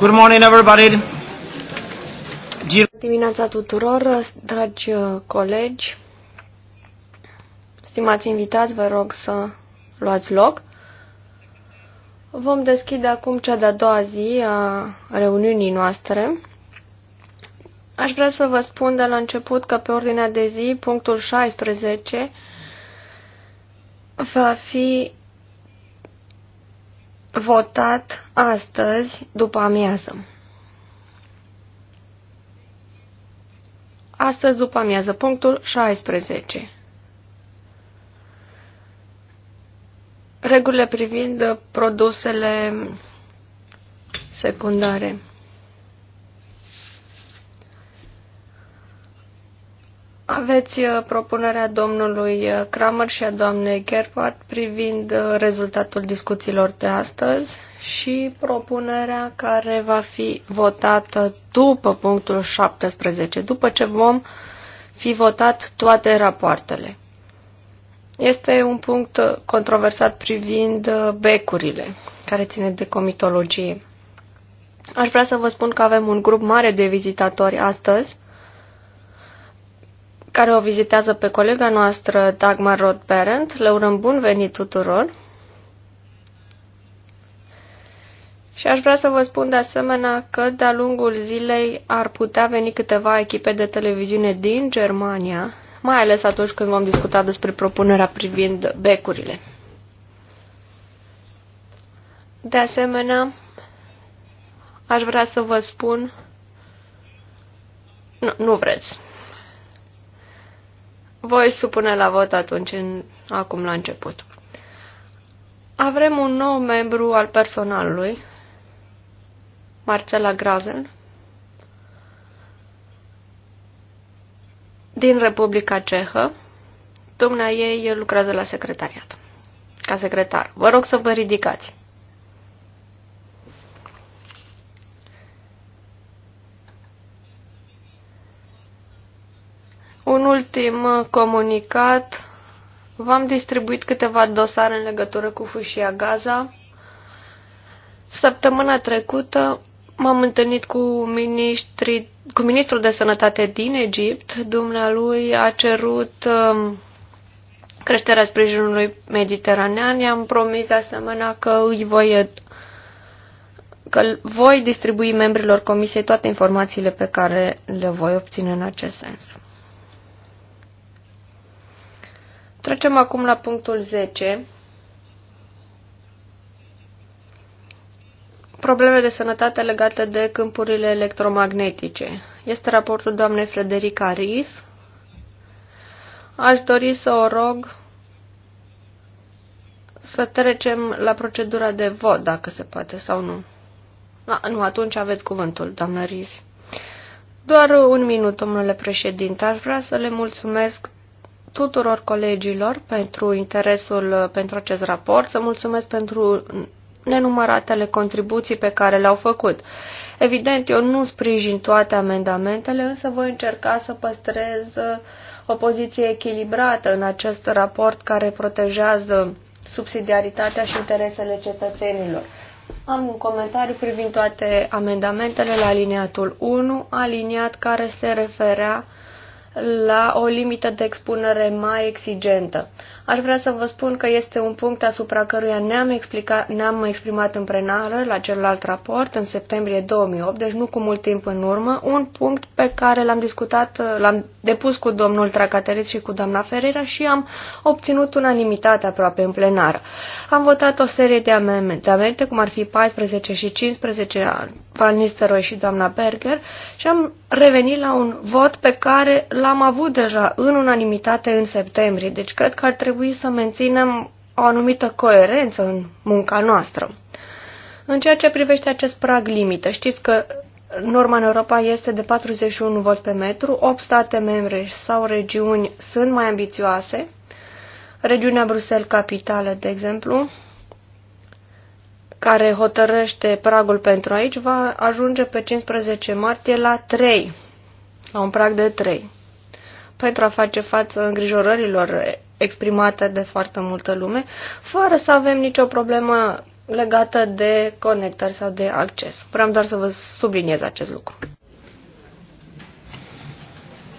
Good morning, everybody. Dimineața tuturor, dragi uh, colegi, stimați invitați, vă rog să luați loc. Vom deschide acum cea de-a doua zi a reuniunii noastre. Aș vrea să vă spun de la început că pe ordinea de zi, punctul 16, va fi votat astăzi după amiază. Astăzi după amiază, punctul 16. Regulile privind produsele secundare. Aveți uh, propunerea domnului uh, Kramer și a doamnei Gerhardt privind uh, rezultatul discuțiilor de astăzi și propunerea care va fi votată după punctul 17, după ce vom fi votat toate rapoartele. Este un punct controversat privind becurile, care ține de comitologie. Aș vrea să vă spun că avem un grup mare de vizitatori astăzi, care o vizitează pe colega noastră Dagmar Roth-Berendt. Le urăm bun venit tuturor! Și aș vrea să vă spun de asemenea că de-a lungul zilei ar putea veni câteva echipe de televiziune din Germania, mai ales atunci când vom discuta despre propunerea privind becurile. De asemenea, aș vrea să vă spun... Nu, nu vreți. Voi supune la vot atunci, în, acum la început. Avem un nou membru al personalului, Marcela Grazel, din Republica Cehă. Domna ei lucrează la secretariat, ca secretar. Vă rog să vă ridicați. Un ultim uh, comunicat. V-am distribuit câteva dosare în legătură cu fâșia Gaza. Săptămâna trecută m-am întâlnit cu, ministri, cu ministrul de sănătate din Egipt. Dumnealui a cerut um, creșterea sprijinului mediteranean. I-am promis de asemenea că îi voi că voi distribui membrilor comisiei toate informațiile pe care le voi obține în acest sens. Trecem acum la punctul 10. Probleme de sănătate legate de câmpurile electromagnetice. Este raportul doamnei Frederica Ries. Aș dori să o rog să trecem la procedura de vot, dacă se poate sau nu. A, da, nu, atunci aveți cuvântul, doamnă Riz. Doar un minut, domnule președinte. Aș vrea să le mulțumesc tuturor colegilor pentru interesul uh, pentru acest raport, să mulțumesc pentru nenumăratele contribuții pe care le-au făcut. Evident, eu nu sprijin toate amendamentele, însă voi încerca să păstrez uh, o poziție echilibrată în acest raport care protejează subsidiaritatea și interesele cetățenilor. Am un comentariu privind toate amendamentele la aliniatul 1, aliniat care se referea la o limită de expunere mai exigentă. Aș vrea să vă spun că este un punct asupra căruia ne-am, explicat, ne-am exprimat în plenară la celălalt raport în septembrie 2008, deci nu cu mult timp în urmă, un punct pe care l-am discutat, l-am depus cu domnul Tracateriț și cu doamna Ferreira și am obținut unanimitate aproape în plenară. Am votat o serie de amendamente, cum ar fi 14 și 15 Van Nistelrooy și doamna Berger și am revenit la un vot pe care l-am avut deja în unanimitate în septembrie, deci cred că ar trebui să menținem o anumită coerență în munca noastră. În ceea ce privește acest prag limită, știți că norma în Europa este de 41 vot pe metru, 8 state membre sau regiuni sunt mai ambițioase, regiunea Bruxelles capitală, de exemplu, care hotărăște pragul pentru aici va ajunge pe 15 martie la 3, la un prag de 3, pentru a face față îngrijorărilor exprimate de foarte multă lume, fără să avem nicio problemă legată de conectări sau de acces. Vreau doar să vă subliniez acest lucru.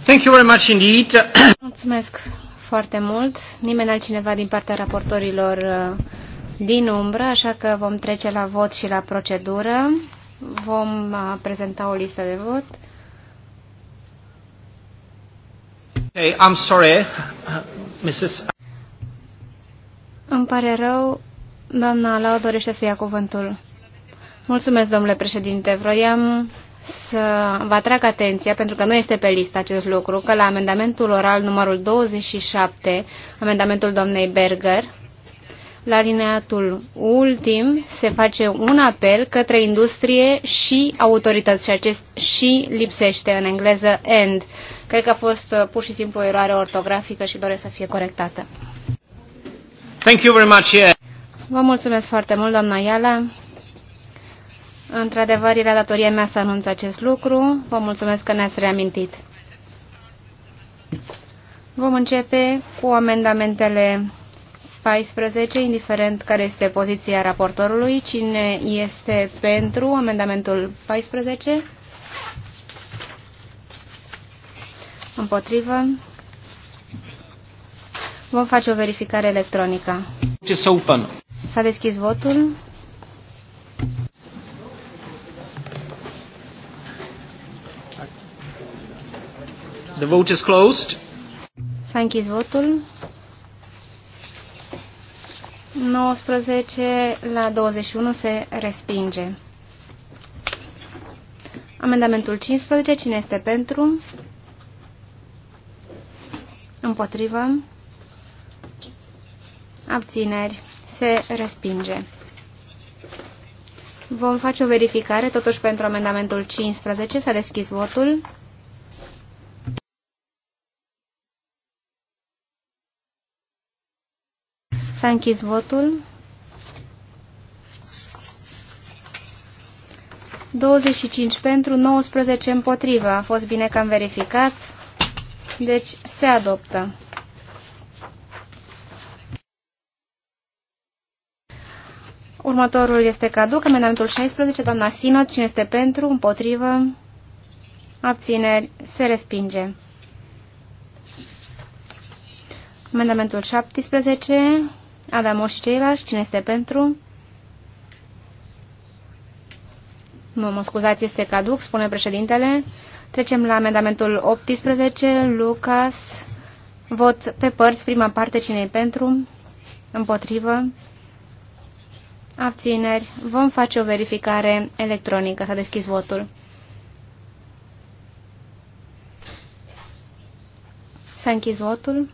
Thank you very much indeed. Mulțumesc foarte mult. Nimeni altcineva din partea raportorilor uh, din umbră, așa că vom trece la vot și la procedură. Vom uh, prezenta o listă de vot. Hey, I'm sorry, Mrs. Îmi pare rău, doamna Alau dorește să ia cuvântul. Mulțumesc, domnule președinte. Vroiam să vă atrag atenția, pentru că nu este pe listă acest lucru, că la amendamentul oral numărul 27, amendamentul doamnei Berger, la lineatul ultim se face un apel către industrie și autorități și acest și lipsește în engleză and. Cred că a fost uh, pur și simplu o eroare ortografică și doresc să fie corectată. Thank you very much. Vă mulțumesc foarte mult, doamna Iala. Într-adevăr, era datoria mea să anunț acest lucru. Vă mulțumesc că ne-ați reamintit. Vom începe cu amendamentele 14, indiferent care este poziția raportorului. Cine este pentru amendamentul 14? Împotrivă. Vom face o verificare electronică. S-a deschis votul. The vote is closed. S-a închis votul. 19 la 21 se respinge. Amendamentul 15. Cine este pentru? Împotrivă? Abțineri. Se respinge. Vom face o verificare, totuși pentru amendamentul 15. S-a deschis votul. S-a închis votul. 25 pentru, 19 împotrivă. A fost bine că am verificat. Deci se adoptă. Următorul este caduc, amendamentul 16, doamna Sinot, cine este pentru, împotrivă, abțineri, se respinge. Amendamentul 17, Adamor și ceilalți, cine este pentru? Nu, mă scuzați, este caduc, spune președintele. Trecem la amendamentul 18, Lucas, vot pe părți, prima parte, cine e pentru? Împotrivă? Abțineri. Vom face o verificare electronică. S-a deschis votul. S-a închis votul.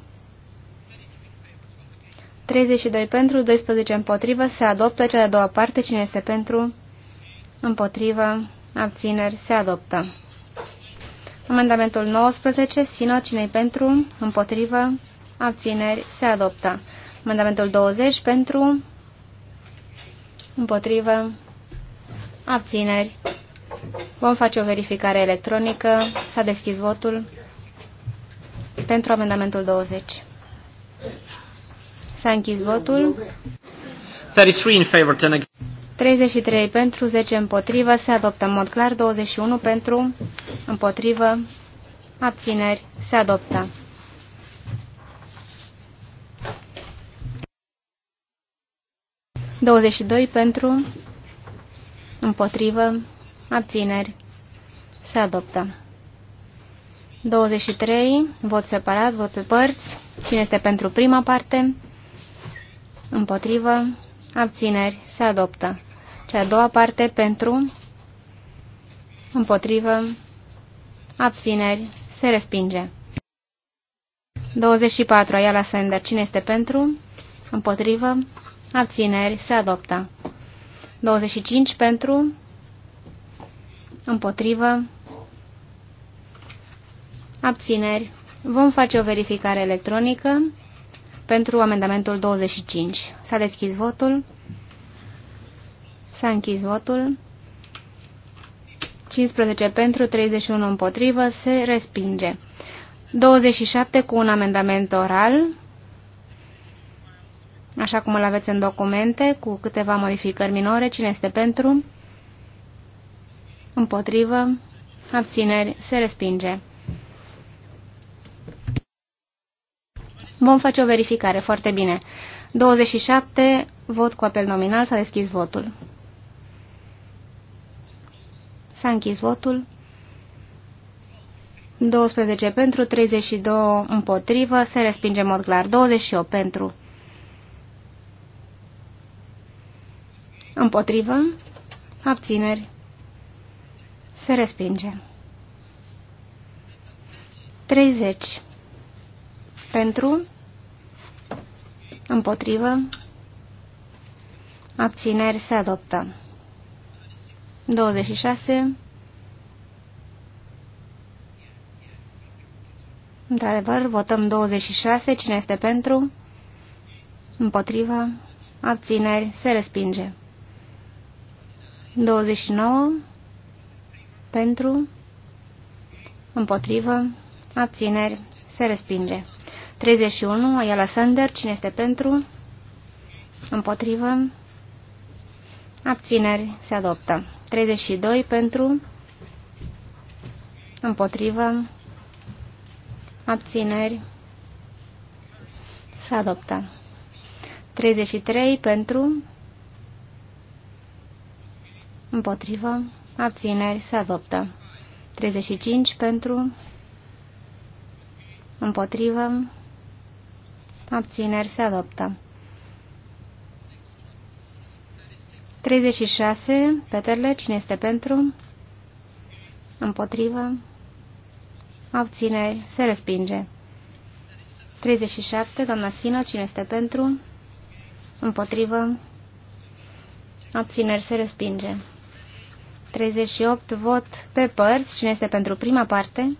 32 pentru, 12 împotrivă, se adoptă cea de-a doua parte, cine este pentru, împotrivă, abțineri, se adoptă. Amendamentul 19, Sino, cine pentru, împotrivă, abțineri, se adoptă. Amendamentul 20, pentru, împotrivă, abțineri. Vom face o verificare electronică, s-a deschis votul pentru amendamentul 20. S-a închis votul. 33 pentru, 10 împotrivă, se adoptă în mod clar, 21 pentru, împotrivă, abțineri, se adoptă. Douăzeci doi pentru, împotrivă, abțineri, se adoptă. 23, vot separat, vot pe părți. Cine este pentru prima parte? împotrivă, abțineri, se adoptă. Cea a doua parte pentru, împotrivă, abțineri, se respinge. 24. Aia la sender. Cine este pentru? Împotrivă, abțineri, se adoptă. 25 pentru, împotrivă, abțineri. Vom face o verificare electronică pentru amendamentul 25. S-a deschis votul. S-a închis votul. 15 pentru, 31 împotrivă, se respinge. 27 cu un amendament oral, așa cum îl aveți în documente, cu câteva modificări minore. Cine este pentru? Împotrivă. Abțineri. Se respinge. Vom face o verificare. Foarte bine. 27. Vot cu apel nominal. S-a deschis votul. S-a închis votul. 12 pentru, 32 împotrivă, se respinge în mod clar. 28 pentru. Împotrivă, abțineri, se respinge. 30 pentru, împotrivă, abțineri se adoptă. 26. Într-adevăr, votăm 26. Cine este pentru? Împotriva. Abțineri. Se respinge. 29. Pentru. Împotrivă. Abțineri. Se respinge. 31, Ayala Sander, cine este pentru? Împotrivă. Abțineri se adoptă. 32 pentru. Împotrivă. Abțineri se adoptă. 33 pentru. Împotrivă. Abțineri se adoptă. 35 pentru. Împotrivă abțineri, se adoptă. 36, Peterle, cine este pentru? Împotrivă. Abțineri, se respinge. 37, doamna Sina cine este pentru? Împotrivă. Abțineri, se respinge. 38, vot pe părți, cine este pentru prima parte?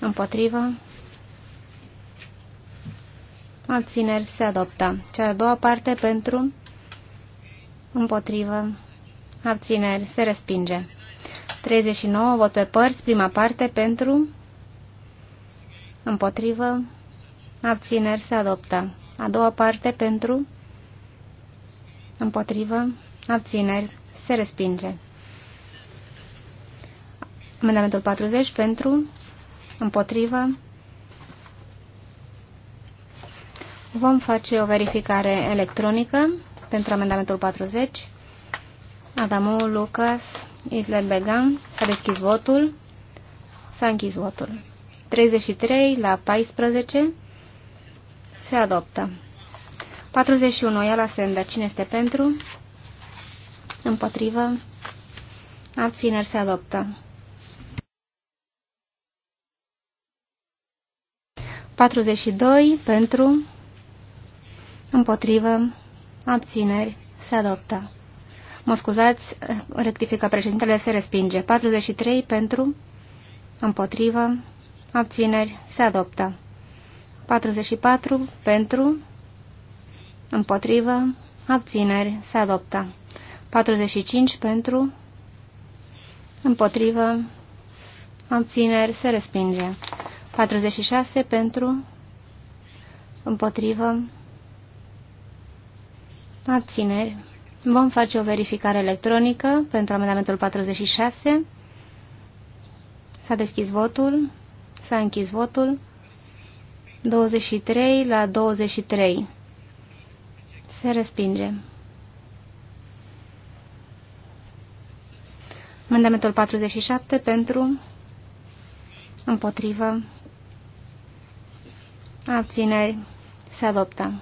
Împotrivă abțineri se adoptă. Cea a doua parte pentru, împotrivă, abțineri se respinge. 39 vot pe părți, prima parte pentru, împotrivă, abțineri se adoptă. A doua parte pentru, împotrivă, abțineri se respinge. Amendamentul 40 pentru, împotrivă, Vom face o verificare electronică pentru amendamentul 40. Adamu, Lucas, Isler Began. S-a deschis votul. S-a închis votul. 33 la 14 se adoptă. 41. Ia la senda. Cine este pentru? Împotrivă. Abțineri se adoptă. 42 pentru Împotrivă. Abțineri. Se adoptă. Mă scuzați, rectifică președintele, se respinge. 43 pentru. Împotrivă. Abțineri. Se adoptă. 44 pentru. Împotrivă. Abțineri. Se adoptă. 45 pentru. Împotrivă. Abțineri. Se respinge. 46 pentru. Împotrivă. Abțineri. Vom face o verificare electronică pentru amendamentul 46. S-a deschis votul. S-a închis votul. 23 la 23. Se respinge. Amendamentul 47 pentru împotrivă abțineri se adoptă.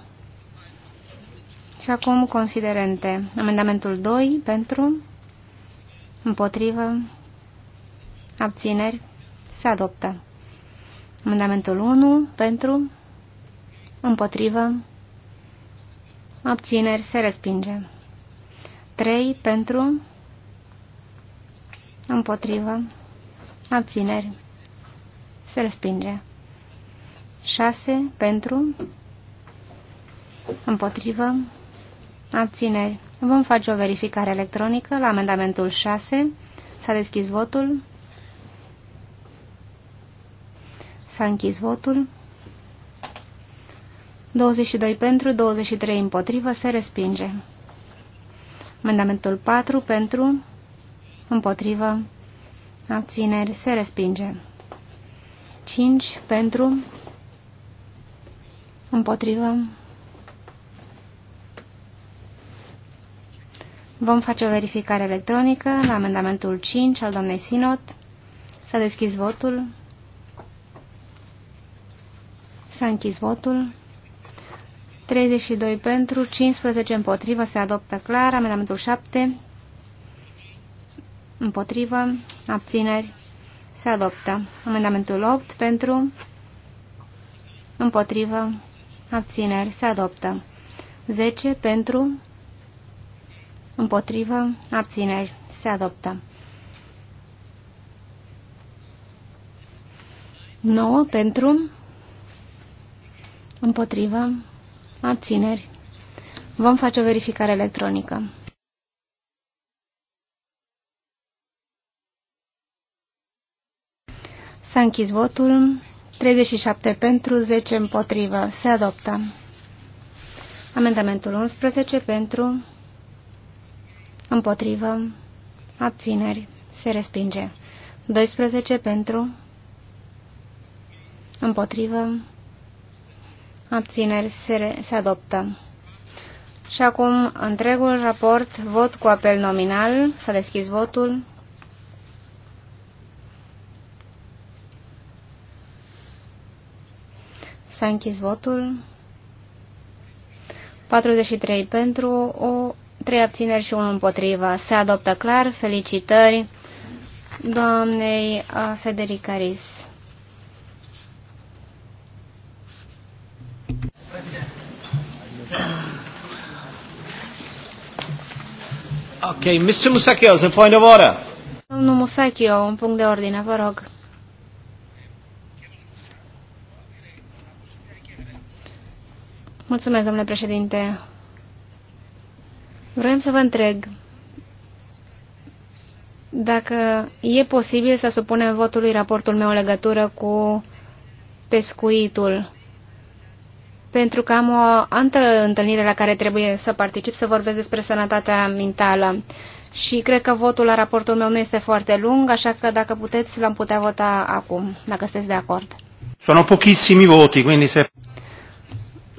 Și acum considerente. Amendamentul 2 pentru, împotrivă, abțineri, se adoptă. Amendamentul 1 pentru, împotrivă, abțineri, se respinge. 3 pentru, împotrivă, abțineri, se respinge. 6 pentru, împotrivă, Abțineri. Vom face o verificare electronică la amendamentul 6. S-a deschis votul. S-a închis votul. 22 pentru, 23 împotrivă, se respinge. Amendamentul 4 pentru, împotrivă, abțineri, se respinge. 5 pentru, împotrivă, Vom face o verificare electronică la amendamentul 5 al doamnei Sinot. S-a deschis votul. S-a închis votul. 32 pentru, 15 împotrivă, se adoptă clar. Amendamentul 7, împotrivă, abțineri, se adoptă. Amendamentul 8, pentru, împotrivă, abțineri, se adoptă. 10, pentru, Împotrivă. Abțineri. Se adoptă. 9 pentru. Împotrivă. Abțineri. Vom face o verificare electronică. S-a închis votul. 37 pentru, 10 împotrivă. Se adoptă. Amendamentul 11 pentru, Împotrivă. Abțineri. Se respinge. 12 pentru. Împotrivă. Abțineri. Se, re, se adoptă. Și acum întregul raport, vot cu apel nominal. S-a deschis votul. S-a închis votul. 43 pentru o trei abțineri și unul împotriva. Se adoptă clar. Felicitări doamnei uh, Federica Ris. Ok, Mr. Musacchio, un point of order. Domnul Musacchio, un punct de ordine, vă rog. Mulțumesc, domnule președinte. Vrem să vă întreg dacă e posibil să supunem votului raportul meu legătură cu pescuitul. Pentru că am o altă întâlnire la care trebuie să particip, să vorbesc despre sănătatea mentală. Și cred că votul la raportul meu nu este foarte lung, așa că dacă puteți, l-am putea vota acum, dacă sunteți de acord. Sono pochissimi voti, quindi se...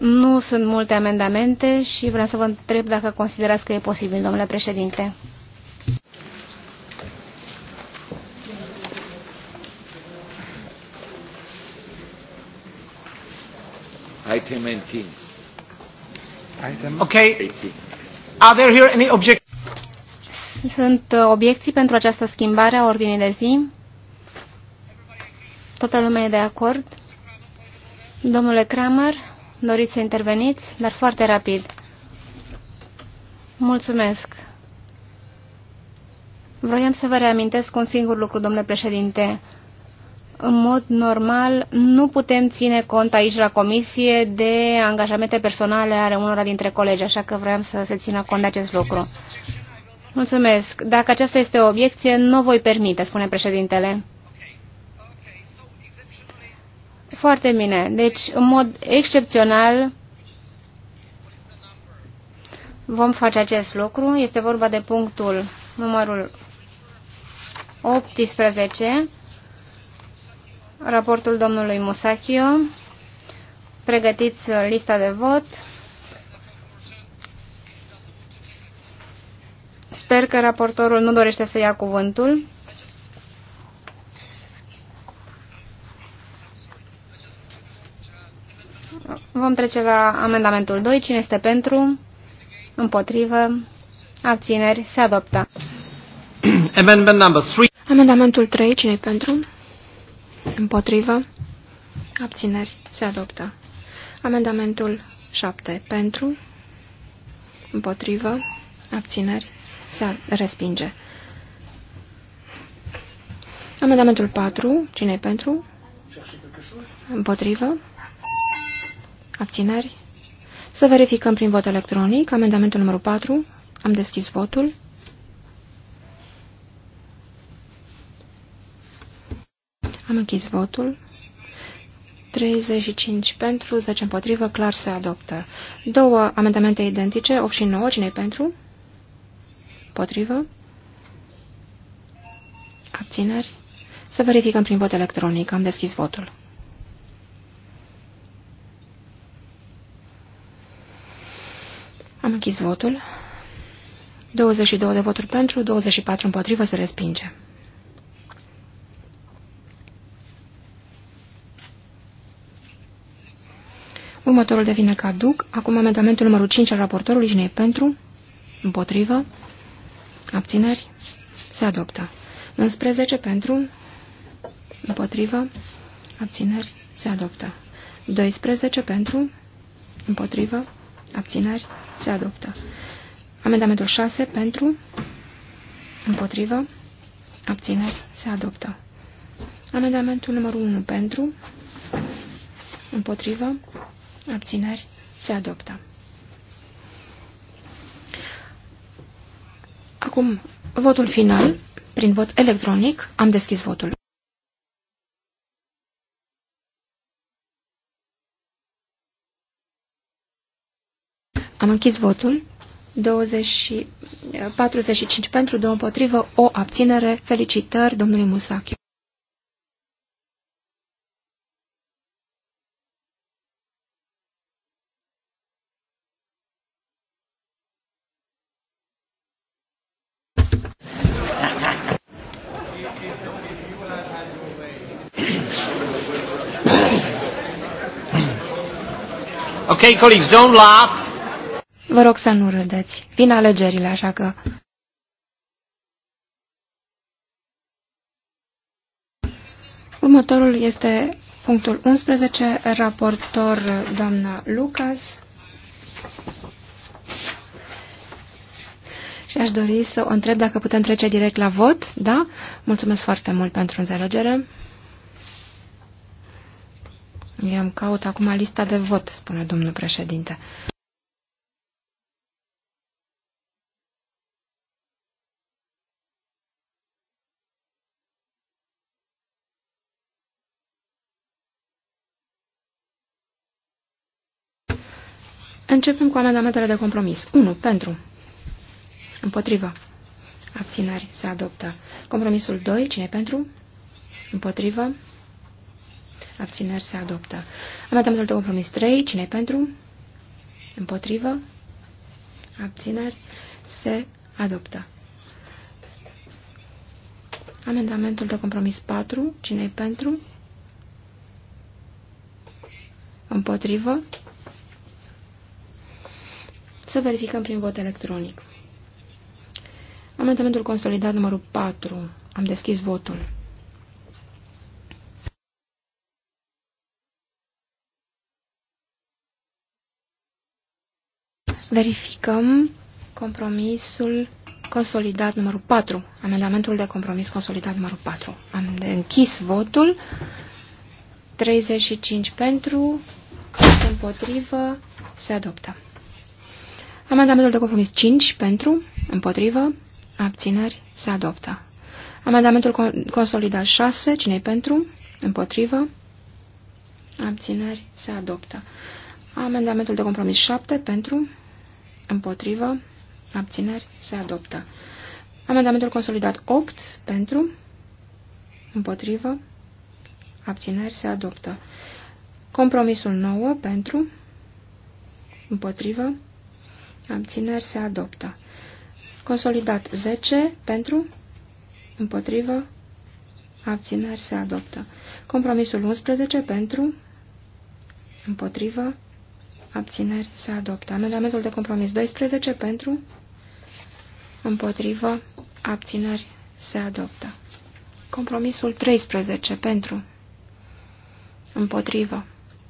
Nu sunt multe amendamente și vreau să vă întreb dacă considerați că e posibil, domnule președinte. Item 18. Item okay. 18. Are there here any object Sunt obiecții pentru această schimbare a ordinii de zi? Toată lumea e de acord? Domnule Kramer? doriți să interveniți, dar foarte rapid. Mulțumesc. Vroiam să vă reamintesc un singur lucru, domnule președinte. În mod normal, nu putem ține cont aici la comisie de angajamente personale ale unora dintre colegi, așa că vreau să se țină cont de acest lucru. Mulțumesc. Dacă aceasta este o obiecție, nu voi permite, spune președintele. Foarte bine. Deci, în mod excepțional, vom face acest lucru. Este vorba de punctul numărul 18, raportul domnului Musachio. Pregătiți lista de vot. Sper că raportorul nu dorește să ia cuvântul. Vom trece la amendamentul 2. Cine este pentru? Împotrivă? Abțineri? Se adoptă. Amendment number 3. Amendamentul 3. cine pentru? Împotrivă? Abțineri? Se adoptă. Amendamentul 7. Pentru? Împotrivă? Abțineri? Se respinge. Amendamentul 4. cine pentru? Împotrivă? Abțineri? Să verificăm prin vot electronic amendamentul numărul 4. Am deschis votul. Am închis votul. 35 pentru, 10 împotrivă, clar se adoptă. Două amendamente identice, 8 și 9, cine pentru? Potrivă. Abțineri. Să verificăm prin vot electronic. Am deschis votul. închis votul. 22 de voturi pentru, 24 împotrivă, se respinge. Următorul devine caduc. Acum amendamentul numărul 5 al raportorului, cine e pentru, împotrivă, abțineri, se adoptă. 11 pentru, împotrivă, abțineri, se adoptă. 12 pentru, împotrivă, abțineri, se adoptă. Amendamentul 6 pentru, împotrivă, abțineri, se adoptă. Amendamentul numărul 1 pentru, împotrivă, abțineri, se adoptă. Acum, votul final, prin vot electronic, am deschis votul. închis votul. 20, 45 eh, pentru, 2 împotrivă, o abținere. Felicitări domnului Musache. Okay, colleagues, don't laugh. Vă rog să nu râdeți. Vin alegerile, așa că... Următorul este punctul 11, raportor doamna Lucas. Și aș dori să o întreb dacă putem trece direct la vot, da? Mulțumesc foarte mult pentru înțelegere. Eu îmi caut acum lista de vot, spune domnul președinte. Începem cu amendamentele de compromis. 1. Pentru. Împotrivă. Abținări. Se adoptă. Compromisul 2. Cine pentru? Împotrivă. Abținări. Se adoptă. Amendamentul de compromis 3. Cine pentru? Împotrivă. Abținări. Se adoptă. Amendamentul de compromis 4. cine pentru? Împotrivă. Să verificăm prin vot electronic. Amendamentul consolidat numărul 4. Am deschis votul. Verificăm compromisul consolidat numărul 4. Amendamentul de compromis consolidat numărul 4. Am închis votul. 35 pentru, împotrivă, se adoptă. Amendamentul de compromis 5 pentru, împotrivă, abțineri, se adoptă. Amendamentul consolidat 6, cine pentru, împotrivă, abțineri, se adoptă. Amendamentul de compromis 7 pentru, împotrivă, abțineri, se adoptă. Amendamentul consolidat 8 pentru, împotrivă, abțineri, se adoptă. Compromisul 9 pentru, împotrivă, abțineri se adoptă. Consolidat 10 pentru, împotrivă, abțineri se adoptă. Compromisul 11 pentru, împotrivă, abțineri se adoptă. Amendamentul de compromis 12 pentru, împotrivă, abțineri se adoptă. Compromisul 13 pentru, împotrivă,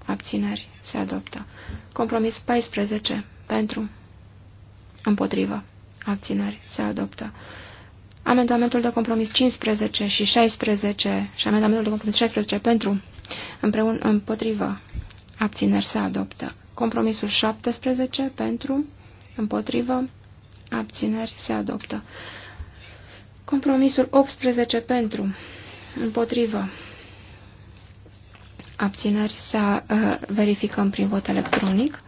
abțineri se adoptă. Compromis 14 pentru, Împotrivă. Abțineri. Se adoptă. Amendamentul de compromis 15 și 16 și amendamentul de compromis 16 pentru împreună împotrivă. Abțineri se adoptă. Compromisul 17 pentru împotrivă. Abțineri se adoptă. Compromisul 18 pentru împotrivă. Abțineri se uh, verificăm prin vot electronic.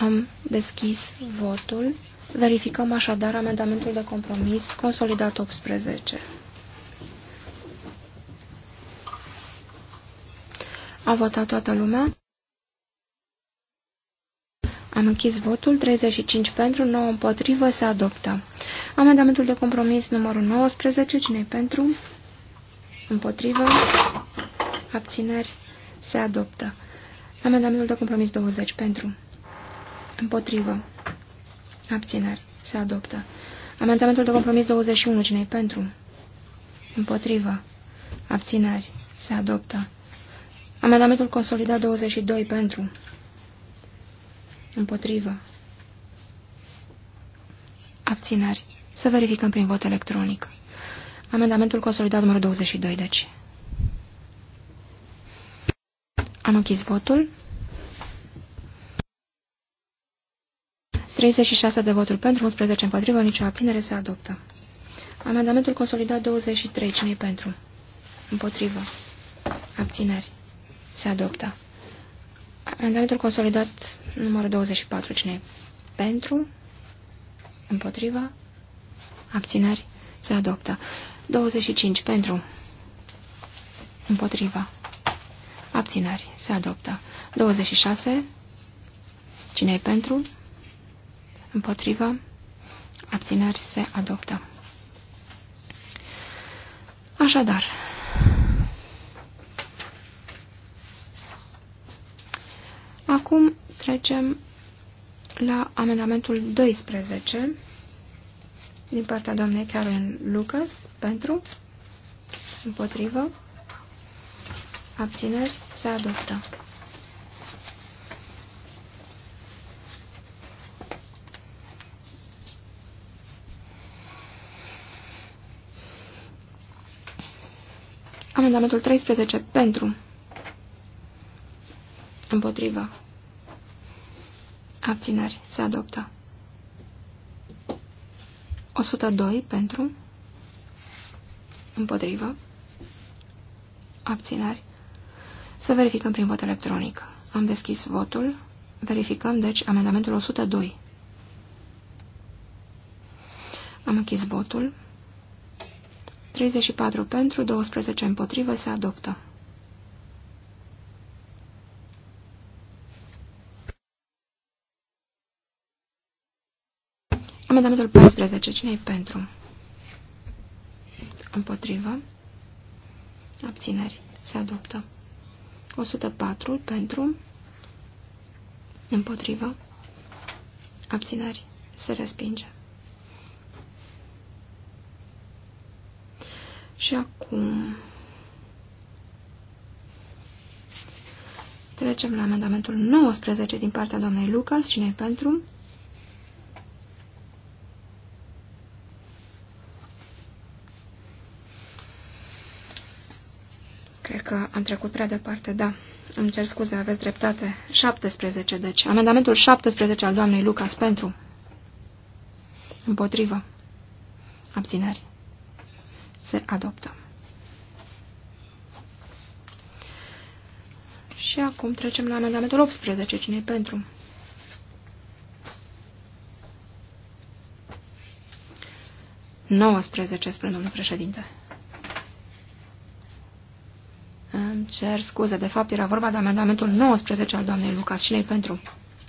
Am deschis votul. Verificăm așadar amendamentul de compromis consolidat 18. A votat toată lumea? Am închis votul, 35 pentru, 9 împotrivă, se adoptă. Amendamentul de compromis numărul 19, cine pentru? Împotrivă, abțineri, se adoptă. Amendamentul de compromis 20 pentru, Împotrivă. Abțineri. Se adoptă. Amendamentul de compromis 21. Cine-i pentru? Împotrivă. Abțineri. Se adoptă. Amendamentul consolidat 22. Pentru. Împotrivă. Abțineri. Să verificăm prin vot electronic. Amendamentul consolidat numărul 22, deci. Am închis votul. 36 de voturi pentru, 11 împotrivă, nicio abținere se adoptă. Amendamentul consolidat 23. cine pentru? Împotrivă. Abțineri. Se adoptă. Amendamentul consolidat numărul 24. cine pentru? Împotrivă. Abțineri. Se adoptă. 25. Pentru. Împotrivă. Abțineri. Se adoptă. 26. cine e pentru? Împotrivă. Abțineri se adoptă. Așadar, acum trecem la amendamentul 12 din partea doamnei Karen Lucas pentru, împotrivă, abțineri se adoptă. Amendamentul 13. Pentru. Împotrivă. Abținări. Se adoptă. 102. Pentru. Împotrivă. Abținări. Să verificăm prin vot electronic. Am deschis votul. Verificăm, deci, amendamentul 102. Am închis votul. 34 pentru, 12 împotrivă, se adoptă. Amendamentul 14. cine e pentru? Împotrivă. Abțineri. Se adoptă. 104 pentru. Împotrivă. Abțineri. Se respinge. Și acum trecem la amendamentul 19 din partea doamnei Lucas. cine e pentru? Cred că am trecut prea departe, da. Îmi cer scuze, aveți dreptate. 17, deci. Amendamentul 17 al doamnei Lucas pentru. Împotrivă. Abțineri se adoptă. Și acum trecem la amendamentul 18. Cine e pentru? Nouăsprezece, spre domnul președinte. Îmi cer scuze, de fapt era vorba de amendamentul 19 al doamnei Lucas. Cine-i pentru?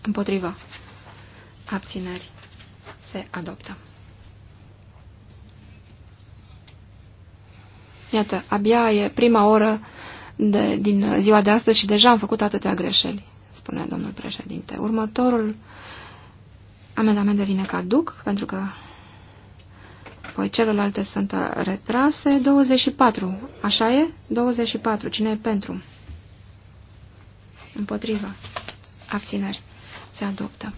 Împotriva. Abțineri. Se adoptă. Iată, abia e prima oră de, din ziua de astăzi și deja am făcut atâtea greșeli, spune domnul președinte. Următorul amendament devine caduc, pentru că apoi celelalte sunt retrase. 24, așa e? 24, cine e pentru? Împotriva. Abțineri. Se adoptă.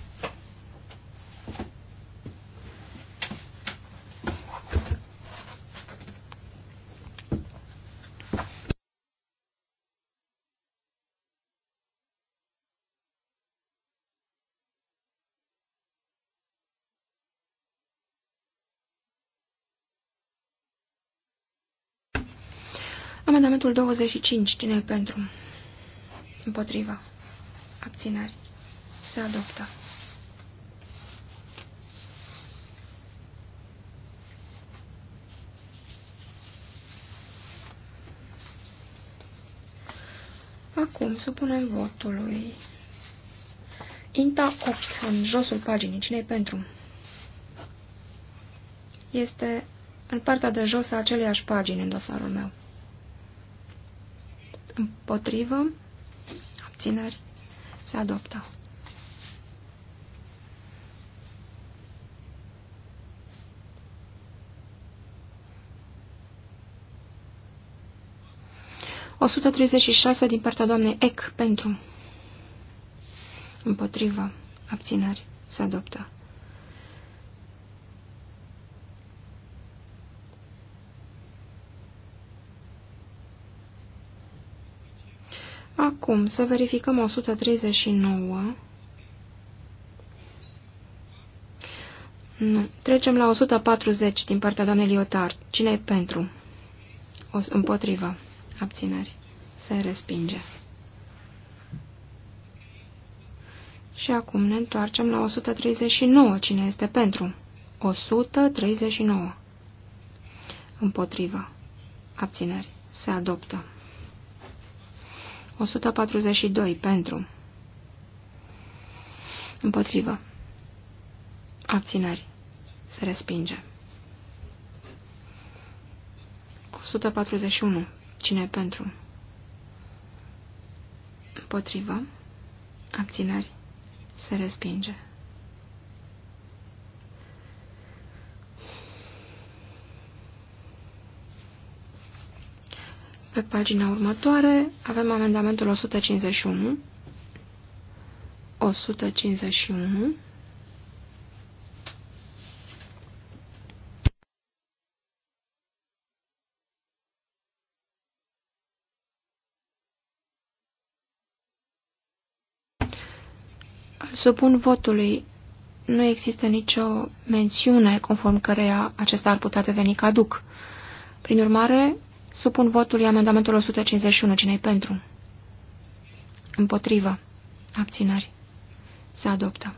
Amendamentul 25. Cine e pentru? Împotriva. Abțineri. Se adoptă. Acum supunem votului. Inta 8, în josul paginii. cine pentru? Este în partea de jos a aceleiași pagini în dosarul meu. Împotrivă. Abțineri. Se adoptă. O 136 din partea doamnei Ec pentru. Împotrivă. Abținări. Se adoptă. Acum să verificăm 139. Nu. Trecem la 140 din partea doamnei Liotard. Cine e pentru? O, împotriva. Abțineri. Se respinge. Și acum ne întoarcem la 139. Cine este pentru? 139. Împotriva. Abțineri. Se adoptă. 142. Pentru. Împotrivă. Abținări. Se respinge. 141. Cine pentru? Împotrivă. Abținări. Se respinge. Pe pagina următoare avem amendamentul 151. 151. supun votului. Nu există nicio mențiune conform căreia acesta ar putea deveni caduc. Prin urmare, Supun votului amendamentul 151. Cine-i pentru? Împotrivă. Abținări. Se adoptă.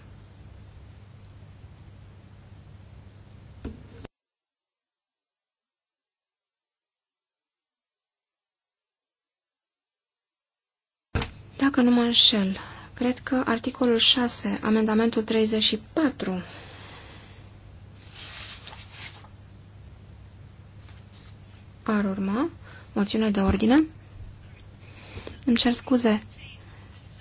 Dacă nu mă înșel, cred că articolul 6, amendamentul 34, Ar urma moțiune de ordine. Îmi cer scuze.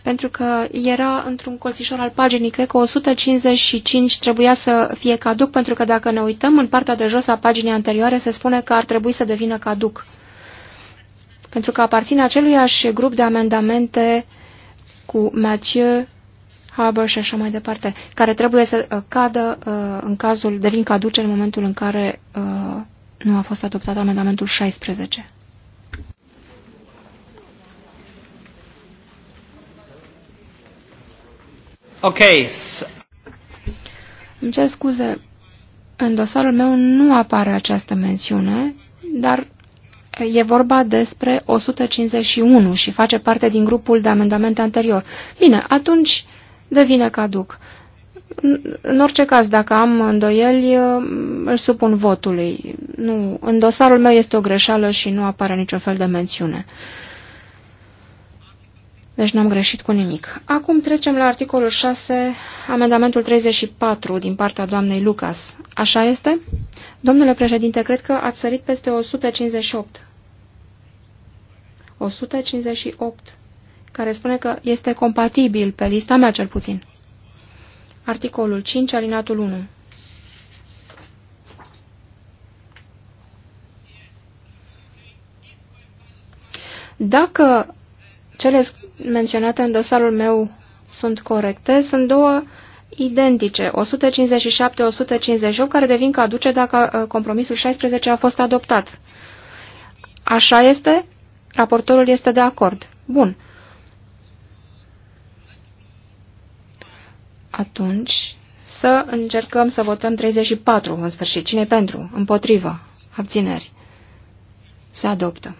Pentru că era într-un colțișor al paginii, cred că 155 trebuia să fie caduc, pentru că dacă ne uităm în partea de jos a paginii anterioare, se spune că ar trebui să devină caduc. Pentru că aparține aceluiași grup de amendamente cu Mathieu, Haber și așa mai departe, care trebuie să uh, cadă uh, în cazul, devin caduce în momentul în care uh, nu a fost adoptat amendamentul 16. Ok. Îmi cer scuze. În dosarul meu nu apare această mențiune, dar e vorba despre 151 și face parte din grupul de amendamente anterior. Bine, atunci devine caduc. În orice caz, dacă am îndoieli, îl supun votului. Nu, în dosarul meu este o greșeală și nu apare niciun fel de mențiune. Deci n-am greșit cu nimic. Acum trecem la articolul 6, amendamentul 34 din partea doamnei Lucas. Așa este? Domnule președinte, cred că ați sărit peste 158. 158, care spune că este compatibil pe lista mea cel puțin. Articolul 5, alinatul 1. Dacă cele menționate în dosarul meu sunt corecte, sunt două identice, 157-158, care devin caduce dacă uh, compromisul 16 a fost adoptat. Așa este? Raportorul este de acord. Bun. Atunci să încercăm să votăm 34 în sfârșit. cine pentru? Împotrivă. Abțineri. Se adoptă.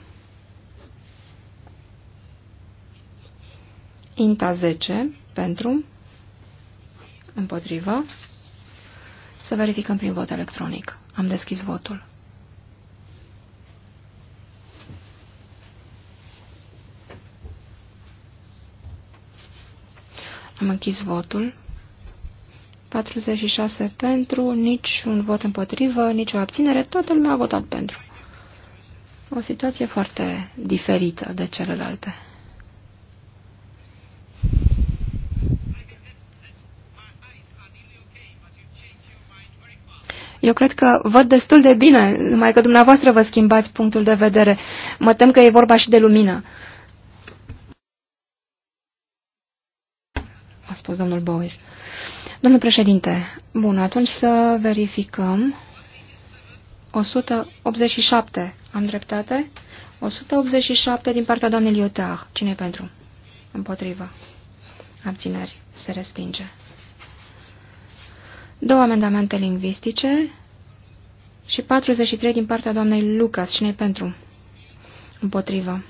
Inta 10 pentru. Împotrivă. Să verificăm prin vot electronic. Am deschis votul. Am închis votul. 46 pentru, nici un vot împotrivă, nici o abținere, toată lumea a votat pentru. O situație foarte diferită de celelalte. Eu cred că văd destul de bine, numai că dumneavoastră vă schimbați punctul de vedere. Mă tem că e vorba și de lumină. spus domnul Bowes. Domnul președinte, bun, atunci să verificăm. 187, am dreptate? 187 din partea doamnei Lyotard. cine e pentru? Împotrivă. Abțineri. Se respinge. Două amendamente lingvistice și 43 din partea doamnei Lucas. cine e pentru? Împotrivă.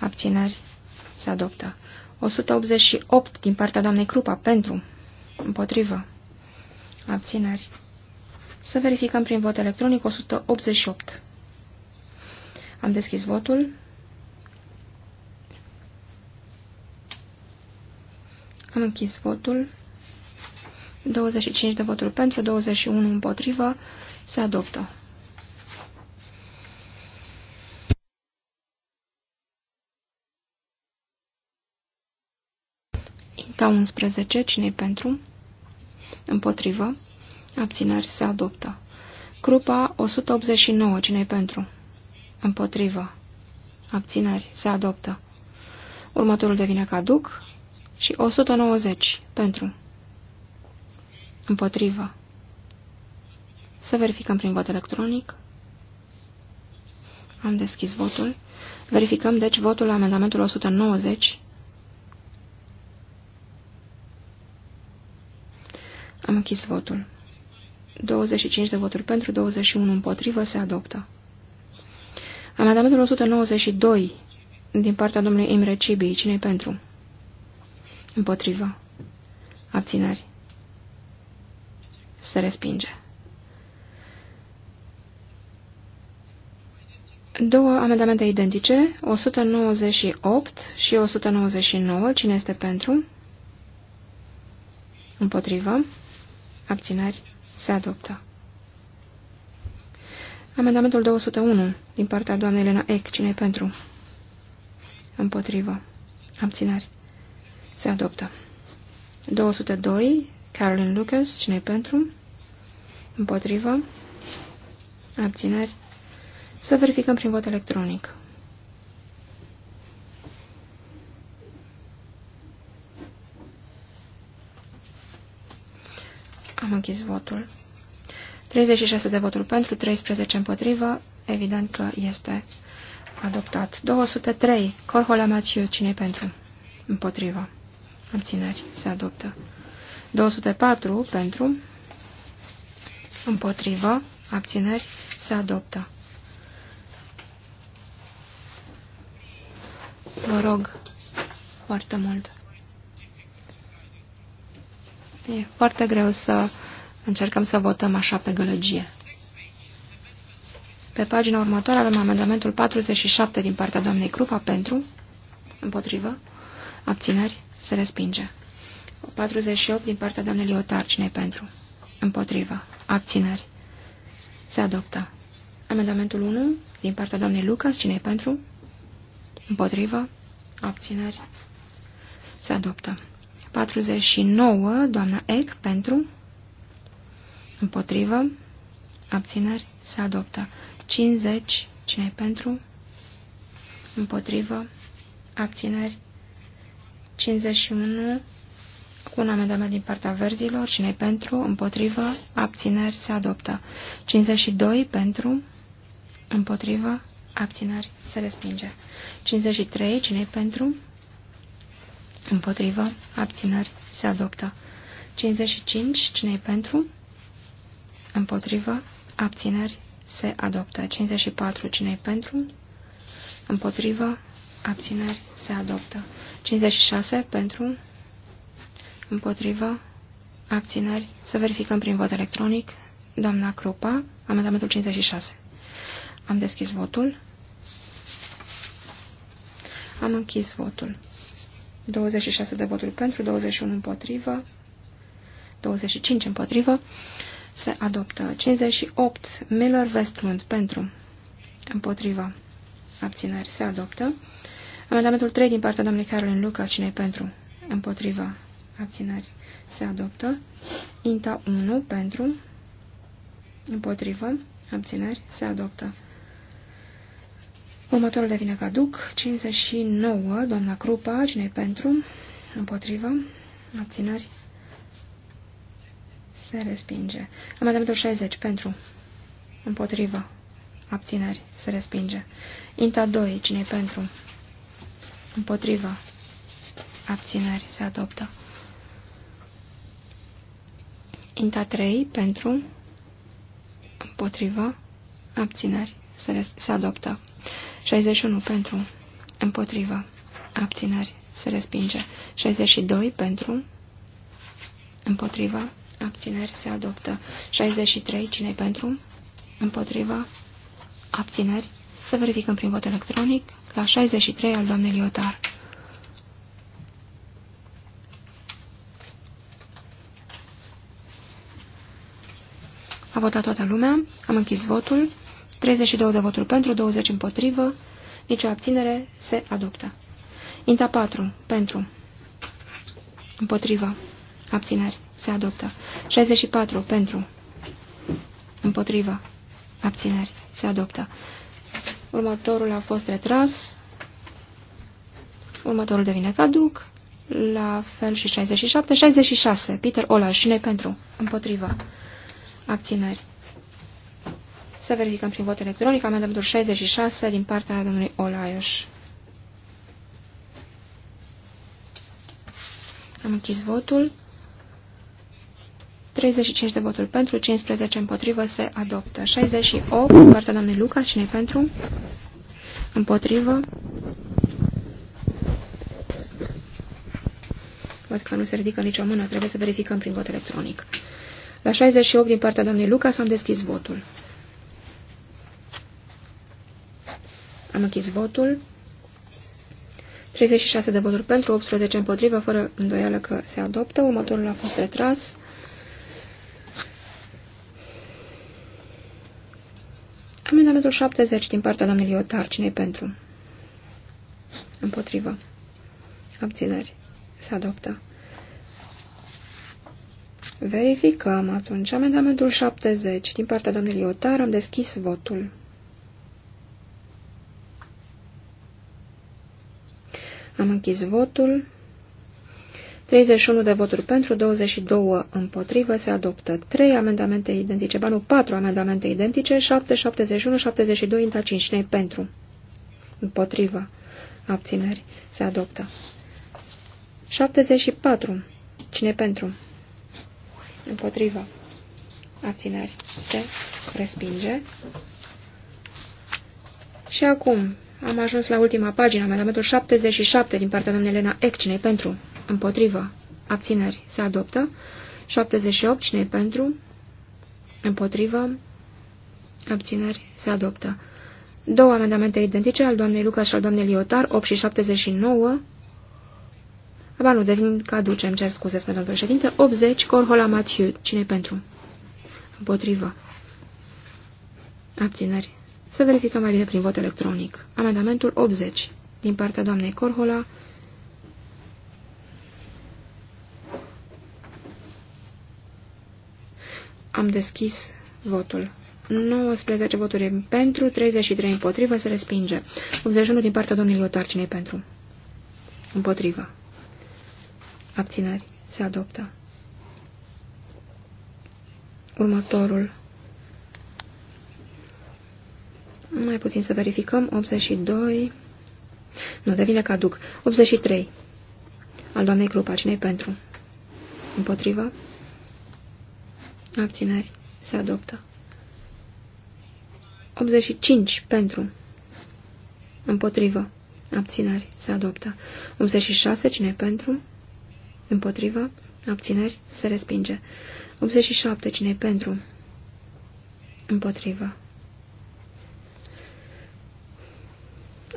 Abțineri. Se adoptă. 188 din partea doamnei Crupa pentru, împotrivă, abțineri. Să verificăm prin vot electronic 188. Am deschis votul. Am închis votul. 25 de voturi pentru, 21 împotrivă. Se adoptă. Nota 11. cine pentru? Împotrivă. Abțineri se adoptă. Grupa 189. cine pentru? Împotrivă. Abțineri se adoptă. Următorul devine caduc. Și 190. Pentru. Împotrivă. Să verificăm prin vot electronic. Am deschis votul. Verificăm, deci, votul la amendamentul 190. închis votul. 25 de voturi pentru, 21 împotrivă, se adoptă. Amendamentul 192 din partea domnului Imre Cibi. cine pentru? Împotrivă. Abținări. Se respinge. Două amendamente identice, 198 și 199. Cine este pentru? Împotrivă. Abțineri. Se adoptă. Amendamentul 201 din partea doamnei Elena Eck. cine pentru? Împotrivă. Abținari. Se adoptă. 202. Carolyn Lucas. cine pentru? Împotrivă. Abținari. Să verificăm prin vot electronic. Am închis votul. 36 de voturi pentru, 13 împotrivă. Evident că este adoptat. 203. Corhola Maciu, cine pentru? Împotrivă. Abțineri. Se adoptă. 204 pentru. Împotrivă. Abțineri. Se adoptă. Vă rog foarte mult. E foarte greu să încercăm să votăm așa pe gălăgie. Pe pagina următoare avem amendamentul 47 din partea doamnei Crupa pentru, împotrivă, abțineri, se respinge. 48 din partea doamnei Liotar, cine pentru, împotrivă, abțineri, se adoptă. Amendamentul 1 din partea doamnei Lucas, cine pentru, împotrivă, abțineri, se adoptă. 49, doamna Eck, pentru, împotrivă, abțineri, se adoptă. 50, cine pentru, împotrivă, abțineri, 51, cu un amendament din partea verzilor, cine pentru, împotrivă, abțineri, se adoptă. 52, pentru, împotrivă, abțineri, se respinge. 53, cine pentru, Împotrivă. Abțineri. Se adoptă. 55. cine e pentru? Împotrivă. Abțineri. Se adoptă. 54. cine e pentru? Împotrivă. Abțineri. Se adoptă. 56. Pentru? Împotrivă. Abțineri. Să verificăm prin vot electronic. Doamna Crupa, Amendamentul 56. Am deschis votul. Am închis votul. 26 de voturi pentru, 21 împotrivă, 25 împotrivă. Se adoptă 58 Miller Westmund pentru, împotriva, abțineri. Se adoptă. Amendamentul 3 din partea doamnei Carolyn Lucas, cine pentru, împotriva, abțineri. Se adoptă. Inta 1 pentru, împotrivă, abțineri. Se adoptă. Următorul devine caduc. 59, doamna Crupa, cine pentru? Împotrivă. Abținări. Se respinge. Amendamentul 60, pentru. Împotrivă. Abținări. Se respinge. Inta 2, cine pentru? Împotrivă. Abținări. Se adoptă. Inta 3, pentru. Împotrivă. Abținări. Se, se adoptă. 61 pentru, împotrivă, abțineri, se respinge. 62 pentru, împotrivă, abțineri, se adoptă. 63, cine pentru, împotrivă, abțineri, să verificăm prin vot electronic la 63 al doamnei Liotar. A votat toată lumea, am închis votul. 32 de voturi pentru, 20 împotrivă, nicio abținere se adoptă. Inta 4. Pentru. Împotrivă. Abțineri. Se adoptă. 64. Pentru. Împotrivă. Abțineri. Se adoptă. Următorul a fost retras. Următorul devine caduc. La fel și 67. 66. Peter Ola. Cine pentru? Împotrivă. Abțineri. Să verificăm prin vot electronic amendamentul 66 din partea domnului Olaios. Am închis votul. 35 de voturi pentru, 15 împotrivă se adoptă. 68 din partea doamnei Lucas. Cine pentru? Împotrivă. Văd că nu se ridică nicio mână. Trebuie să verificăm prin vot electronic. La 68 din partea doamnei Lucas am deschis votul. Am închis votul. 36 de voturi pentru, 18 împotrivă, fără îndoială că se adoptă. Următorul a fost retras. Amendamentul 70 din partea doamnei Iotar. cine pentru? Împotrivă. Abțineri. Se adoptă. Verificăm atunci amendamentul 70 din partea doamnei Iotar. Am deschis votul. închis votul. 31 de voturi pentru, 22 împotrivă, se adoptă 3 amendamente identice, banul 4 amendamente identice, 7, 71, 72, inta 5, nei pentru, împotrivă, abțineri, se adoptă. 74, cine pentru, împotrivă, abțineri, se respinge. Și acum, am ajuns la ultima pagină, amendamentul 77 din partea domnului Elena Eck, cine pentru? Împotrivă. Abțineri. Se adoptă. 78, cine pentru? Împotrivă. Abțineri. Se adoptă. Două amendamente identice al doamnei Lucas și al doamnei Liotar, 8 și 79. Aba nu, devin caduce, îmi cer scuze, spune domnul președinte. 80, Corhola Mathieu. cine pentru? Împotrivă. Abțineri. Să verificăm mai bine prin vot electronic. Amendamentul 80 din partea doamnei Corhola. Am deschis votul. 19 voturi pentru, 33 împotrivă, se respinge. 81 din partea domnului Iotar, cine pentru? Împotrivă. Abținări. Se adoptă. Următorul Mai puțin să verificăm. 82. Nu, devine caduc. 83. Al doamnei Clupa. cine pentru? Împotrivă? Abțineri. Se adoptă. 85. Pentru. Împotrivă. Abțineri. Se adoptă. 86. Cine pentru? Împotrivă. Abțineri. Se respinge. 87. Cine pentru? Împotrivă.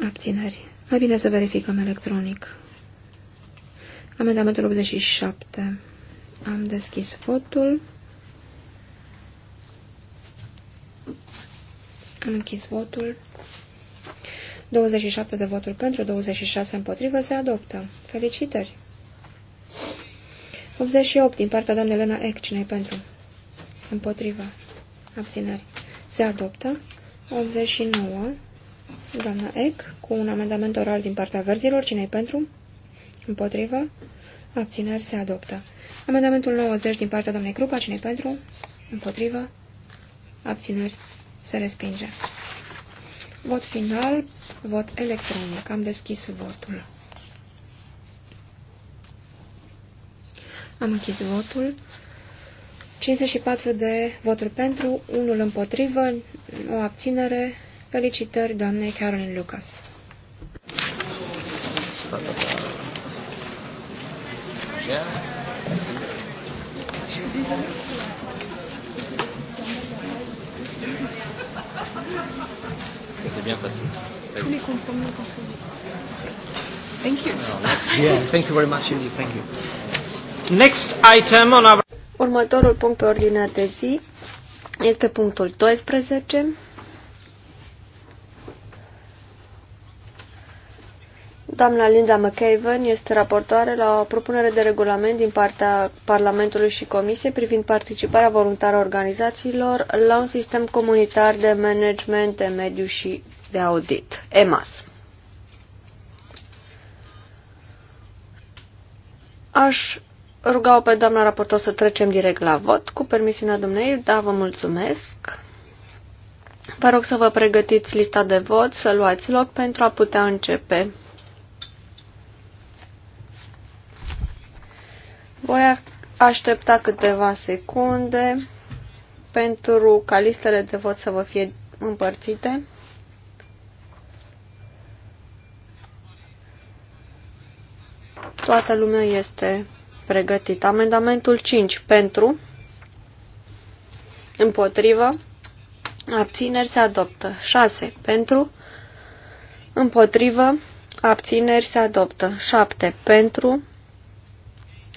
Abțineri. Mai bine să verificăm electronic. Amendamentul 87. Am deschis votul. Am închis votul. 27 de voturi pentru, 26 împotrivă, se adoptă. Felicitări! 88 din partea doamnei Elena Eccinei pentru. împotrivă, Abțineri. Se adoptă. 89 doamna Eck, cu un amendament oral din partea verzilor. cine pentru? Împotrivă? Abțineri se adoptă. Amendamentul 90 din partea doamnei Grupa. cine pentru? Împotrivă? Abțineri se respinge. Vot final, vot electronic. Am deschis votul. Am închis votul. 54 de voturi pentru, unul împotrivă, o abținere, Felicitări doamnei Caroline Lucas. Ça bien passé. Tous les compromis qu'on fait. Thank you. Ah, yeah, thank you very much indeed. Thank you. Next item on our... Următorul punct pe ordinea de zi este punctul 12. Doamna Linda McAven este raportoare la o propunere de regulament din partea Parlamentului și Comisiei privind participarea voluntară a organizațiilor la un sistem comunitar de management, de mediu și de audit, EMAS. Aș ruga pe doamna raportor să trecem direct la vot, cu permisiunea dumnei, da, vă mulțumesc. Vă rog să vă pregătiți lista de vot, să luați loc pentru a putea începe Voi aștepta câteva secunde pentru ca listele de vot să vă fie împărțite. Toată lumea este pregătită. Amendamentul 5 pentru, împotrivă, abțineri se adoptă. 6 pentru, împotrivă, abțineri se adoptă. 7 pentru,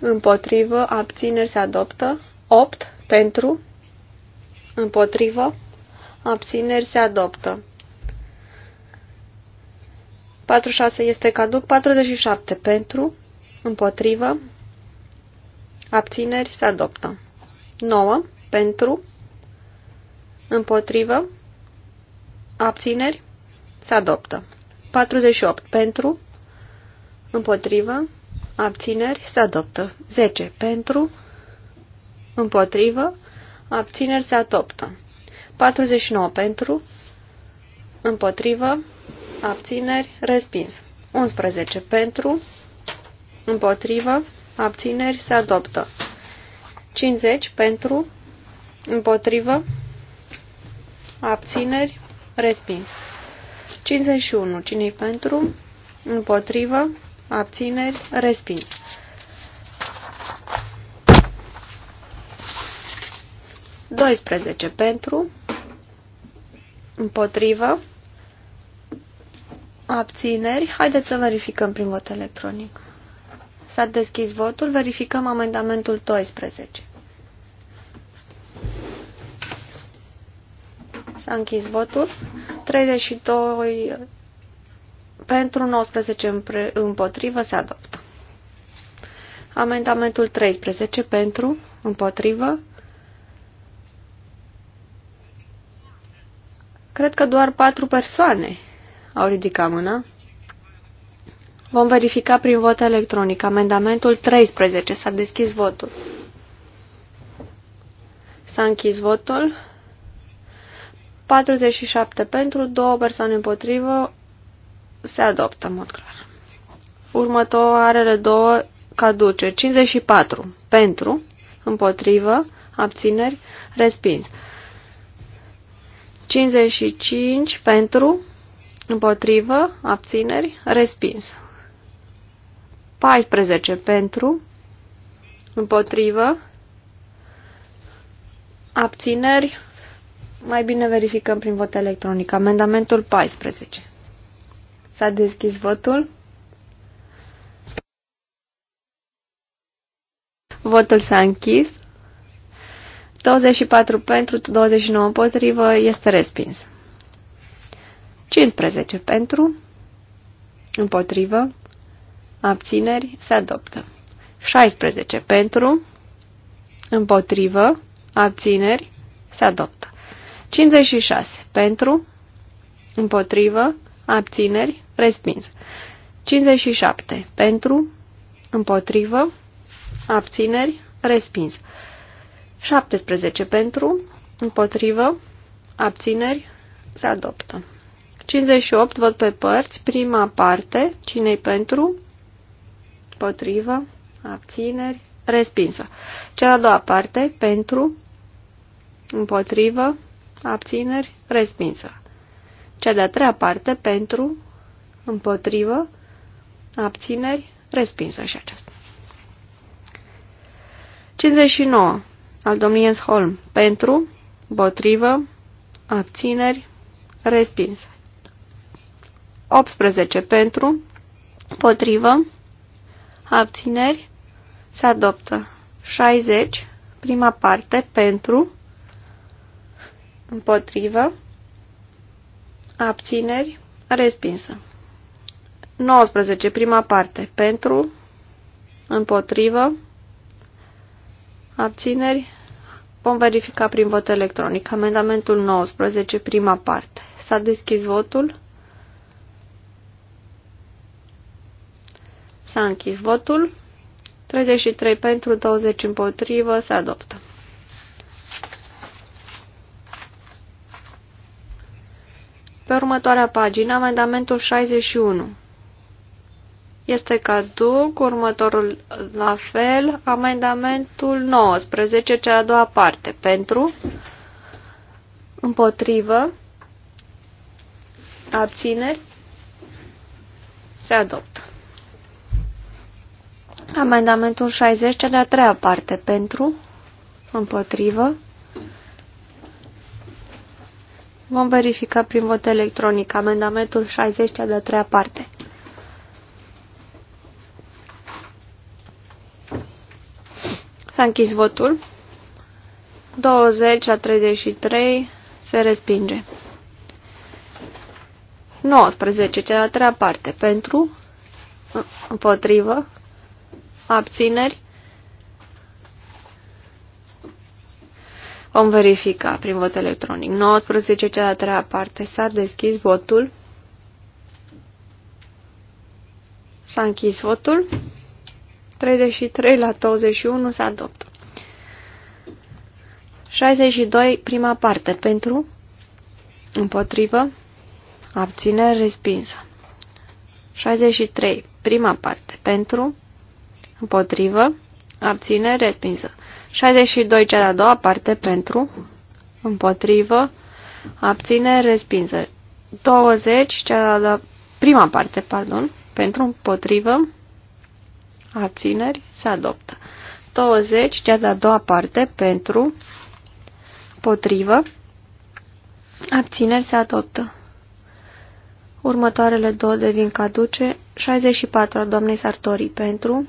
împotrivă, abțineri se adoptă, 8 pentru, împotrivă, abțineri se adoptă. 46 este caduc, 47 pentru, împotrivă, abțineri se adoptă. 9 pentru, împotrivă, abțineri se adoptă. 48 pentru, împotrivă, abțineri, se adoptă. 10 pentru, împotrivă, abțineri, se adoptă. 49 pentru, împotrivă, abțineri, respins. 11 pentru, împotrivă, abțineri, se adoptă. 50 pentru, împotrivă, abțineri, respins. 51, cine pentru, împotrivă, abțineri, respins. Doisprezece pentru, împotrivă, abțineri. Haideți să verificăm prin vot electronic. S-a deschis votul, verificăm amendamentul 12. S-a închis votul. 32 pentru 19 împotrivă se adoptă. Amendamentul 13 pentru împotrivă. Cred că doar patru persoane au ridicat mâna. Vom verifica prin vot electronic. Amendamentul 13. S-a deschis votul. S-a închis votul. 47 pentru, două persoane împotrivă, se adoptă în mod clar. Următoarele două caduce. 54. Pentru, împotrivă, abțineri, respins. 55. Pentru, împotrivă, abțineri, respins. 14. Pentru, împotrivă, abțineri, mai bine verificăm prin vot electronic. Amendamentul 14. S-a deschis votul. Votul s-a închis. 24 pentru, 29 împotrivă, este respins. 15 pentru, împotrivă, abțineri, se adoptă. 16 pentru, împotrivă, abțineri, se adoptă. 56 pentru, împotrivă, abțineri, respins. 57. Pentru, împotrivă, abțineri, respins. 17. Pentru, împotrivă, abțineri, se adoptă. 58. Vot pe părți, prima parte, Cine-i pentru, împotrivă, abțineri, respinsă. Cea a doua parte, pentru, împotrivă, abțineri, respinsă. Cea de-a treia parte pentru, împotrivă, abțineri, respinsă și aceasta. 59. Al domnului Jens Holm. Pentru, împotrivă, abțineri, respinsă. 18. Pentru, împotrivă, abțineri, se adoptă. 60. Prima parte, pentru, împotrivă, Abțineri. Respinsă. 19. Prima parte. Pentru. Împotrivă. Abțineri. Vom verifica prin vot electronic. Amendamentul 19. Prima parte. S-a deschis votul. S-a închis votul. 33 pentru, 20 împotrivă. Se adoptă. Pe următoarea pagină, amendamentul 61. Este caduc, următorul la fel, amendamentul 19, cea a doua parte, pentru, împotrivă, abțineri, se adoptă. Amendamentul 60, cea de-a treia parte, pentru, împotrivă, Vom verifica prin vot electronic amendamentul 60, de treia parte. S-a închis votul. 20 la 33 se respinge. 19, cea de-a treia parte. Pentru, împotrivă, abțineri, Vom verifica prin vot electronic. 19, cea de-a treia parte. S-a deschis votul. S-a închis votul. 33 la 21 s-a adoptat. 62, prima parte. Pentru, împotrivă, abține respinsă. 63, prima parte. Pentru, împotrivă, abține respinsă. 62, cea a doua parte, pentru, împotrivă, abține, respinsă. 20, cea a doua, prima parte, pardon, pentru, împotrivă, abțineri, se adoptă. 20, cea a doua parte, pentru, împotrivă, abțineri, se adoptă. Următoarele două devin caduce. 64 a doamnei Sartori pentru,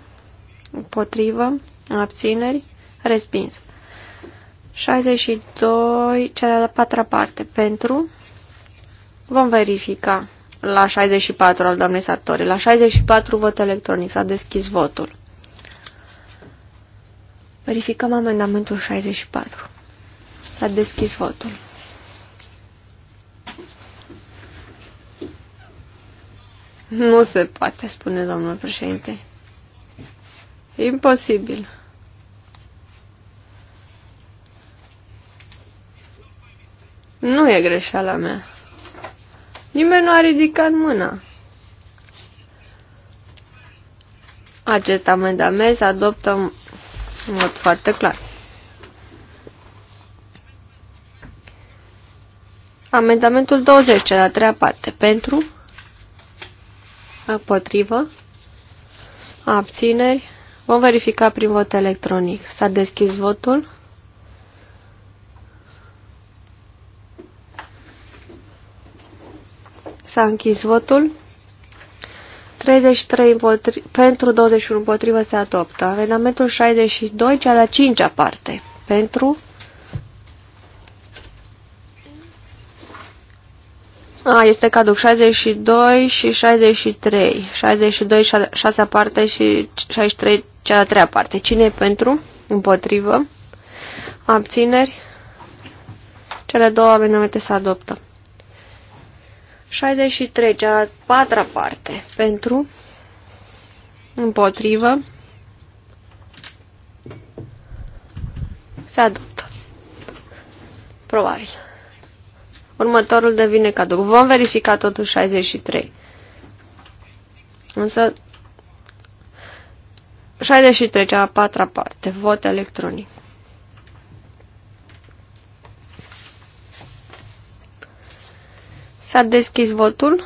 împotrivă, abțineri, Respins. 62, cea de-a patra parte, pentru. Vom verifica la 64 al doamnei Sartori. La 64 vot electronic s-a deschis votul. Verificăm amendamentul 64. S-a deschis votul. Nu se poate, spune domnul președinte. Imposibil. Nu e greșeala mea. Nimeni nu a ridicat mâna. Acest amendament se adoptă în mod foarte clar. Amendamentul 20, la treia parte. Pentru, împotrivă, abțineri. Vom verifica prin vot electronic. S-a deschis votul. S-a închis votul. 33 împotri... pentru, 21 împotrivă se adoptă. Amendamentul 62, cea de-a cincea parte. Pentru. A, este caduc 62 și 63. 62, 6 parte și 63, cea de-a treia parte. Cine e pentru? Împotrivă. Abțineri. Cele două amendamente se adoptă. 63, cea a patra parte, pentru, împotrivă, se adoptă. Probabil. Următorul devine cadou. Vom verifica totul 63. Însă, 63, cea a patra parte, vot electronic. S-a deschis votul.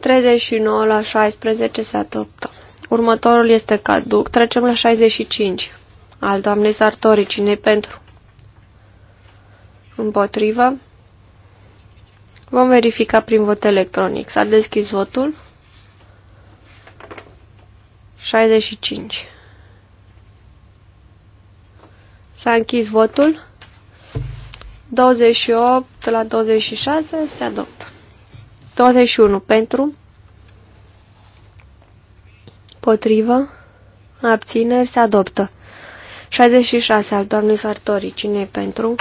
39 la 16 se adoptă. Următorul este caduc. Trecem la 65. Al doamnei Sartori, cine pentru? Împotrivă. Vom verifica prin vot electronic. S-a deschis votul. 65. S-a închis votul. 28 la 26 se adoptă. 21 pentru, potrivă, abțineri, se adoptă. 66 al doamnei Sartorii, cine pentru,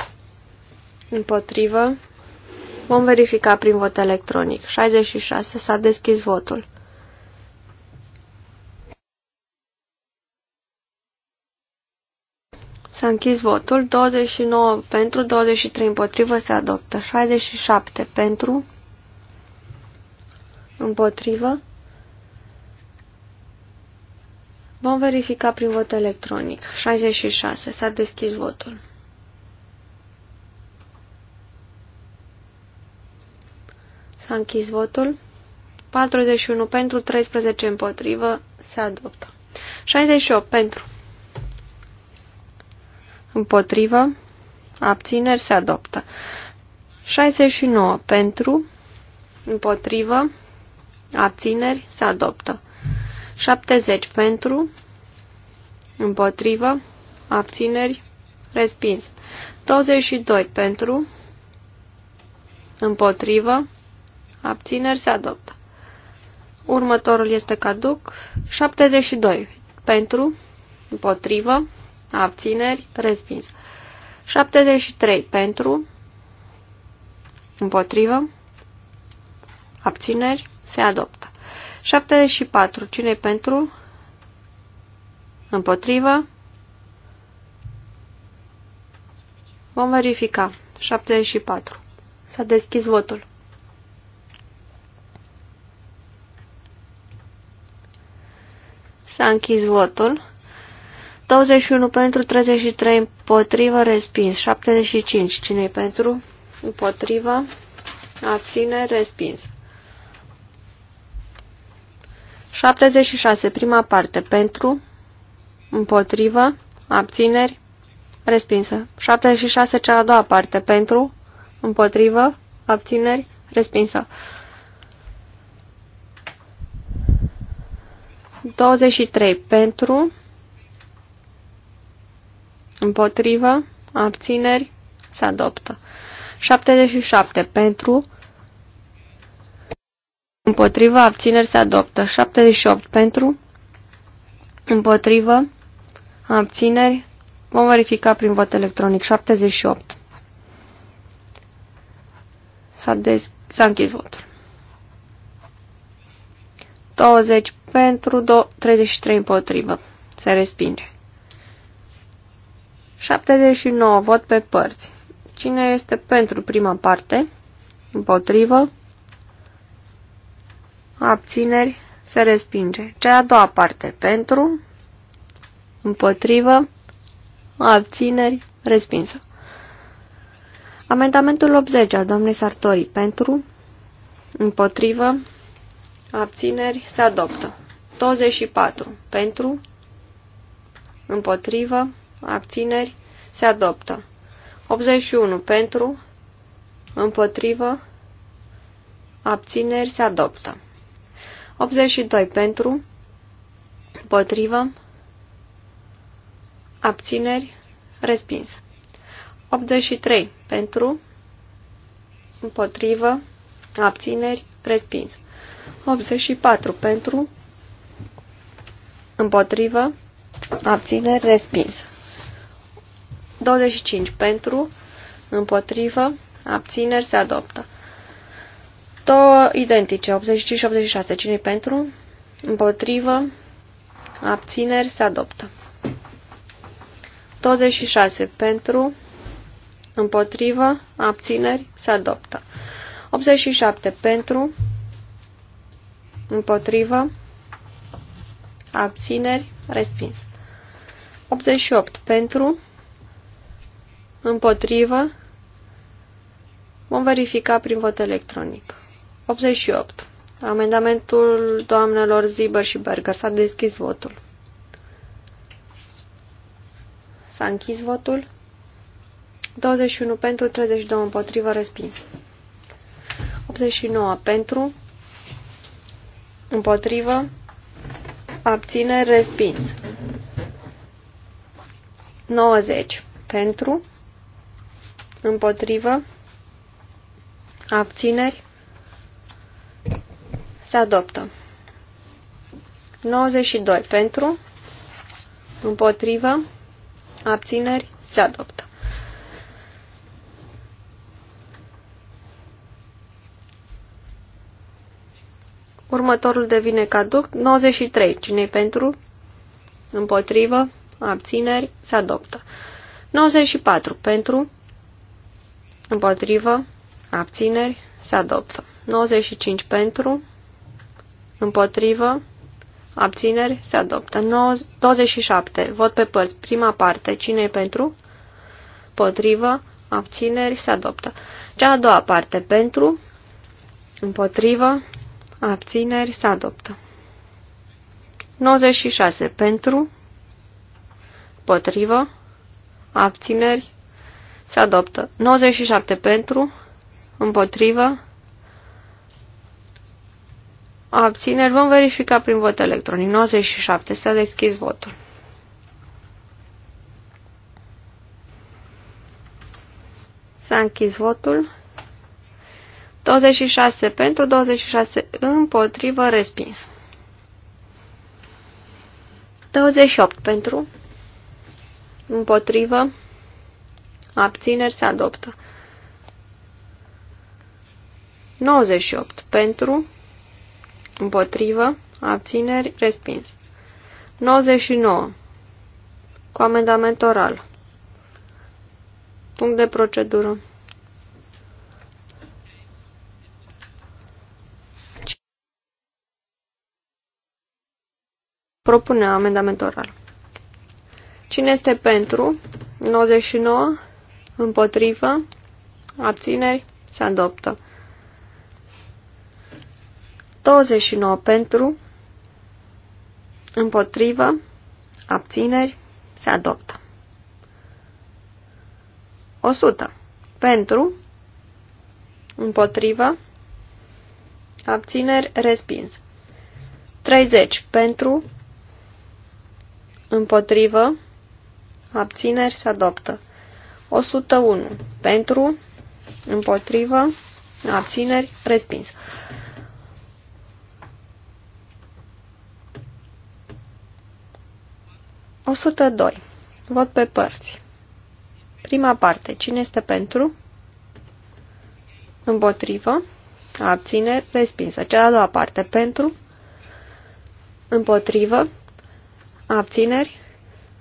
împotrivă, vom verifica prin vot electronic. 66 s-a deschis votul. S-a închis votul. 29 pentru, 23 împotrivă se adoptă. 67 pentru, împotrivă. Vom verifica prin vot electronic. 66. S-a deschis votul. S-a închis votul. 41 pentru, 13 împotrivă se adoptă. 68 pentru. Împotrivă. Abțineri se adoptă. 69. Pentru. Împotrivă. Abțineri se adoptă. 70. Pentru. Împotrivă. Abțineri. Respins. 22. Pentru. Împotrivă. Abțineri se adoptă. Următorul este caduc. 72. Pentru. Împotrivă abțineri, respins. 73 pentru, împotrivă, abțineri, se adoptă. 74 cine pentru, împotrivă, vom verifica. 74. S-a deschis votul. S-a închis votul. 21 pentru, 33 împotrivă, respins. 75. cine pentru? Împotrivă. Abține, respins. 76. Prima parte. Pentru. Împotrivă. Abțineri. Respinsă. 76. Cea a doua parte. Pentru. Împotrivă. Abțineri. Respinsă. 23. Pentru. Împotrivă. Abțineri. Se adoptă. 77 pentru. Împotrivă. Abțineri. Se adoptă. 78 pentru. Împotrivă. Abțineri. Vom verifica prin vot electronic. 78. S-a, des- închis votul. 20 pentru, 33 împotrivă. Se respinge. 79. Vot pe părți. Cine este pentru prima parte? Împotrivă? Abțineri? Se respinge. Cea a doua parte. Pentru? Împotrivă? Abțineri? Respinsă. Amendamentul 80 al doamnei Sartori. Pentru? Împotrivă? Abțineri? Se adoptă. 24. Pentru? Împotrivă? abțineri, se adoptă. 81 pentru, împotrivă, abțineri, se adoptă. 82 pentru, împotrivă, abțineri, respins. 83 pentru, împotrivă, abțineri, respins. 84 pentru, împotrivă, abțineri, respins. 25 pentru, împotrivă, abțineri, se adoptă. Două identice, 85 și 86. cine pentru? Împotrivă, abțineri, se adoptă. 26 pentru, împotrivă, abțineri, se adoptă. 87 pentru, împotrivă, abțineri, respins. 88 pentru, Împotrivă. Vom verifica prin vot electronic. 88. Amendamentul doamnelor Ziber și Berger. S-a deschis votul. S-a închis votul. 21 pentru, 32 împotrivă, respins. 89 pentru, împotrivă, abține, respins. 90 pentru, Împotrivă. Abțineri. Se adoptă. 92. Pentru. Împotrivă. Abțineri. Se adoptă. Următorul devine caduc. 93. cine pentru? Împotrivă. Abțineri. Se adoptă. 94. Pentru împotrivă, abțineri, se adoptă. 95 pentru, împotrivă, abțineri, se adoptă. 27, vot pe părți, prima parte, cine e pentru, împotrivă, abțineri, se adoptă. Cea a doua parte, pentru, împotrivă, abțineri, se adoptă. 96 pentru, împotrivă, abțineri, se adoptă. 97 pentru, împotrivă, abțineri. Vom verifica prin vot electronic. 97. S-a deschis votul. S-a închis votul. 26 pentru, 26 împotrivă, respins. 28 pentru, împotrivă, abțineri se adoptă. 98 pentru, împotrivă, abțineri, respins. 99 cu amendament oral. Punct de procedură. Propune amendament oral. Cine este pentru? 99. Împotrivă. Abțineri. Se adoptă. 29 pentru. Împotrivă. Abțineri. Se adoptă. 100. Pentru. Împotrivă. Abțineri. Respins. 30. Pentru. Împotrivă. Abțineri. Se adoptă. 101. Pentru, împotrivă, abțineri, respins. O doi Vot pe părți. Prima parte. Cine este pentru? Împotrivă. Abțineri. Respinsă. Cea de-a doua parte. Pentru. Împotrivă. Abțineri.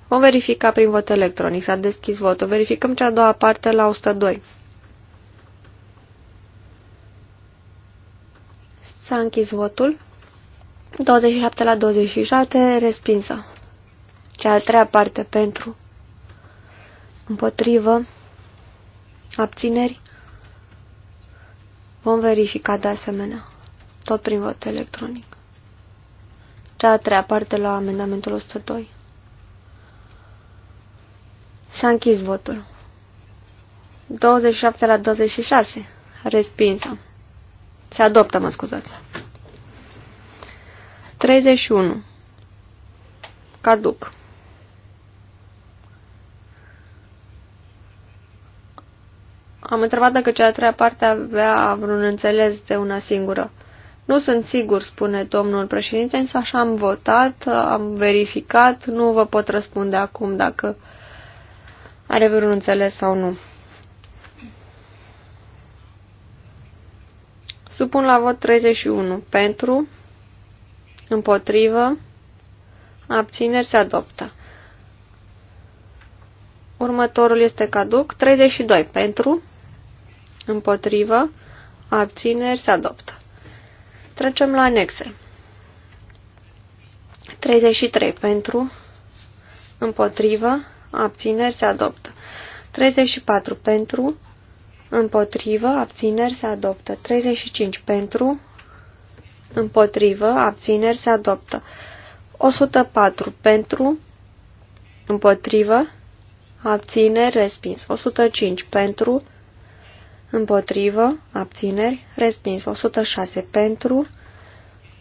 Vom verifica prin vot electronic. S-a deschis votul. Verificăm cea a doua parte la 102. S-a închis votul. 27 la 27, respinsă. Cea a treia parte pentru. Împotrivă. Abțineri. Vom verifica de asemenea. Tot prin vot electronic. Cea a treia parte la amendamentul 102. S-a închis votul. 27 la 26. Respinsă. Se adoptă, mă scuzați. 31. Caduc. Am întrebat dacă cea treia parte avea vreun înțeles de una singură. Nu sunt sigur, spune domnul președinte, însă așa am votat, am verificat, nu vă pot răspunde acum dacă are vreun înțeles sau nu. Supun la vot 31. Pentru, împotrivă, abțineri se adoptă. Următorul este caduc. 32. Pentru, împotrivă, abțineri se adoptă. Trecem la anexe. 33. Pentru, împotrivă, abțineri se adoptă. 34 pentru, împotrivă, abțineri se adoptă. 35 pentru, împotrivă, abțineri se adoptă. 104 pentru, împotrivă, abțineri respins. 105 pentru, împotrivă, abțineri respins. 106 pentru,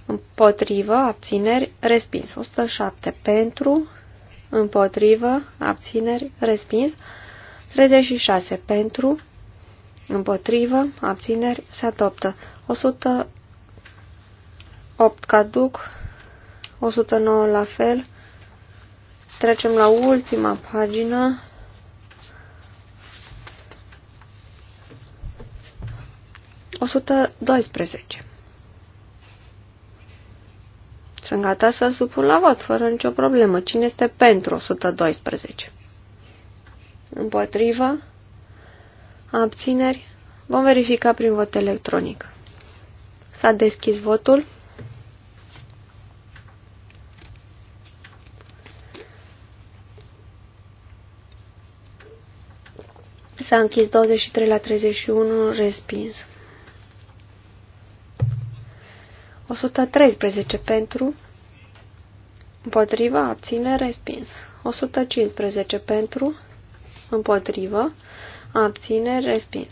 împotrivă, abțineri respins. 107 pentru, împotrivă, abțineri, respins. 36 pentru, împotrivă, abțineri, se adoptă. 108 caduc, 109 la fel. Trecem la ultima pagină. O doisprezece. Sunt gata să supun la vot, fără nicio problemă. Cine este pentru 112? Împotrivă? Abțineri? Vom verifica prin vot electronic. S-a deschis votul. S-a închis 23 la 31, respins. 113 pentru, împotriva, abține, respins. 115 pentru, împotrivă, abține, respins.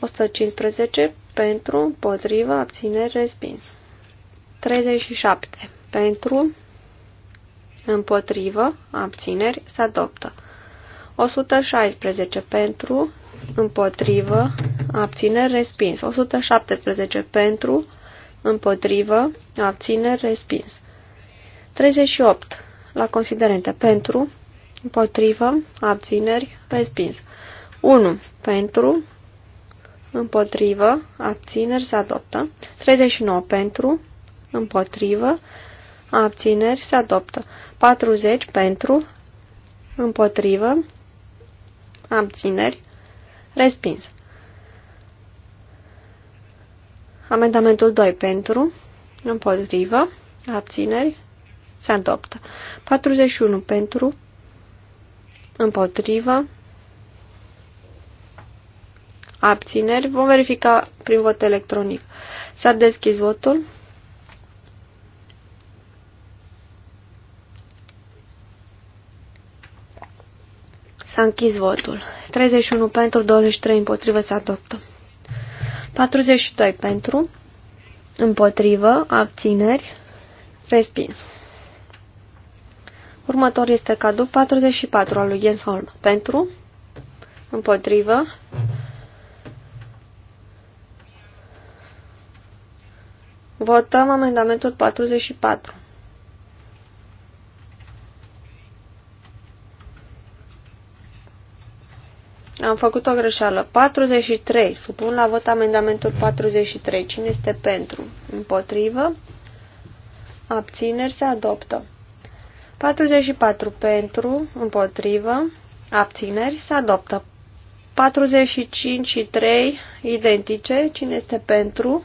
115 pentru, împotrivă, abține, respins. 37 pentru, Împotrivă, abțineri, se adoptă. 116 pentru, împotrivă, abțineri, respins. 117 pentru, împotrivă, abțineri, respins. 38. La considerente. Pentru, împotrivă, abțineri, respins. 1. Pentru, împotrivă, abțineri, se adoptă. 39. Pentru, împotrivă, abțineri, se adoptă. 40. Pentru, împotrivă, abțineri, respins. Amendamentul 2 pentru, împotrivă, abțineri, se adoptă. 41 pentru, împotrivă, abțineri. Vom verifica prin vot electronic. S-a deschis votul. S-a închis votul. 31 pentru, 23 împotrivă se adoptă. 42 pentru, împotrivă, abțineri, respins. Următor este cadou 44 al lui Jens Holm. Pentru, împotrivă, votăm amendamentul 44. Am făcut o greșeală. 43. Supun la vot amendamentul 43. Cine este pentru? Împotrivă? Abțineri se adoptă. 44 pentru, împotrivă, abțineri se adoptă. 45 și 3 identice, cine este pentru,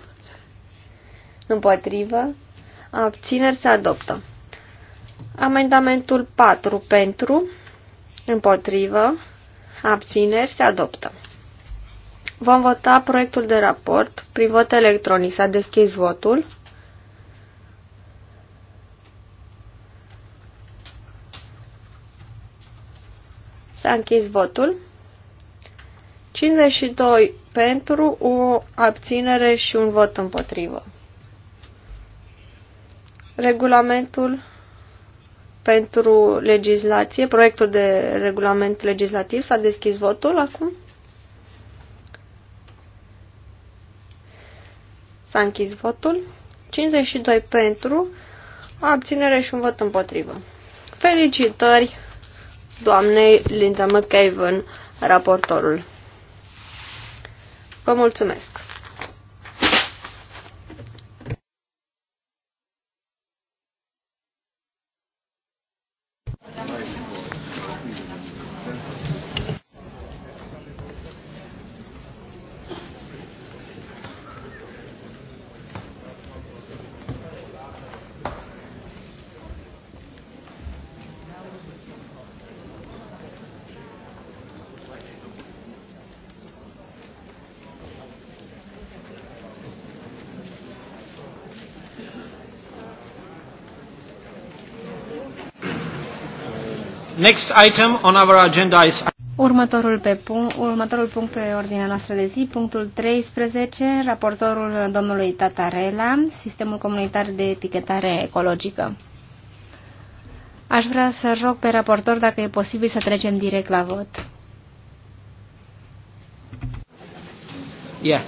împotrivă, abțineri se adoptă. Amendamentul 4 pentru, împotrivă, abțineri, se adoptă. Vom vota proiectul de raport prin vot electronic. S-a deschis votul. S-a închis votul. 52 pentru, o abținere și un vot împotrivă. Regulamentul pentru legislație, proiectul de regulament legislativ. S-a deschis votul acum. S-a închis votul. 52 pentru, abținere și un vot împotrivă. Felicitări doamnei Linda McAven, raportorul. Vă mulțumesc! Next item on our agenda is... Următorul, pe punct, următorul punct pe ordinea noastră de zi, punctul 13, raportorul domnului Tatarela, Sistemul Comunitar de Etichetare Ecologică. Aș vrea să rog pe raportor dacă e posibil să trecem direct la vot. Yeah.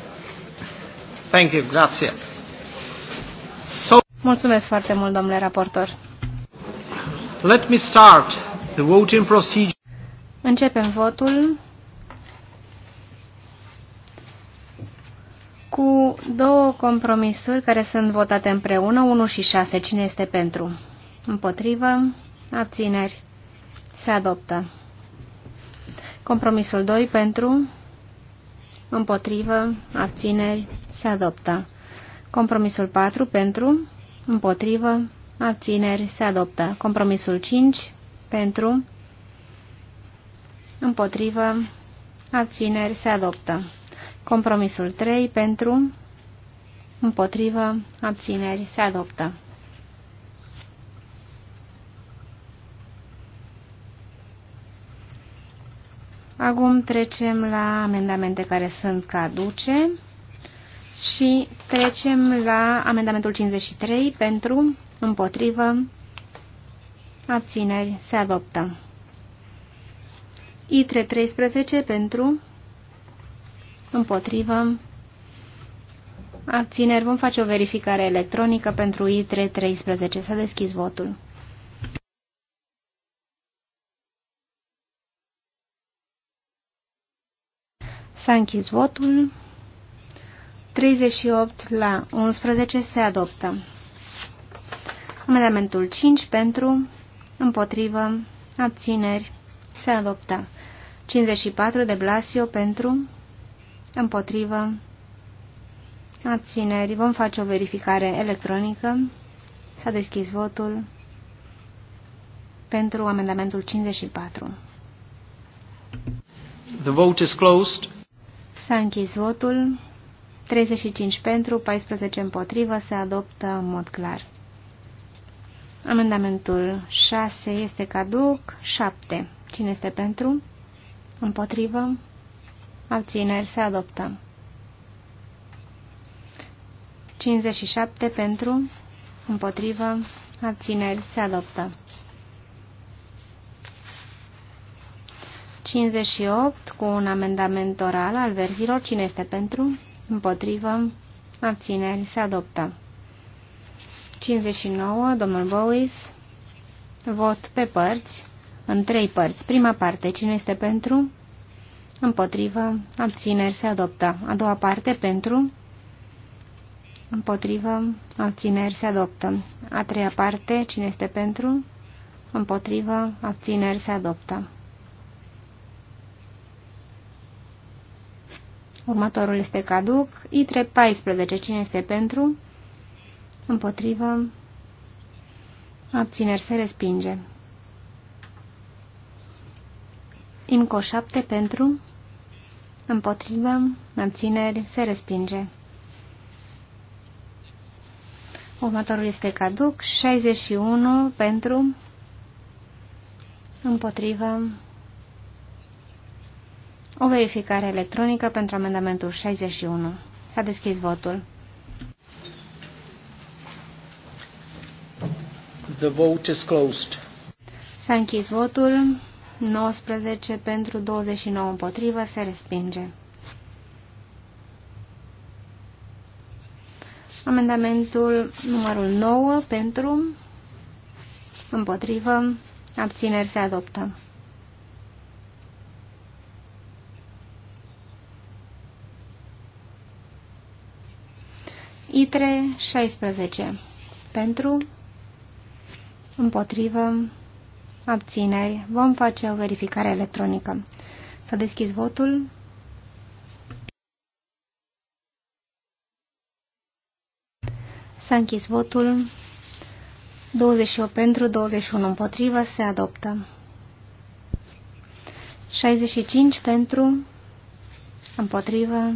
Thank you, grazie. So... Mulțumesc foarte mult, domnule raportor. Let me start The voting procedure. Începem votul cu două compromisuri care sunt votate împreună, 1 și 6. Cine este pentru? Împotrivă? Abțineri? Se adoptă. Compromisul 2 pentru? Împotrivă? Abțineri? Se adoptă. Compromisul 4 pentru? Împotrivă? Abțineri? Se adoptă. Compromisul 5 pentru, împotrivă, abțineri se adoptă. Compromisul 3 pentru, împotrivă, abțineri se adoptă. Acum trecem la amendamente care sunt caduce și trecem la amendamentul 53 pentru, împotrivă, Abțineri. Se adoptă. i 13 pentru. Împotrivă. Abțineri. Vom face o verificare electronică pentru i 13. S-a deschis votul. S-a închis votul. 38 la 11 se adoptă. Amendamentul 5 pentru împotrivă, abțineri, se adoptă. 54 de Blasio pentru, împotrivă, abțineri. Vom face o verificare electronică. S-a deschis votul pentru amendamentul 54. The vote is closed. S-a închis votul. 35 pentru, 14 împotrivă, se adoptă în mod clar. Amendamentul 6 este caduc. 7. Cine este pentru? Împotrivă? Abțineri. Se adoptă. 57 pentru, împotrivă, abțineri, se adoptă. 58 cu un amendament oral al verzilor, cine este pentru, împotrivă, abțineri, se adoptă. 59, domnul Bowis, vot pe părți, în trei părți. Prima parte, cine este pentru? Împotrivă, abțineri, se adoptă. A doua parte, pentru? Împotrivă, abțineri, se adoptă. A treia parte, cine este pentru? Împotrivă, abțineri, se adoptă. Următorul este caduc. i 14. cine este Pentru împotrivă, abțineri se respinge. IMCO 7 pentru, împotrivă, abțineri se respinge. Următorul este caduc, 61 pentru, împotrivă, o verificare electronică pentru amendamentul 61. S-a deschis votul. The vote is closed. S-a închis votul. 19 pentru 29 împotrivă se respinge. Amendamentul numărul 9 pentru împotrivă abțineri se adoptă. ITRE 16 pentru împotrivă, abțineri. Vom face o verificare electronică. S-a deschis votul. S-a închis votul. 28 pentru, 21 împotrivă, se adoptă. 65 pentru, împotrivă,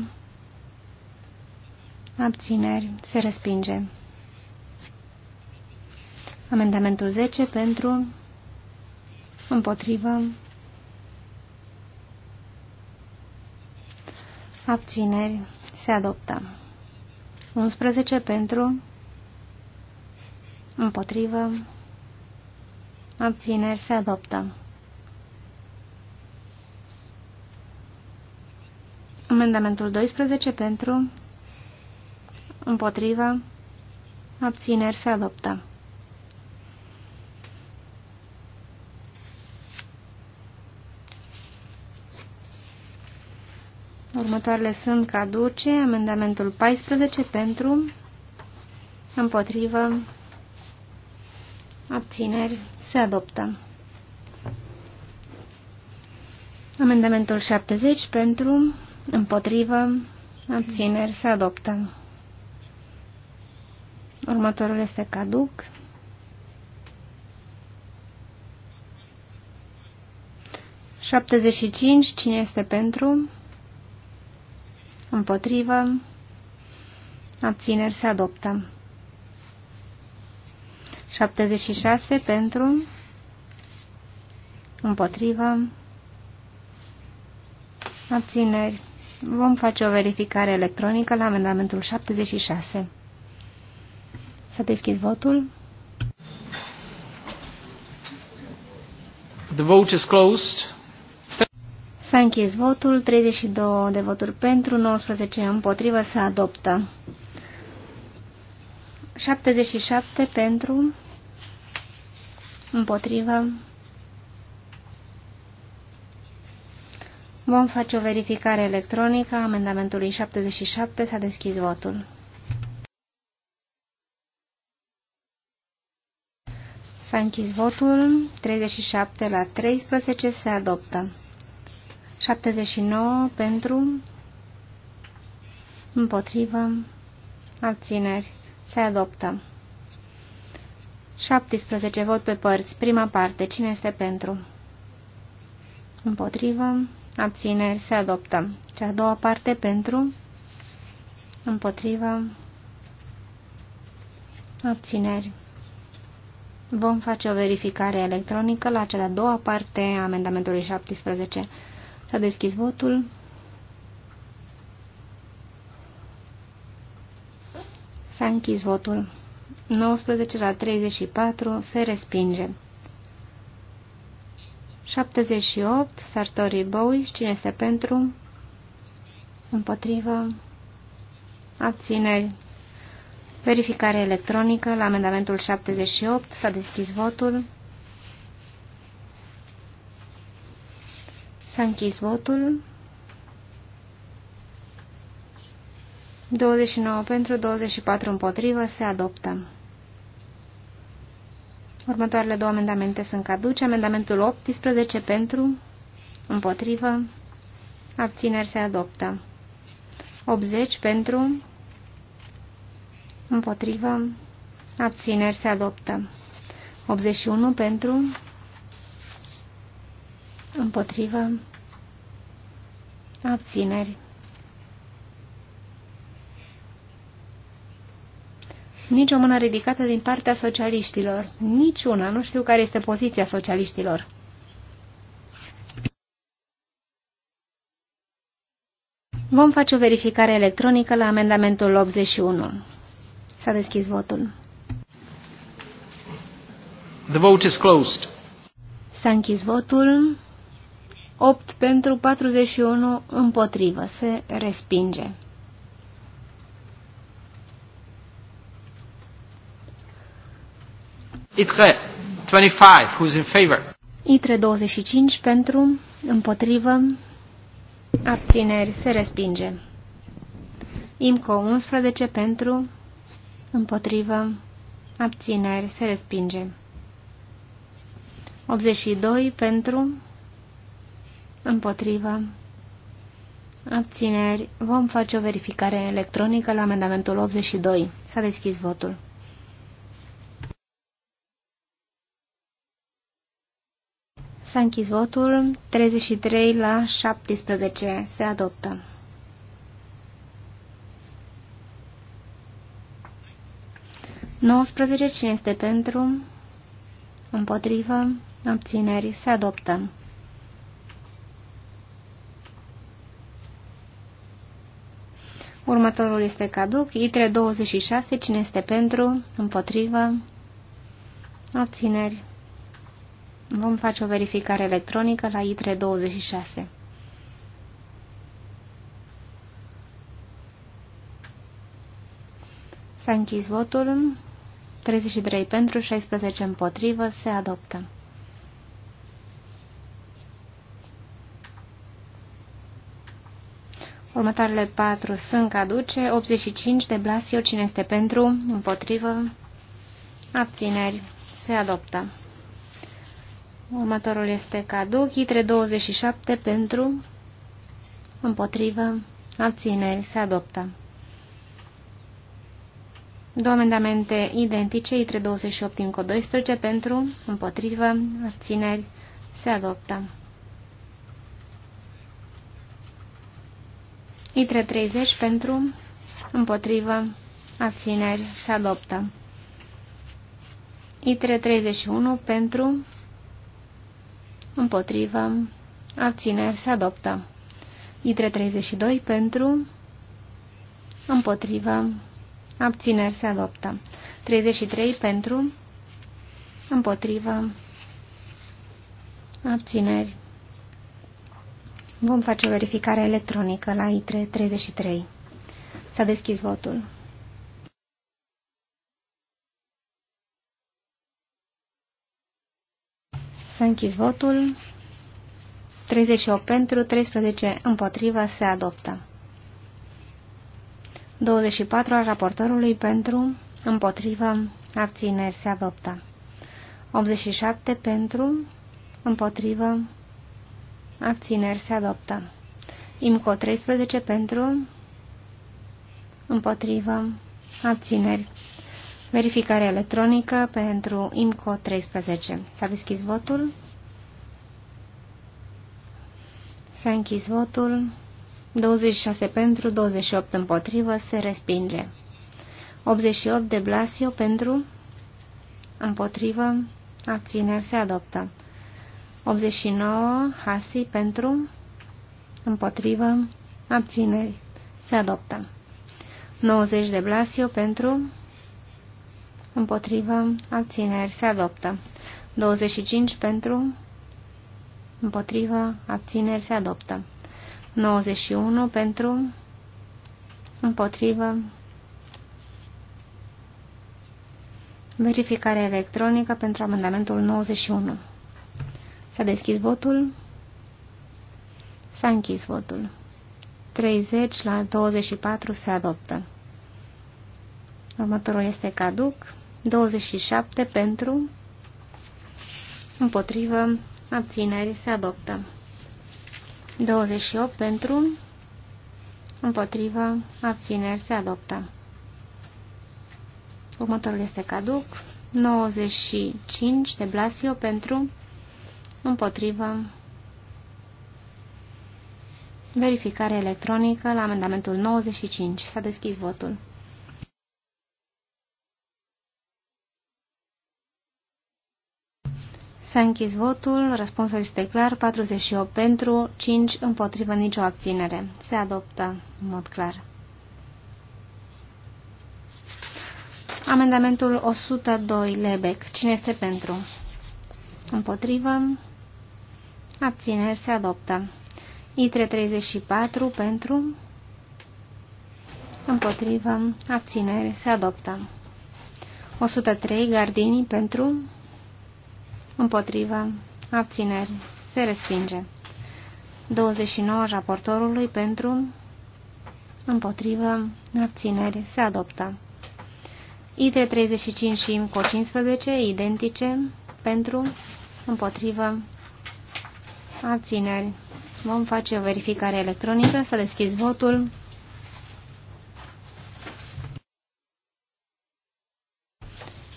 abțineri, se respinge. Amendamentul 10 pentru, împotrivă, abțineri, se adoptă. 11 pentru, împotrivă, abțineri, se adoptă. Amendamentul 12 pentru, împotrivă, abțineri, se adoptă. Următoarele sunt caduce. Amendamentul 14 pentru, împotrivă, abțineri, se adoptă. Amendamentul 70 pentru, împotrivă, abțineri, se adoptă. Următorul este caduc. Șaptezeci și cinci, cine este pentru? împotrivă, abțineri se adoptă. 76 pentru, împotrivă, abțineri. Vom face o verificare electronică la amendamentul 76. S-a deschis votul. The vote is closed. S-a închis votul, 32 de voturi pentru, 19 împotrivă, se adoptă. 77 pentru, împotrivă. Vom face o verificare electronică a amendamentului 77, s-a deschis votul. S-a închis votul, 37 la 13 se adoptă. 79 pentru, împotrivă, abțineri, se adoptă. 17 vot pe părți, prima parte, cine este pentru? Împotrivă, abțineri, se adoptă. Cea a doua parte pentru, împotrivă, abțineri. Vom face o verificare electronică la cea de-a doua parte a amendamentului 17. S-a deschis votul. S-a închis votul. 19 la 34 se respinge. 78, Sartori Bowies, cine este pentru? Împotrivă. Abțineri. Verificare electronică la amendamentul 78. S-a deschis votul. S-a închis votul. 29 pentru, 24 împotrivă, se adoptă. Următoarele două amendamente sunt caduce. Amendamentul 18 pentru, împotrivă, abțineri se adoptă. 80 pentru, împotrivă, abțineri se adoptă. 81 pentru, împotrivă, abțineri. Nici o mână ridicată din partea socialiștilor. Niciuna. Nu știu care este poziția socialiștilor. Vom face o verificare electronică la amendamentul 81. S-a deschis votul. The vote is closed. S-a închis votul. 8 pentru 41 împotrivă. Se respinge. Itre 25, who's in favor? Itre 25 pentru, împotrivă, abțineri, se respinge. Imco 11 pentru, împotrivă, abțineri, se respinge. 82 pentru, împotrivă, abțineri, vom face o verificare electronică la amendamentul 82. S-a deschis votul. S-a închis votul, 33 la 17 se adoptă. cine este pentru? Împotrivă, abțineri, se adoptă. Următorul este caduc. ITRE 26. Cine este pentru? Împotrivă? Abțineri. Vom face o verificare electronică la ITRE 26. S-a închis votul. 33 pentru, 16 împotrivă. Se adoptă. Următoarele patru sunt caduce. 85 de Blasio. Cine este pentru? Împotrivă. Abțineri. Se adoptă. Următorul este caduc. Itre 27 pentru. Împotrivă. Abțineri. Se adoptă. Două amendamente identice, ITRE 28 încă 12 pentru, împotrivă, abțineri, se adoptă. ITRE 30 pentru, împotrivă, abțineri, se adoptă. ITRE 31 pentru, împotrivă, abțineri, se adoptă. ITRE 32 pentru, împotrivă, abțineri, se adoptă. 33 pentru, împotrivă, abțineri, Vom face o verificare electronică la i 33. S-a deschis votul. S-a închis votul. 38 pentru, 13 împotriva, se adoptă. 24 al raportorului pentru, împotrivă, abțineri, se adoptă. 87 pentru, împotrivă, Abțineri se adoptă. IMCO 13 pentru. Împotrivă. Abțineri. Verificare electronică pentru IMCO 13. S-a deschis votul. S-a închis votul. 26 pentru, 28 împotrivă, se respinge. 88 de Blasio pentru, împotrivă, abțineri se adoptă. 89, Hasi, pentru, împotrivă, abțineri, se adoptă. 90 de Blasio, pentru, împotrivă, abțineri, se adoptă. 25 pentru, împotrivă, abțineri, se adoptă. 91 pentru, împotrivă, verificare electronică pentru amendamentul 91. S-a deschis votul. S-a închis votul. 30 la 24 se adoptă. Următorul este caduc. 27 pentru, împotrivă, abțineri, se adoptă. 28 pentru, împotrivă, abțineri, se adoptă. Următorul este caduc. 95 de Blasio pentru, împotrivă, verificare electronică la amendamentul 95. S-a deschis votul. S-a închis votul, răspunsul este clar, 48 pentru, 5 împotrivă, nicio abținere. Se adoptă în mod clar. Amendamentul 102, Lebec. Cine este pentru? Împotrivă, Abțineri se adoptă. i 34 pentru. Împotrivă. Abțineri se adoptă. 103 Gardini pentru. Împotrivă. Abțineri se respinge. 29 raportorului pentru. Împotrivă. Abțineri se adoptă. i 35 și IMCO 15 identice pentru. Împotrivă abțineri. Vom face o verificare electronică. Să deschizi votul.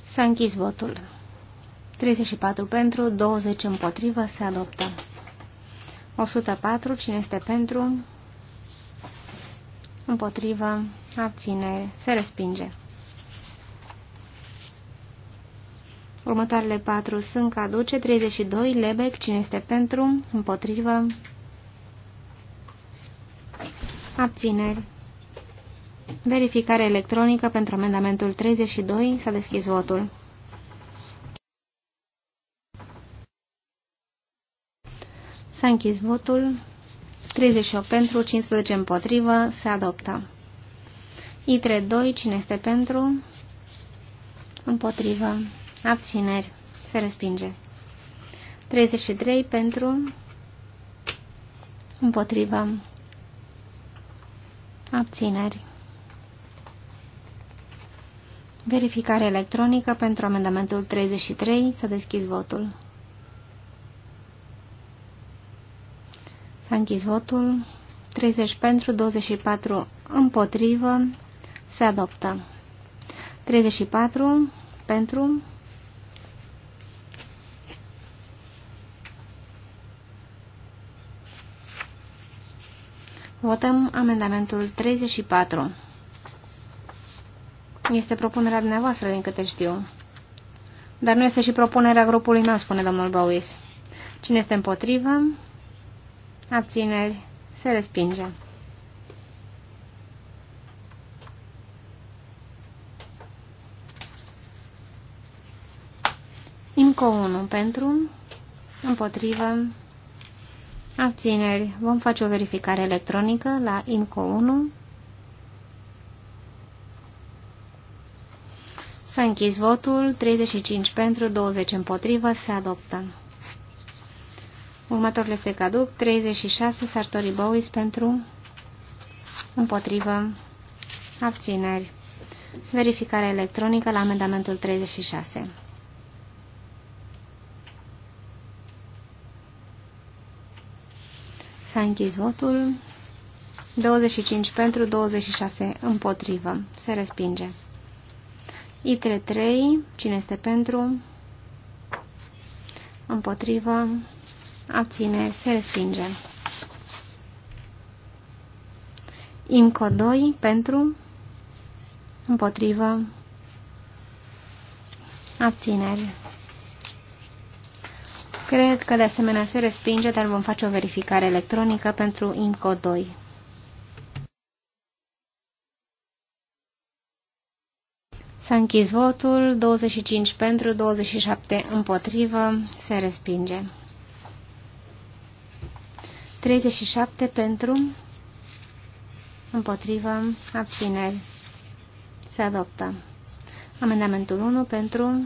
S-a închis votul. 34 pentru, 20 împotrivă, se adoptă. 104, cine este pentru? Împotrivă, abține. se respinge. Următoarele patru sunt caduce. 32, Lebec, cine este pentru, împotrivă, abțineri. Verificare electronică pentru amendamentul 32. S-a deschis votul. S-a închis votul. 38 pentru, 15 împotrivă. Se adoptă. I32, cine este pentru? Împotrivă. Abțineri. Se respinge. 33 pentru. Împotriva. Abțineri. Verificare electronică pentru amendamentul 33. S-a deschis votul. S-a închis votul. 30 pentru, 24 împotrivă. Se adoptă. 34 pentru, Votăm amendamentul 34. Este propunerea dumneavoastră, din câte știu. Dar nu este și propunerea grupului meu, spune domnul Bowies. Cine este împotrivă? Abțineri. Se respinge. Imco 1 pentru, împotrivă, Abțineri. Vom face o verificare electronică la IMCO 1. S-a închis votul, 35 pentru, 20 împotrivă, se adoptă. Următorul este caduc, 36 Sartori Bowis pentru, împotrivă, abțineri. Verificare electronică la amendamentul 36. S-a închis votul. 25 pentru, 26 împotrivă. Se respinge. ITRE 3. Cine este pentru? Împotrivă. Abține. Se respinge. IMCO 2. Pentru? Împotrivă. Abțineri. Cred că de asemenea se respinge, dar vom face o verificare electronică pentru INCO 2. S-a închis votul, 25 pentru, 27 împotrivă, se respinge. 37 pentru, împotrivă, abțineri, se adoptă. Amendamentul 1 pentru,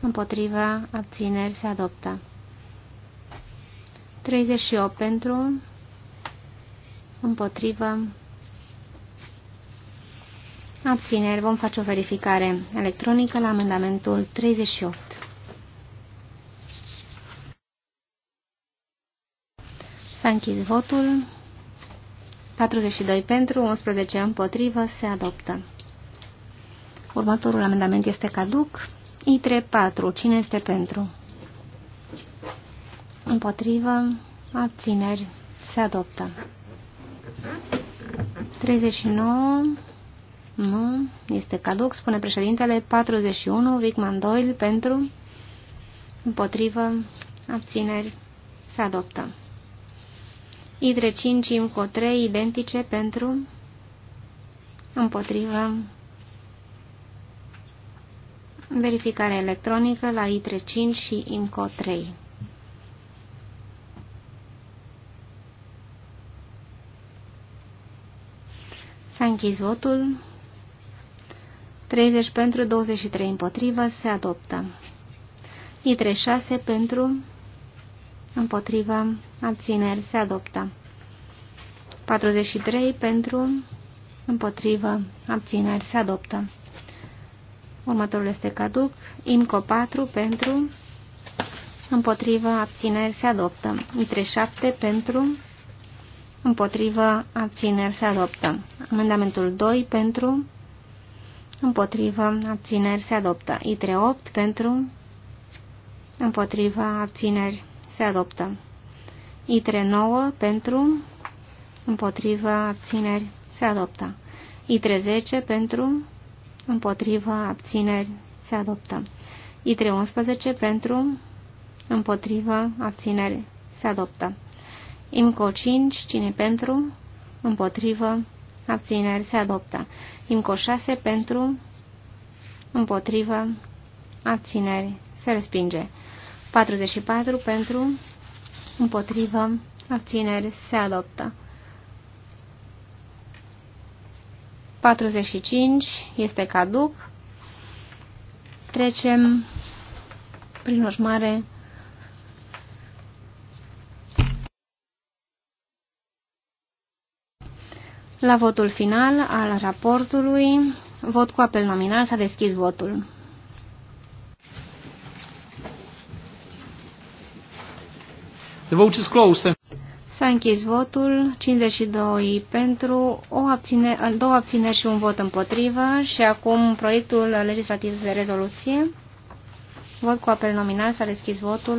împotrivă, abțineri, se adoptă. 38 pentru, împotrivă, abțineri. Vom face o verificare electronică la amendamentul 38. S-a închis votul. 42 pentru, 11 împotrivă, se adoptă. Următorul amendament este caduc. I34. Cine este pentru? Împotrivă. Abțineri. Se adoptă. 39. Nu. Este caduc. Spune președintele. 41. Rickman Doyle. Pentru. Împotrivă. Abțineri. Se adoptă. Idre 5, IMCO 3, identice pentru, împotrivă, verificare electronică la Idre 5 și IMCO 3. S-a închis votul. 30 pentru, 23 împotrivă, se adoptă. I36 pentru, împotrivă, abțineri, se adoptă. 43 pentru, împotrivă, abțineri, se adoptă. Următorul este caduc. IMCO 4 pentru, împotrivă, abțineri, se adoptă. I37 pentru, Împotrivă, abțineri, se adoptă. Amendamentul 2 pentru. Împotrivă, abțineri, se adoptă. ITRE 8 pentru. Împotrivă, abțineri, se adoptă. ITRE 9 pentru. Împotrivă, abțineri, se adoptă. ITRE 10 pentru. Împotrivă, abțineri, se adoptă. ITRE 11 pentru. Împotrivă, abțineri, se adoptă. IMCO 5, cine pentru, împotrivă, abțineri, se adoptă. IMCO 6, pentru, împotrivă, abțineri, se respinge. 44, pentru, împotrivă, abțineri, se adoptă. 45 este caduc. Trecem, prin urmare, La votul final al raportului, vot cu apel nominal, s-a deschis votul. The vote is closed. S-a închis votul, 52 pentru, o abține, două abțineri și un vot împotrivă și acum proiectul legislativ de rezoluție. Vot cu apel nominal, s-a deschis votul.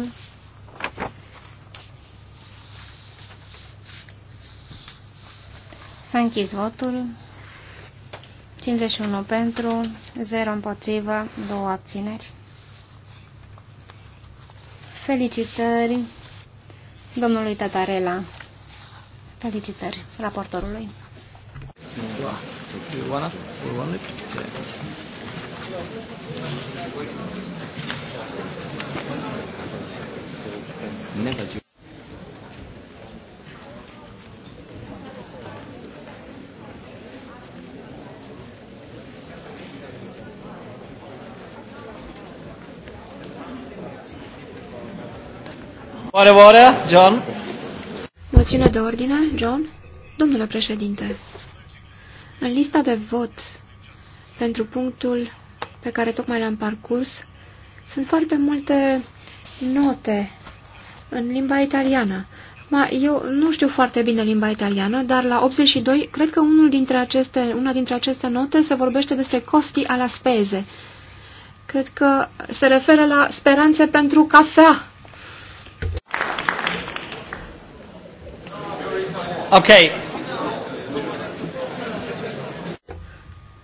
S-a închis votul. 51 pentru, 0 împotrivă, 2 abțineri. Felicitări domnului Tatarela. Felicitări raportorului. Never Oare, oare, John? Moțiune de ordine, John? Domnule președinte, în lista de vot pentru punctul pe care tocmai l-am parcurs, sunt foarte multe note în limba italiană. Ma, eu nu știu foarte bine limba italiană, dar la 82, cred că unul dintre aceste, una dintre aceste note se vorbește despre costi alla speze. Cred că se referă la speranțe pentru cafea. Ok.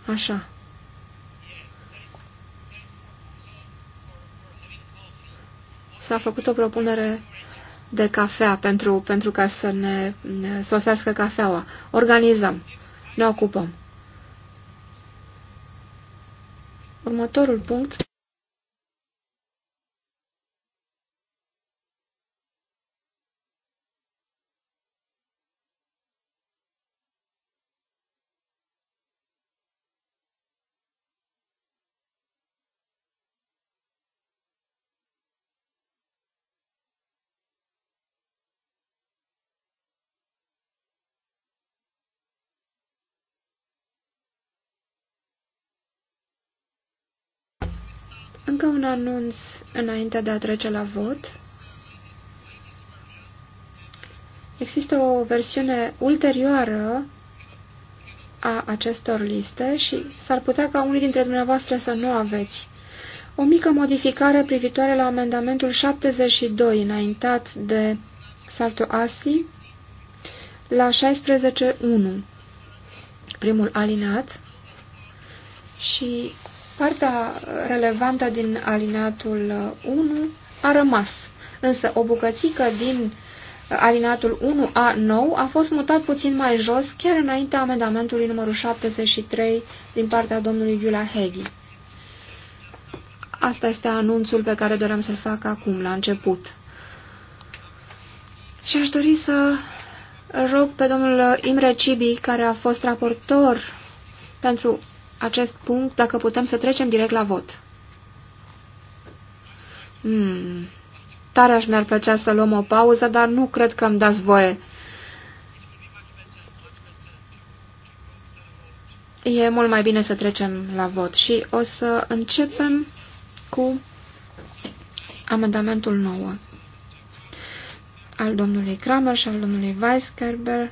Așa. S-a făcut o propunere de cafea pentru, pentru ca să ne, sosească cafeaua. Organizăm. Ne ocupăm. Următorul punct Încă un anunț înainte de a trece la vot. Există o versiune ulterioară a acestor liste și s-ar putea ca unii dintre dumneavoastră să nu aveți. O mică modificare privitoare la amendamentul 72 înaintat de Sarto Asi la 16.1, primul alinat, și Partea relevantă din alinatul 1 uh, a rămas, însă o bucățică din uh, Alinatul 1A9 a fost mutat puțin mai jos, chiar înaintea amendamentului numărul 73 din partea domnului Iula Hegi. Asta este anunțul pe care doream să-l fac acum, la început. Și aș dori să rog pe domnul Imre Cibi, care a fost raportor pentru acest punct, dacă putem să trecem direct la vot. Hmm. Tare aș mi-ar plăcea să luăm o pauză, dar nu cred că îmi dați voie. E mult mai bine să trecem la vot și o să începem cu amendamentul 9 al domnului Kramer și al domnului Weiskerber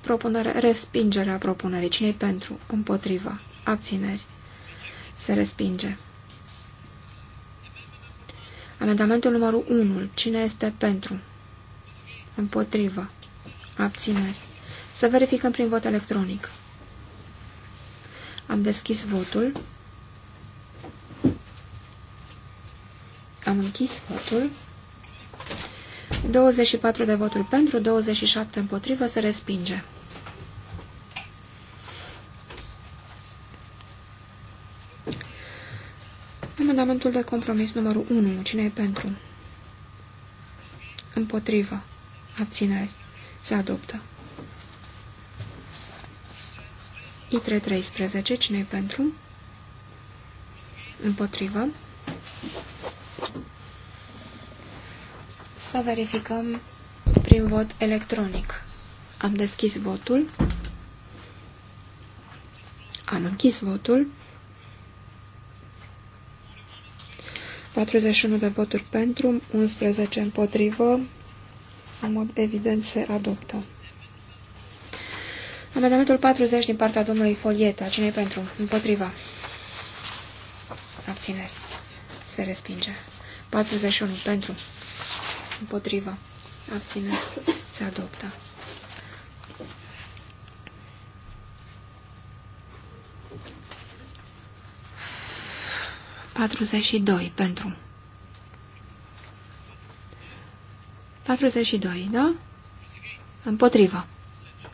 propunere, respingerea propunerii. cine pentru? Împotriva abțineri, se respinge. Amendamentul numărul 1. Cine este pentru? Împotrivă. Abțineri. Să verificăm prin vot electronic. Am deschis votul. Am închis votul. 24 de voturi pentru, 27 împotrivă, se respinge. Amendamentul de compromis numărul 1. Cine e pentru? Împotrivă. Abțineri. Se adoptă. I313. Cine e pentru? Împotrivă. Să verificăm prin vot electronic. Am deschis votul. Am închis votul. 41 de voturi pentru, 11 împotrivă. În mod evident se adoptă. Amendamentul 40 din partea domnului Folieta. cine pentru? Împotriva. Abțineri. Se respinge. 41 pentru. Împotriva. Abțineri. Se adoptă. 42 pentru. 42, da? Împotrivă.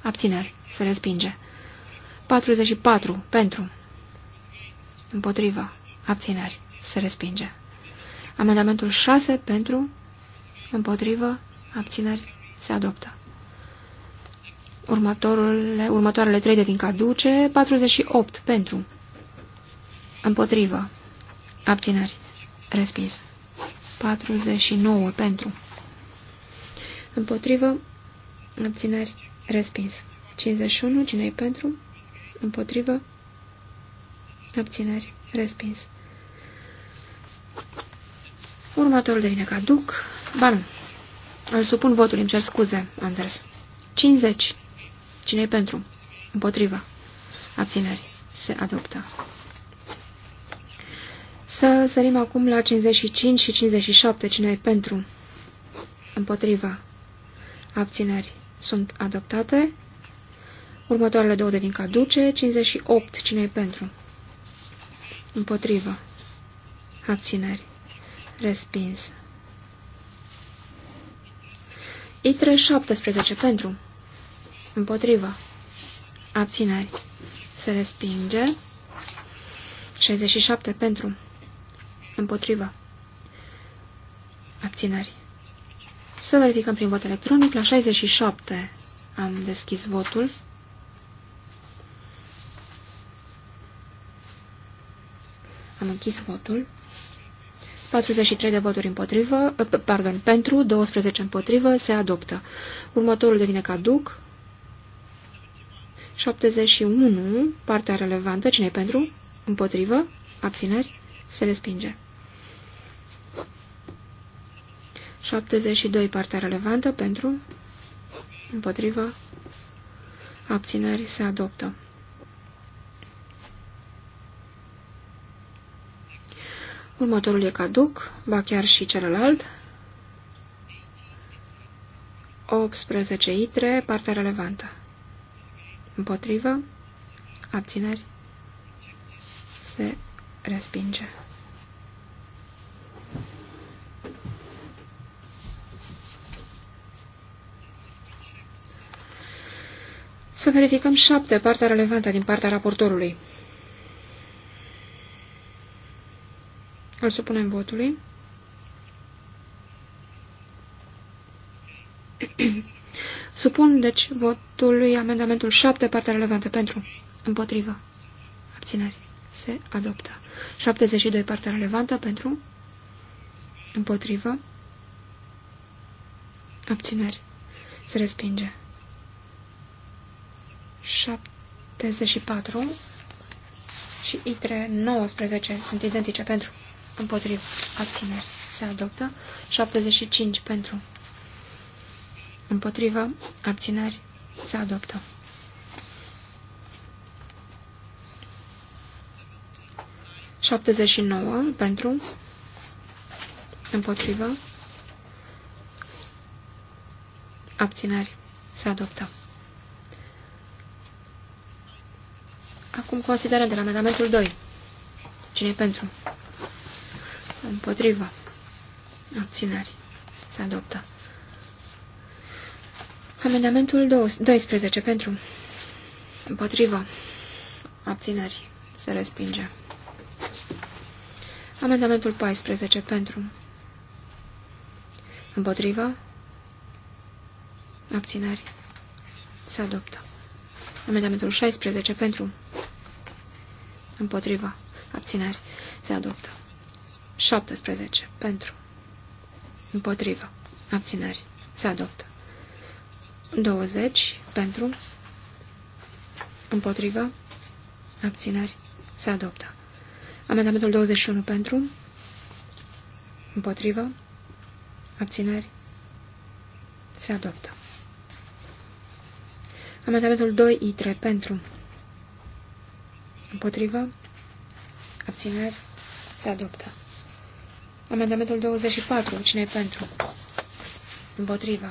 Abțineri. Se respinge. 44 pentru. Împotrivă. Abțineri. Se respinge. Amendamentul 6 pentru. Împotrivă. Abțineri. Se adoptă. Următorul, următoarele trei devin caduce. 48 pentru. Împotrivă. Abțineri. Respins. 49 pentru. Împotrivă. Abțineri. Respins. 51. Cine pentru? Împotrivă. Abțineri. Respins. Următorul devine caduc. Ba nu. Îl supun votul. Îmi cer scuze, Anders. 50. cine e pentru? Împotrivă. Abțineri. Se adoptă. Să sărim acum la 55 și 57. Cine e pentru? Împotriva. Abțineri sunt adoptate. Următoarele două devin caduce. 58. Cine e pentru? împotriva Abțineri. Respins. ITRE 17. Pentru. împotriva Abțineri. Se respinge. 67. Pentru. Împotriva. Abținări. Să verificăm prin vot electronic. La 67 am deschis votul. Am închis votul. 43 de voturi împotrivă, ă, pardon, pentru, 12 împotrivă, se adoptă. Următorul devine caduc. 71, partea relevantă, cine pentru? Împotrivă, abțineri, se respinge. 72, partea relevantă, pentru, împotriva abținerii se adoptă. Următorul e caduc, ba chiar și celălalt. 18 itre, partea relevantă. Împotrivă, abțineri, se respinge. Să verificăm șapte, partea relevantă din partea raportorului. Îl supunem votului. Supun, deci, votului amendamentul 7, partea relevantă pentru, împotrivă, abțineri. Se adoptă. 72, partea relevantă pentru, împotrivă, abțineri. Se respinge. 74 și ITRE 19 sunt identice pentru împotriva abțineri. Se adoptă 75 pentru împotriva abțineri. Se adoptă. Șaptezeci nouă pentru împotrivă abțineri. Se adoptă. cum considerăm de la amendamentul 2. cine e pentru? Împotriva. Abținări. Se adoptă. Amendamentul 12 pentru. Împotriva. Abținări. Se respinge. Amendamentul 14 pentru. Împotriva. Abținări. Se adoptă. Amendamentul 16 pentru. Împotriva. Abțineri. Se adoptă. 17. Pentru. Împotriva. Abțineri. Se adoptă. 20. Pentru. Împotriva. Abțineri. Se adoptă. Amendamentul 21 pentru. Împotriva. Abțineri. Se adoptă. Amendamentul 2 i 3 pentru. Împotrivă. Abțineri. Se adoptă. Amendamentul 24. cine e pentru? Împotrivă.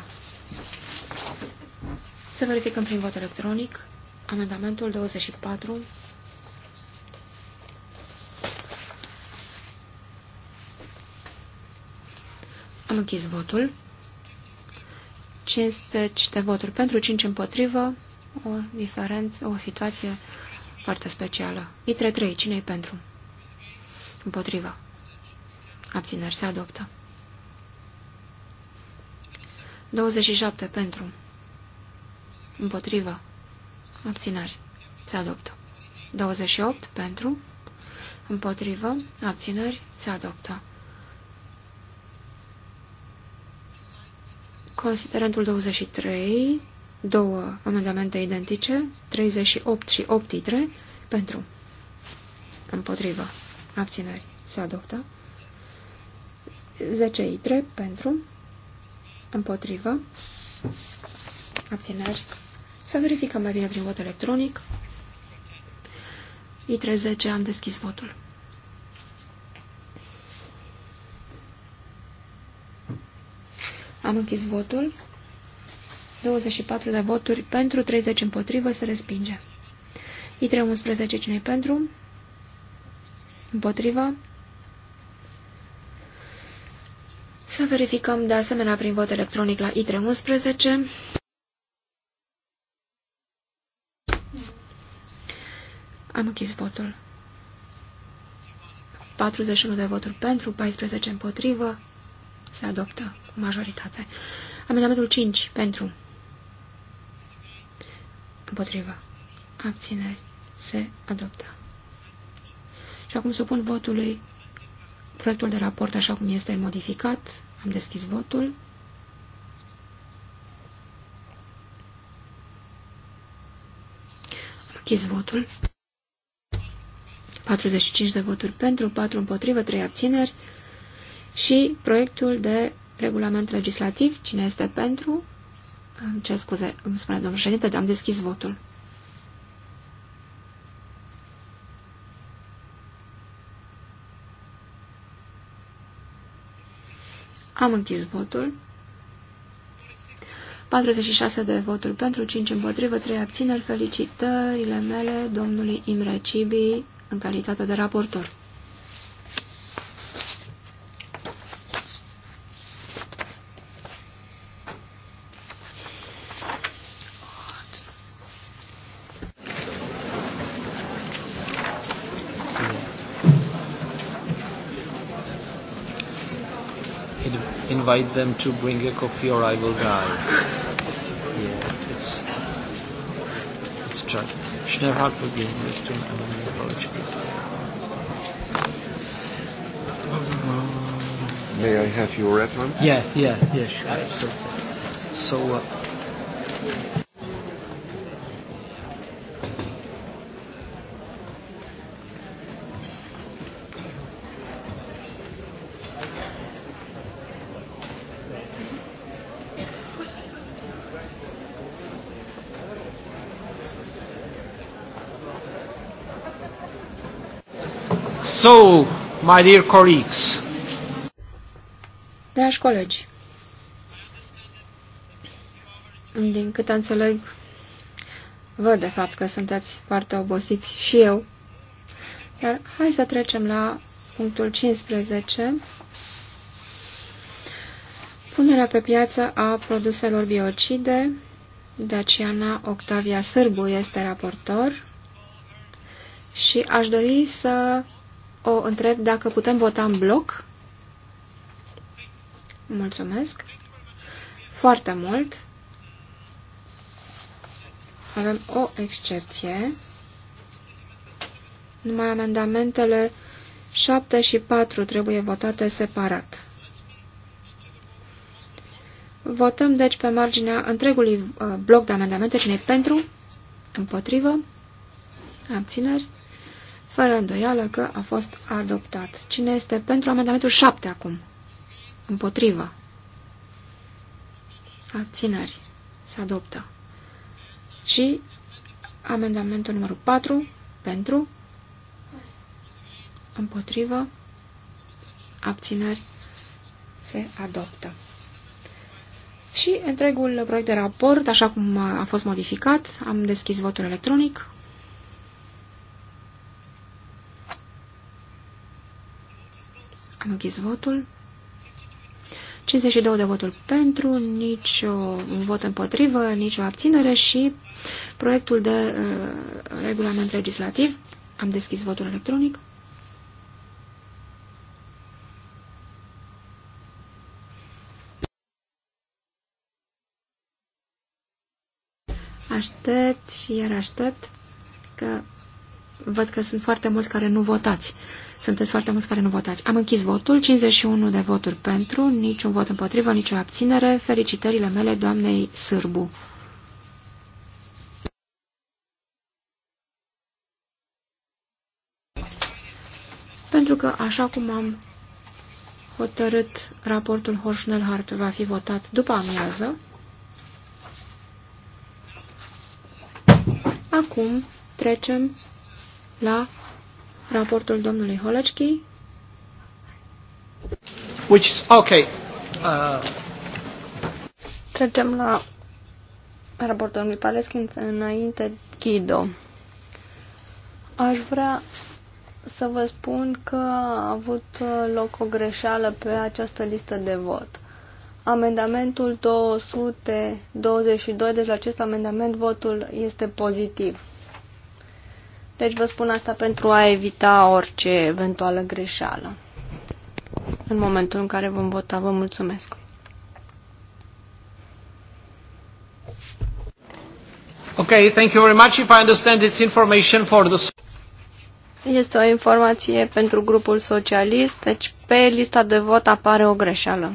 Să verificăm prin vot electronic. Amendamentul 24. Am închis votul. 50 de voturi pentru, 5 împotrivă, o diferență, o situație foarte specială. Itre 3. cine e pentru? Împotriva. Abțineri. Se adoptă. 27. Pentru. Împotriva. Abținări. Se adoptă. 28. Pentru. Împotrivă. Abținări. Se adoptă. Considerentul 23 două amendamente identice, 38 și 83, pentru, împotriva, abțineri, se adoptă, 10 itre, pentru, împotriva, abțineri, să verificăm mai bine prin vot electronic, itre 30 am deschis votul. Am închis votul. 24 de voturi pentru, 30 împotrivă, se respinge. i 11, cine pentru? Împotrivă. Să verificăm de asemenea prin vot electronic la i 11. Am închis votul. 41 de voturi pentru, 14 împotrivă, se adoptă cu majoritate. Amendamentul 5 pentru, Împotriva. Abțineri. Se adoptă. Și acum supun votului proiectul de raport așa cum este modificat. Am deschis votul. Am închis votul. 45 de voturi pentru, 4 împotrivă, 3 abțineri și proiectul de regulament legislativ. Cine este pentru? Îmi cer scuze, îmi spune domnul președinte, am deschis votul. Am închis votul. 46 de voturi pentru, 5 împotrivă, 3 abțineri. Felicitările mele domnului Imre Cibi în calitate de raportor. invite them to bring a coffee or I will die. Yeah, it's it's tragic. Schneerhardt will be English to and I'm May I have your reference? Yeah, yeah, yeah, sure, absolutely. So. Uh, So, my dear colleagues. Dragi colegi, din cât înțeleg, văd de fapt că sunteți foarte obosiți și eu, dar hai să trecem la punctul 15, punerea pe piață a produselor biocide, Daciana Octavia Sârbu este raportor și aș dori să o întreb dacă putem vota în bloc. Mulțumesc. Foarte mult. Avem o excepție. Numai amendamentele 7 și 4 trebuie votate separat. Votăm deci pe marginea întregului uh, bloc de amendamente cine pentru, împotrivă, abțineri, fără îndoială că a fost adoptat. Cine este pentru amendamentul 7 acum? Împotrivă. Abținări. Se adoptă. Și amendamentul numărul 4 pentru împotrivă abținări se adoptă. Și întregul proiect de raport, așa cum a fost modificat, am deschis votul electronic. Am închis votul. 52 de voturi pentru, nici un vot împotrivă, nicio abținere și proiectul de uh, regulament legislativ. Am deschis votul electronic. Aștept și iar aștept că Văd că sunt foarte mulți care nu votați. Sunteți foarte mulți care nu votați. Am închis votul, 51 de voturi pentru, niciun vot împotrivă, nicio abținere. Felicitările mele doamnei Sârbu. Pentru că, așa cum am hotărât, raportul Horschnell-Hart va fi votat după amiază. Acum trecem la raportul domnului Holecki. Which is, okay. Uh... Trecem la raportul domnului Paleschi înainte Ghido. Aș vrea să vă spun că a avut loc o greșeală pe această listă de vot. Amendamentul 222, deci la acest amendament votul este pozitiv. Deci vă spun asta pentru a evita orice eventuală greșeală. În momentul în care vom vota, vă mulțumesc. Okay, thank you very much. If I understand this information for the Este o informație pentru grupul socialist, deci pe lista de vot apare o greșeală.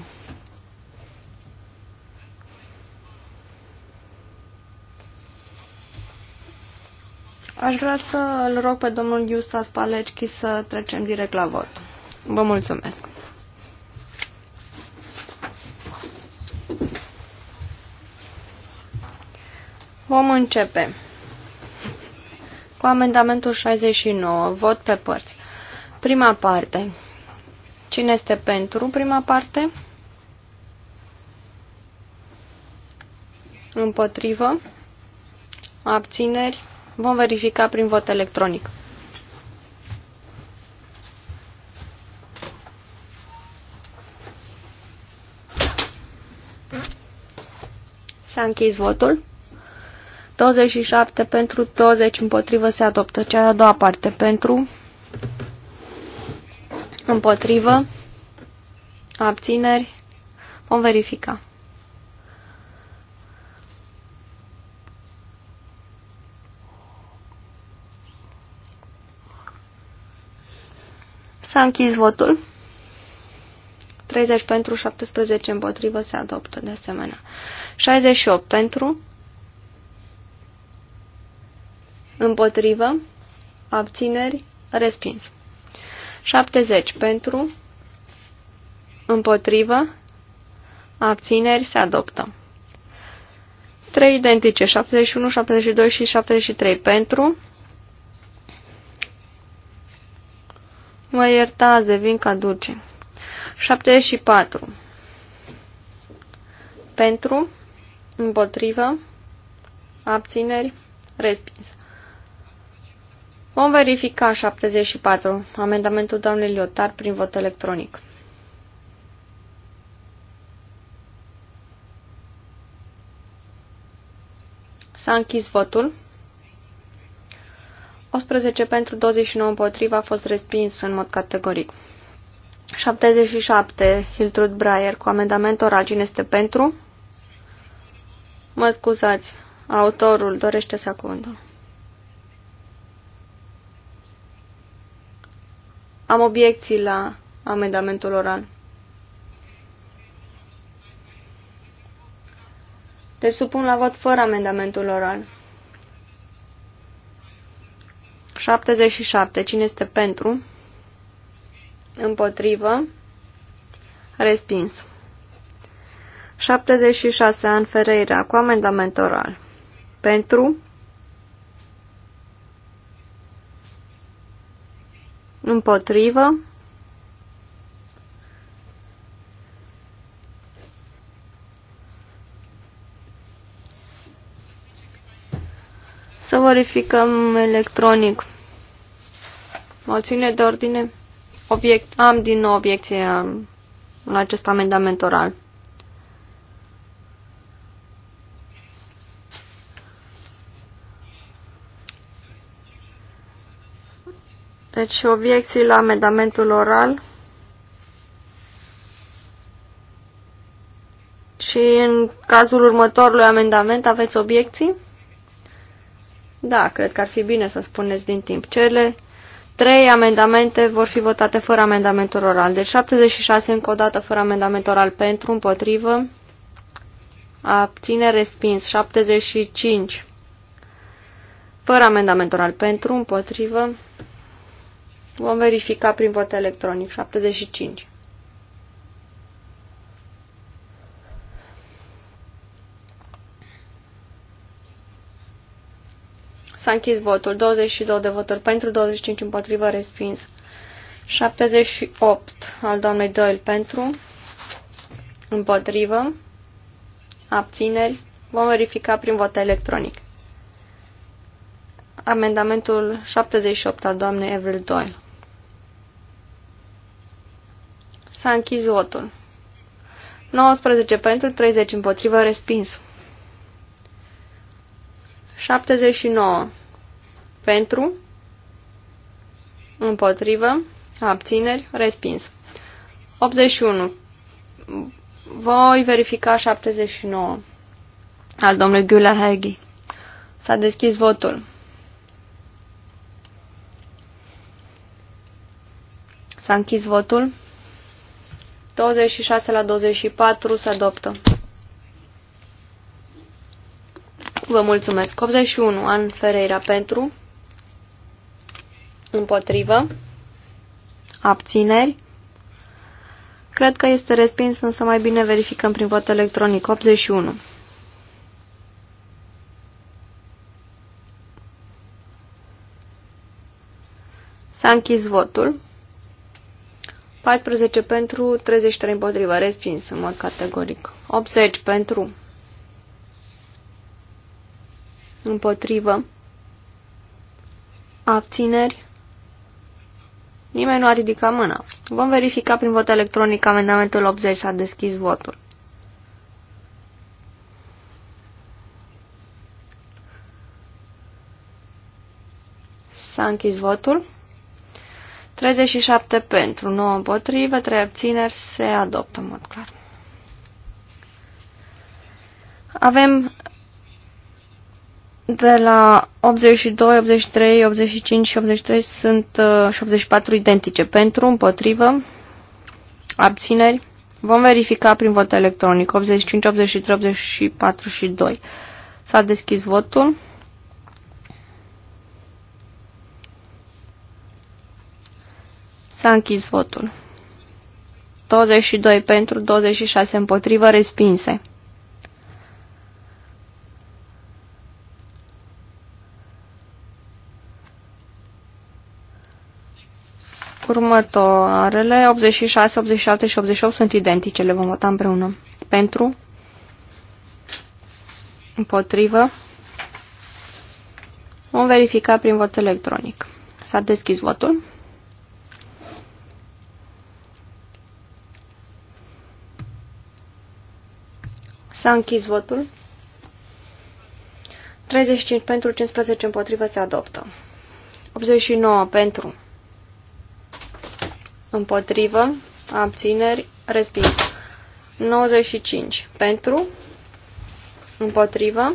Aș vrea să îl rog pe domnul Iustas Palecichi să trecem direct la vot. Vă mulțumesc. Vom începe cu amendamentul 69, vot pe părți. Prima parte. Cine este pentru prima parte? Împotrivă? Abțineri? Vom verifica prin vot electronic. S-a închis votul. 27 pentru, 20 împotrivă se adoptă. Cea de-a doua parte pentru, împotrivă, abțineri, vom verifica. S-a închis votul. 30 pentru, 17 împotrivă se adoptă de asemenea. 68 pentru, împotrivă, abțineri, respins. 70 pentru, împotrivă, abțineri, se adoptă. 3 identice, 71, 72 și 73 pentru, Mă iertați, devin duce. 74. Pentru, împotrivă, abțineri, respins. Vom verifica 74, amendamentul doamnei Liotar prin vot electronic. S-a închis votul. 18 pentru 29 împotriva a fost respins în mod categoric. 77. Hiltrud Breyer cu amendament oral. Cine este pentru? Mă scuzați. Autorul dorește să Am obiecții la amendamentul oral. Deci supun la vot fără amendamentul oral. 77. Cine este pentru? Împotrivă. Respins. 76. An Ferreira cu amendament oral. Pentru. Împotrivă. Să verificăm electronic. Moțiune de ordine. Obiect, am din nou obiecție um, în acest amendament oral. Deci obiecții la amendamentul oral și în cazul următorului amendament aveți obiecții? Da, cred că ar fi bine să spuneți din timp. Cele Trei amendamente vor fi votate fără amendamentul oral. Deci 76 încă o dată fără amendament oral pentru, împotrivă, abține, respins. 75 fără amendament oral pentru, împotrivă. Vom verifica prin vot electronic. 75. S-a închis votul. 22 de voturi pentru, 25 împotrivă, respins. 78 al doamnei Doyle pentru, împotrivă, abțineri. Vom verifica prin vot electronic. Amendamentul 78 al doamnei Avril Doyle. S-a închis votul. 19 pentru, 30 împotrivă, respins. 79. Pentru, împotrivă, abțineri, respins. 81. Voi verifica 79 al domnului Gula Hagi. S-a deschis votul. S-a închis votul. 26 la 24 se adoptă. Vă mulțumesc. 81, An Ferreira pentru, împotrivă, abțineri. Cred că este respins, însă mai bine verificăm prin vot electronic. 81. S-a închis votul. 14 pentru, 33 împotriva, respins în mod categoric. 80 pentru, Împotrivă. Abțineri. Nimeni nu a ridicat mâna. Vom verifica prin vot electronic amendamentul 80 s-a deschis votul. S-a închis votul. 37 pentru, 9 împotrivă, 3 abțineri, se adoptă în mod clar. Avem de la 82, 83, 85 și 83 sunt, uh, și 84 identice. Pentru, împotrivă, abțineri. Vom verifica prin vot electronic. 85, 83, 84 și 2. S-a deschis votul. S-a închis votul. 22 pentru, 26 împotrivă, respinse. Următoarele 86, 87 și 88 sunt identice, le vom vota împreună. Pentru, împotrivă, vom verifica prin vot electronic. S-a deschis votul. S-a închis votul. 35 pentru, 15 împotrivă se adoptă. 89 pentru, împotrivă, abțineri, respins. 95 pentru, împotrivă,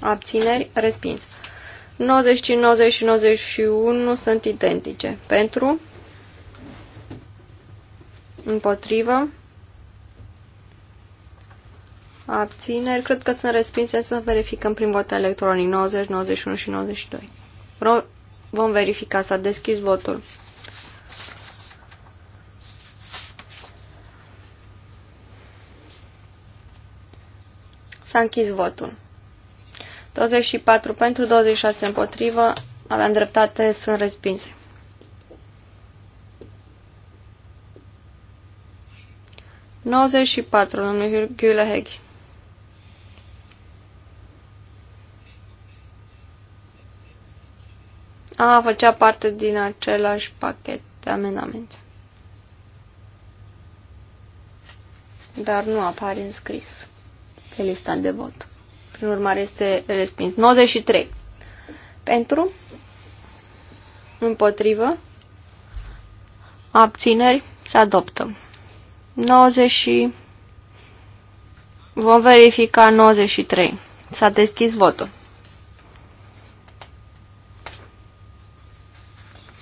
abțineri, respins. 90, 90 și 91 sunt identice. Pentru, împotrivă, abțineri, cred că sunt respinse, să verificăm prin vot electronic 90, 91 și 92. Vom verifica, s-a deschis votul. S-a închis votul. 24 pentru, 26 împotrivă. Aveam dreptate, sunt respinse. Nozei și patru, domnul Güleheg. A, făcea parte din același pachet de amendamente. Dar nu apare în scris pe lista de vot. Prin urmare este respins. 93. Pentru. Împotrivă. Abțineri. Se adoptă. 90. Vom verifica 93. S-a deschis votul.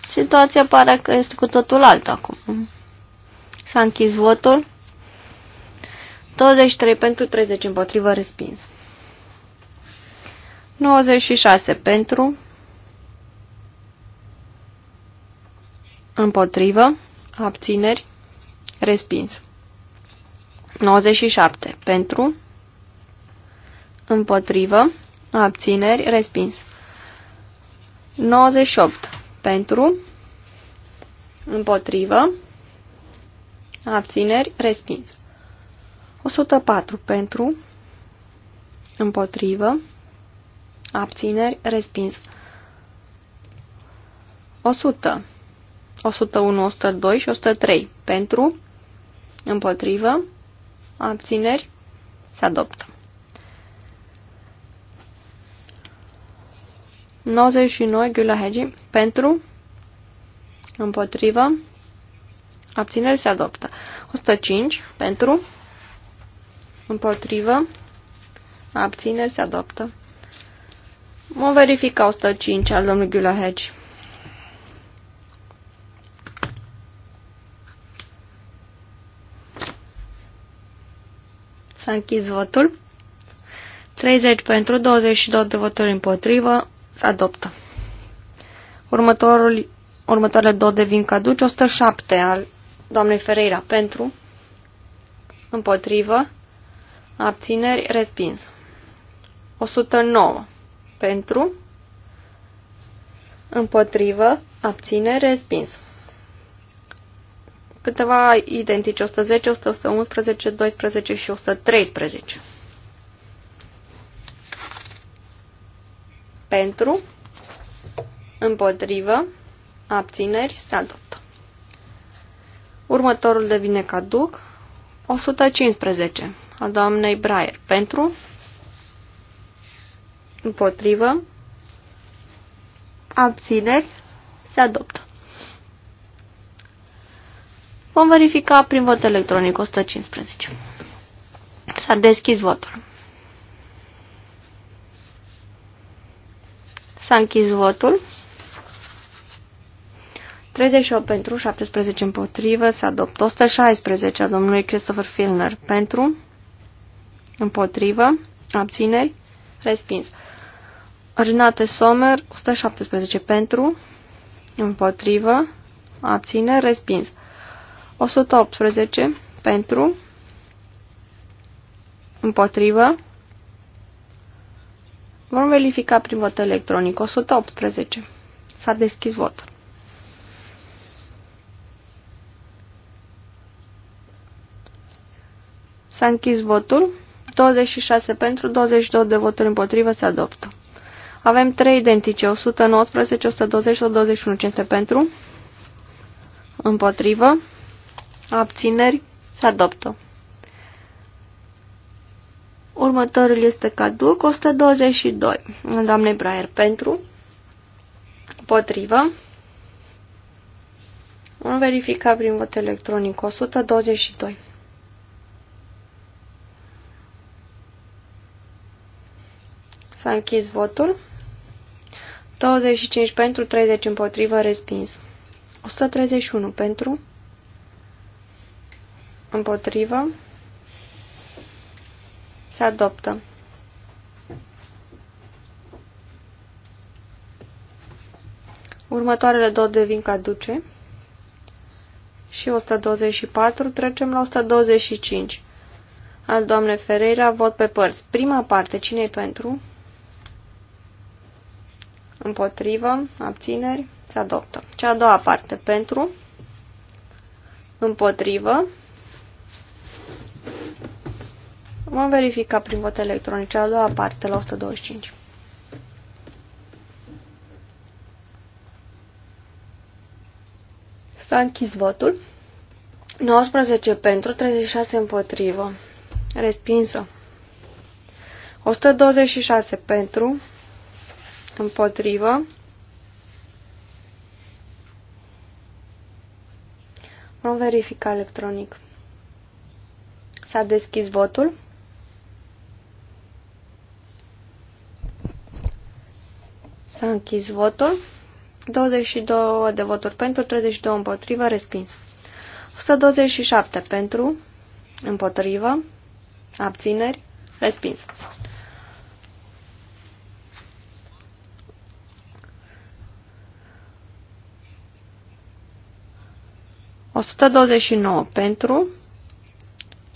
Situația pare că este cu totul altă acum. S-a închis votul. 23 pentru 30 împotrivă respins. 96 pentru împotrivă abțineri respins. 97 pentru împotrivă abțineri respins. 98 pentru împotrivă abțineri respins. 104 pentru, împotrivă, abțineri, respins. 100, 101, 102 și 103 pentru, împotrivă, abțineri, se adoptă. 99 Gulahegi pentru, împotrivă, abțineri se adoptă. 105 pentru, Împotrivă. Abțineri se adoptă. Mă verifică 105 al domnului Gulahegi. S-a închis votul. 30 pentru, 22 de voturi împotrivă. Se adoptă. Următorul, următoarele două devin caduci. 107 al doamnei Ferreira pentru, împotrivă, abțineri, respins. 109 pentru, împotrivă, abțineri, respins. Câteva identici, 110, 111, 12 și 113. Pentru, împotrivă, abțineri, se adoptă. Următorul devine caduc, 115 a doamnei Braier. Pentru? Împotrivă? Abțineri? Se adoptă. Vom verifica prin vot electronic 115. S-a deschis votul. S-a închis votul. 38 pentru, 17 împotrivă, se adoptă 116 a domnului Christopher Filner pentru, Împotrivă. Abțineri. Respins. Renate Sommer, 117 pentru. Împotrivă. Abțineri. Respins. 118 pentru. Împotrivă. Vom verifica prin vot electronic. 118. S-a deschis votul. S-a închis votul. 26 pentru, 22 de voturi împotrivă, se adoptă. Avem 3 identice, 119, 120, 121. Cine pentru? Împotrivă. Abțineri. Se adoptă. Următorul este caduc, 122. Doamnei Braier, pentru. Împotrivă. Vom verifica prin vot electronic 122. S-a închis votul. 25 pentru, 30 împotrivă, respins. 131 pentru, împotrivă, se adoptă. Următoarele două devin caduce. Și 124 trecem la 125. Al doamne Ferreira, vot pe părți. Prima parte, cine pentru? împotrivă, abțineri, se adoptă. Cea a doua parte, pentru, împotrivă. Vom verifica prin vot electronic cea a doua parte la 125. S-a închis votul. 19 pentru, 36 împotrivă. Respinsă. 126 pentru, Împotrivă. Vom verifica electronic. S-a deschis votul. S-a închis votul. 22 de voturi pentru, 32 împotrivă, respins. 127 pentru, împotrivă, abțineri, respins. 129 pentru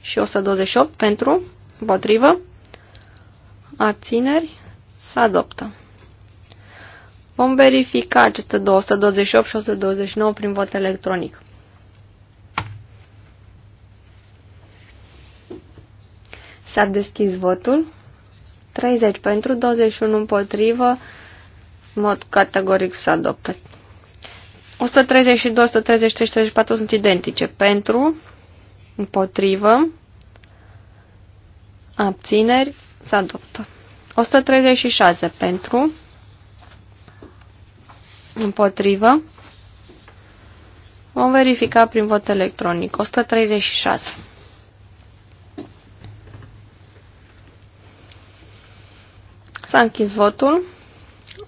și 128 pentru, împotrivă, abțineri, se adoptă. Vom verifica aceste 228 și 129 prin vot electronic. S-a deschis votul. 30 pentru, 21 împotrivă, mod categoric se adoptă. 132, 133 134 sunt identice. Pentru, împotrivă, abțineri, se adoptă. 136 pentru, împotrivă, vom verifica prin vot electronic. 136. S-a închis votul.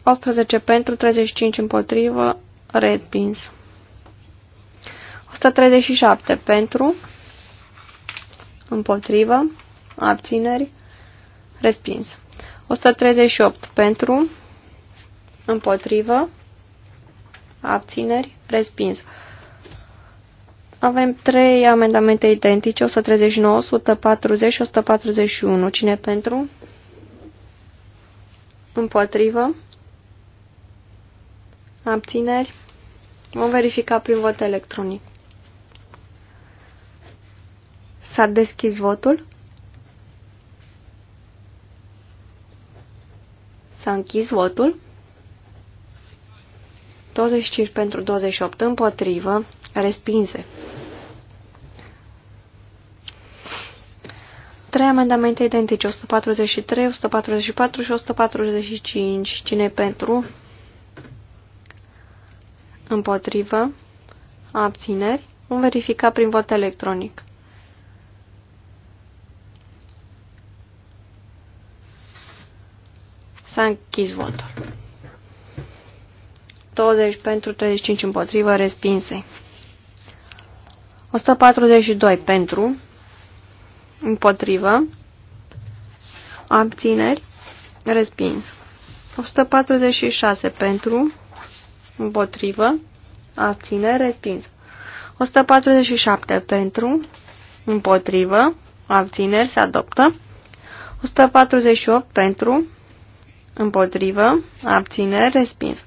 18 pentru, 35 împotrivă, Respins. 137 pentru, împotrivă, abțineri, respins. 138 pentru, împotrivă, abțineri, respins. Avem trei amendamente identice, 139, 140 și 141. Cine pentru? Împotrivă. Abțineri. Vom verifica prin vot electronic. S-a deschis votul. S-a închis votul. 25 pentru 28 împotrivă, respinse. Trei amendamente identice, 143, 144 și 145. Cine pentru? Împotrivă. Abțineri. Vom verifica prin vot electronic. S-a închis votul. 20 pentru, 35 împotrivă, respinse. 142 pentru, împotrivă, abțineri, respins. 146 pentru, Împotrivă. Abține. Respins. 147 pentru. Împotrivă. Abțineri. Se adoptă. 148 pentru. Împotrivă. Abțineri. Respins.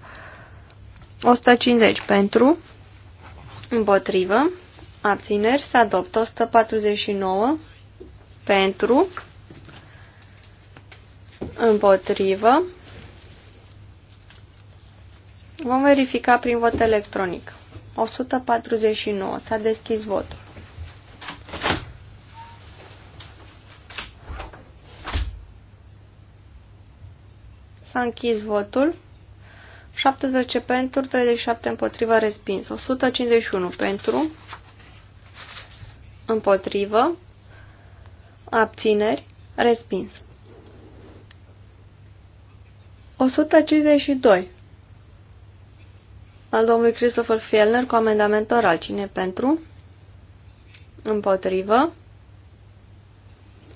150 pentru. Împotrivă. Abțineri. Se adoptă. 149 pentru. Împotrivă. Vom verifica prin vot electronic. 149. S-a deschis votul. S-a închis votul. 17 pentru, 37 împotriva, respins. 151 pentru, împotrivă, abțineri, respins. 152 al domnului Christopher Fielner cu amendament oral. Cine pentru? Împotrivă.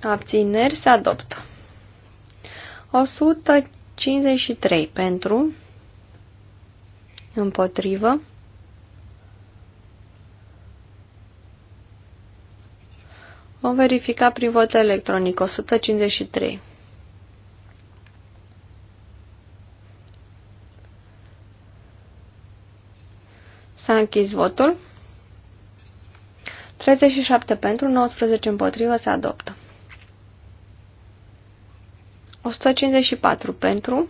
Abțineri se adoptă. 153 pentru. Împotrivă. Vom verifica prin vot electronic 153. S-a închis votul. 37 pentru, 19 împotrivă, se adoptă. 154 pentru,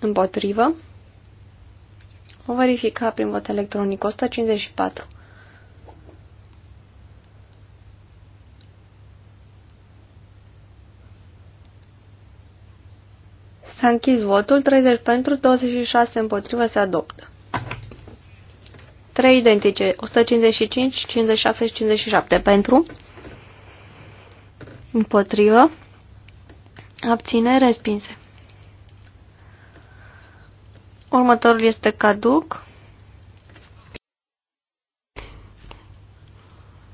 împotrivă. O verifica prin vot electronic. 154. S-a închis votul. 30 pentru, 26 împotrivă se adoptă. 3 identice. 155, 56 și 57 pentru. Împotrivă. Abține, respinse. Următorul este caduc.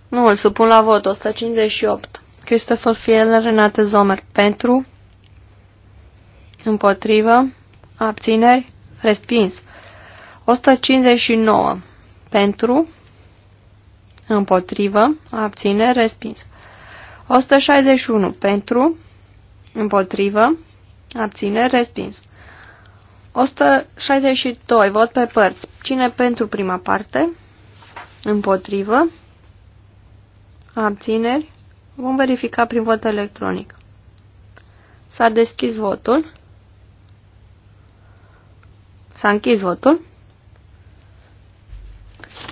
Nu, îl supun la vot. 158. Christopher Fiel, Renate Zomer. Pentru împotrivă, abțineri, respins. 159 pentru, împotrivă, abțineri, respins. 161 pentru, împotrivă, abțineri, respins. 162 vot pe părți. Cine pentru prima parte? Împotrivă. Abțineri. Vom verifica prin vot electronic. S-a deschis votul. S-a închis votul.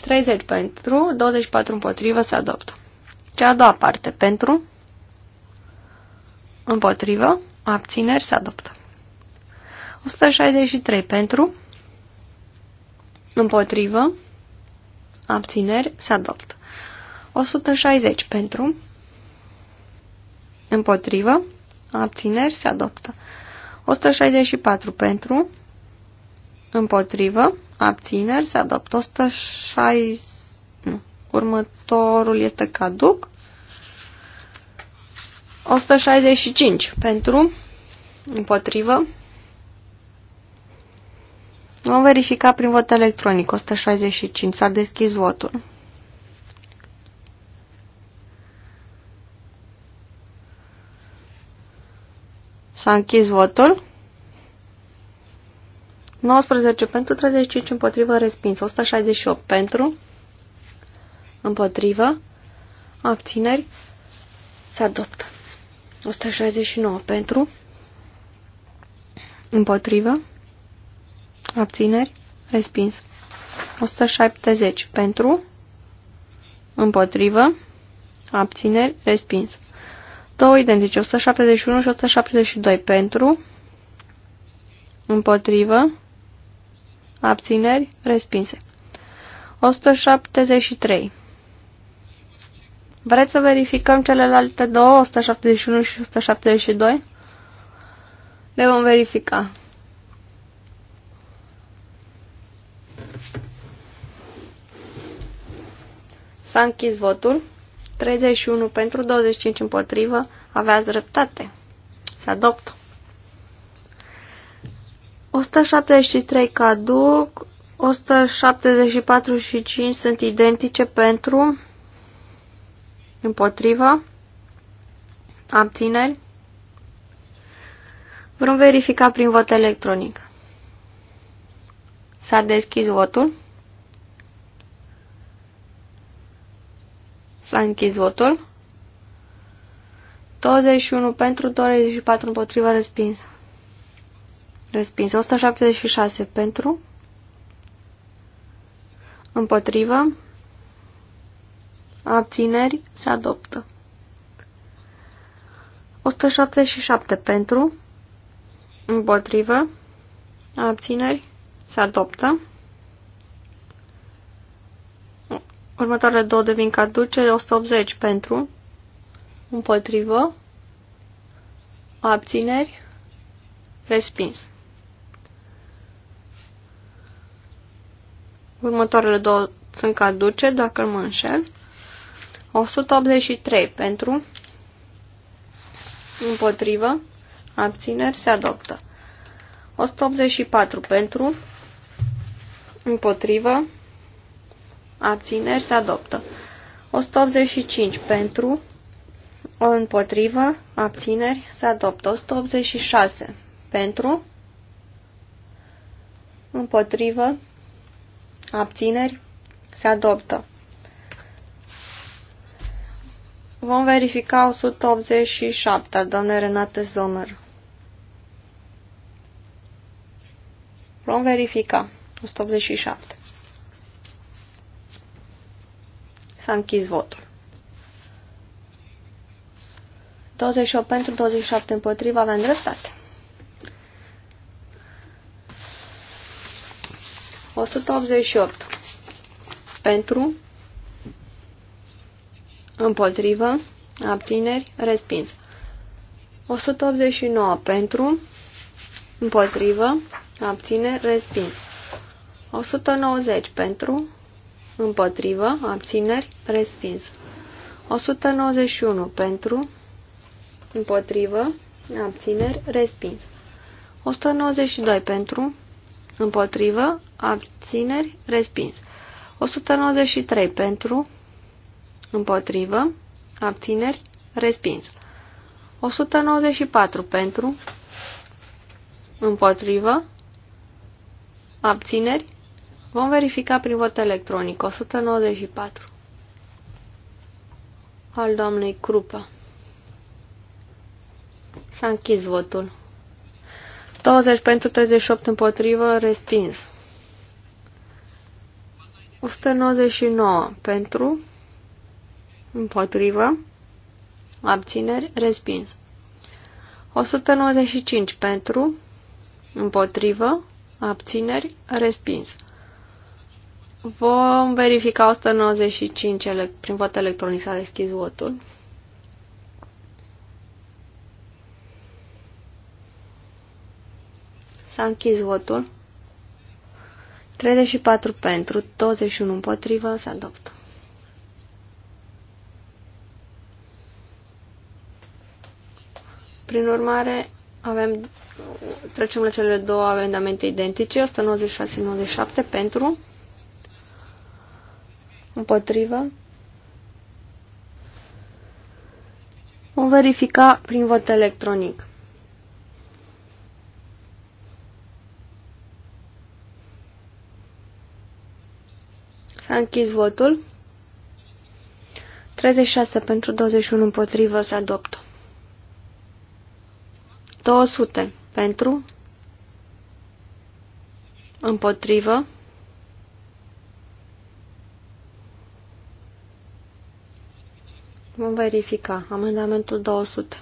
30 pentru, 24 împotrivă, se adoptă. Cea a doua parte, pentru, împotrivă, abțineri, se adoptă. 163 pentru, împotrivă, abțineri, se adoptă. 160 pentru, împotrivă, abțineri, se adoptă. 164 pentru, Împotrivă. Abțineri. Se adoptă 160... Următorul este caduc. 165. Pentru. Împotrivă. Vom verifica prin vot electronic. 165. S-a deschis votul. S-a închis votul. 19 pentru, 35 împotrivă, respins. 168 pentru, împotrivă, abțineri, se adoptă. 169 pentru, împotrivă, abțineri, respins. 170 pentru, împotrivă, abțineri, respins. Două identice, 171 și 172 pentru, împotrivă, Abțineri? Respinse. 173. Vreți să verificăm celelalte două, 171 și 172? Le vom verifica. S-a închis votul. 31 pentru, 25 împotrivă. Aveați dreptate. Se adoptă. 173 caduc, 174 și 5 sunt identice pentru, împotriva, abțineri. Vom verifica prin vot electronic. S-a deschis votul. S-a închis votul. 21 pentru, 24 împotriva, respins. Respins. 176 pentru. Împotrivă. Abțineri. Se adoptă. 177 pentru. Împotrivă. Abțineri. Se adoptă. Următoarele două devin caduce. 180 pentru. Împotrivă. Abțineri. Respins. Următoarele două sunt caduce, dacă mă înșel. 183 pentru, împotrivă, abțineri, se adoptă. 184 pentru, împotrivă, abțineri, se adoptă. 185 pentru, împotrivă, abțineri, se adoptă. 186 pentru, împotrivă, Abțineri? Se adoptă. Vom verifica 187, doamne Renate Zomer. Vom verifica 187. S-a închis votul. 28 pentru, 27 împotriva, avem dreptate. 188. Pentru, împotrivă, abțineri, respins. 189. Pentru, împotrivă, abțineri, respins. 190. Pentru, împotrivă, abțineri, respins. 191. Pentru, împotrivă, abțineri, respins. 192. Pentru, Împotrivă. Abțineri. Respins. 193 pentru. Împotrivă. Abțineri. Respins. 194 pentru. Împotrivă. Abțineri. Vom verifica prin vot electronic. 194. Al doamnei Crupa. S-a închis votul. 20 pentru 38 împotrivă, respins. 199 pentru, împotrivă, abțineri, respins. 195 pentru, împotrivă, abțineri, respins. Vom verifica 195 ele- prin vot electronic s-a deschis votul. S-a închis votul. 34 pentru, 21 împotrivă, se adoptă. Prin urmare, avem, trecem la cele două amendamente identice, 196-97 pentru, împotrivă. Vom verifica prin vot electronic. S-a închis votul. 36 pentru 21 împotrivă se adoptă. 200 pentru împotrivă. 200. Vom verifica. Amendamentul 200.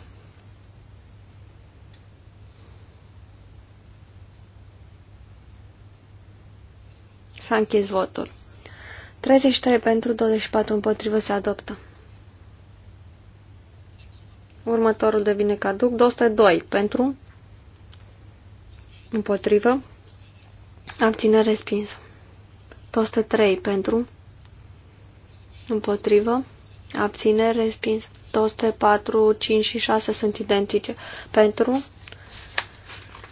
S-a închis votul. 33 pentru, 24 împotrivă se adoptă. Următorul devine caduc. 202 pentru, împotrivă, abține respins. 203 pentru, împotrivă, abține respins. 204, 5 și 6 sunt identice. Pentru,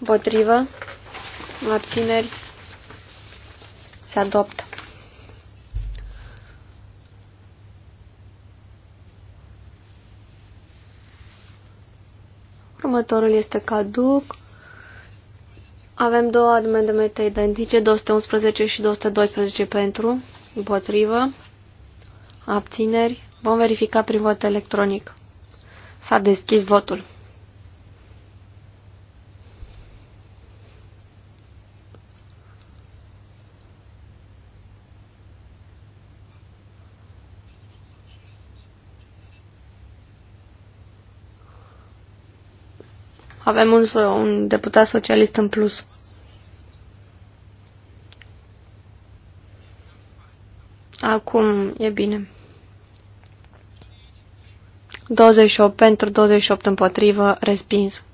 împotrivă, abțineri, se adoptă. Următorul este caduc. Avem două amendamente identice, 211 și 212 pentru, împotrivă, abțineri. Vom verifica prin vot electronic. S-a deschis votul. Avem un, un deputat socialist în plus. Acum e bine. 28 pentru, 28 împotrivă, respins.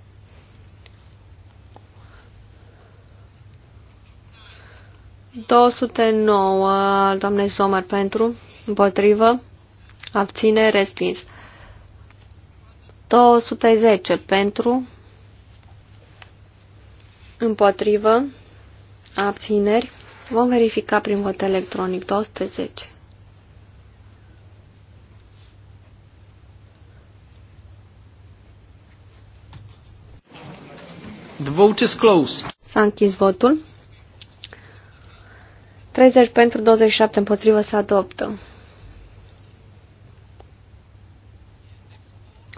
nouă, doamne Sommer, pentru, împotrivă, abține, respins. 210 pentru, Împotrivă. Abțineri. Vom verifica prin vot electronic 210. The vote is closed. S-a închis votul. 30 pentru 27 împotrivă se adoptă.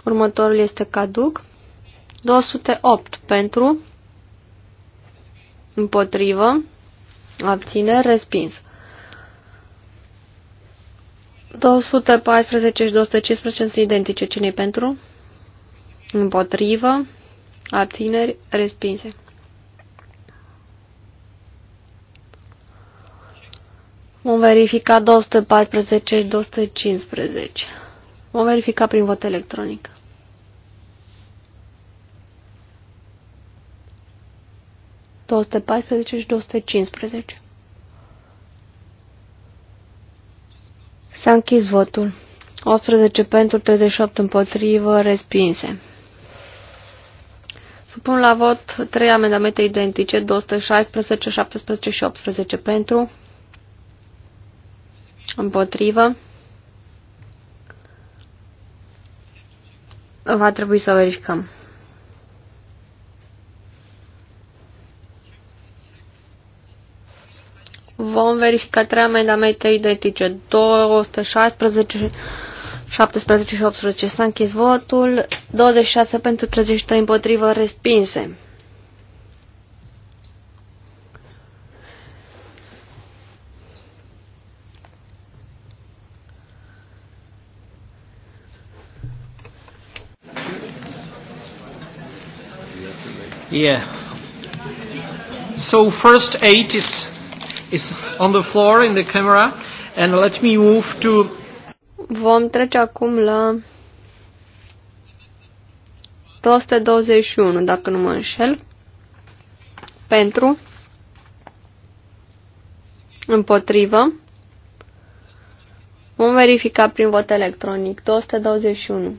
Următorul este caduc. 208 pentru Împotrivă. Abțineri. Respins. 214 și 215 sunt identice. cine pentru? Împotrivă. Abțineri. Respinse. Vom verifica 214 și 215. Vom verifica prin vot electronic. 214 și 215. S-a închis votul. 18 pentru, 38 împotrivă, respinse. Supun la vot trei amendamente identice, 216, 17 și 18 pentru, împotrivă. Va trebui să verificăm. Vom verifica trei amendamente identice, 216, 17 și 18. S-a închis votul, 26 pentru 33 împotrivă respinse. Yeah. So first eight is is on the floor in the camera and let me move to Vom trece acum la 221, dacă nu mă înșel. Pentru împotrivă. Vom verifica prin vot electronic 221.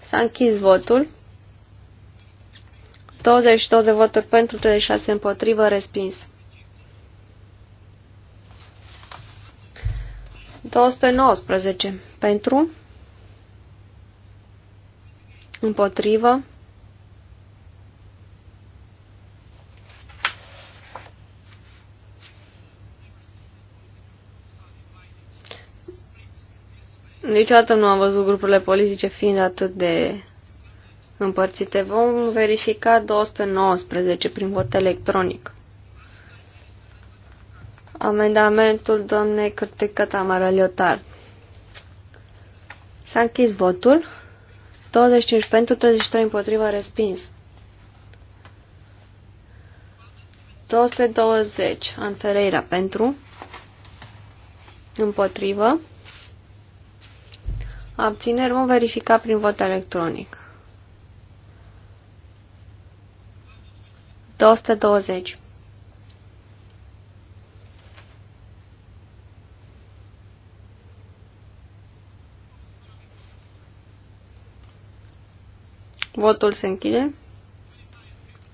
S-a închis votul. 22 de voturi pentru, 36 împotrivă, respins. 219 pentru, împotrivă, Niciodată nu am văzut grupurile politice fiind atât de împărțite. Vom verifica 219 prin vot electronic. Amendamentul domnei Cârtică Tamara Leotard. S-a închis votul. 25 pentru, 33 împotriva, respins. 220, anfereira Ferreira pentru, împotrivă. Abțineri vom verifica prin vot electronic. 220. Votul se închide.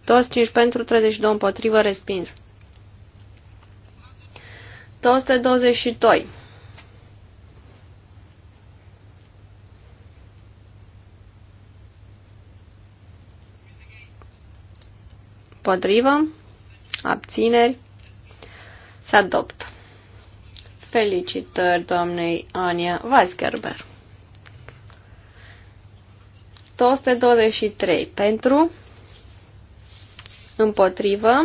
25 pentru, 32 împotrivă, respins. 222. Împotrivă. Abțineri. Se adoptă. Felicitări doamnei Ania Weisgerber. 223 pentru, împotrivă,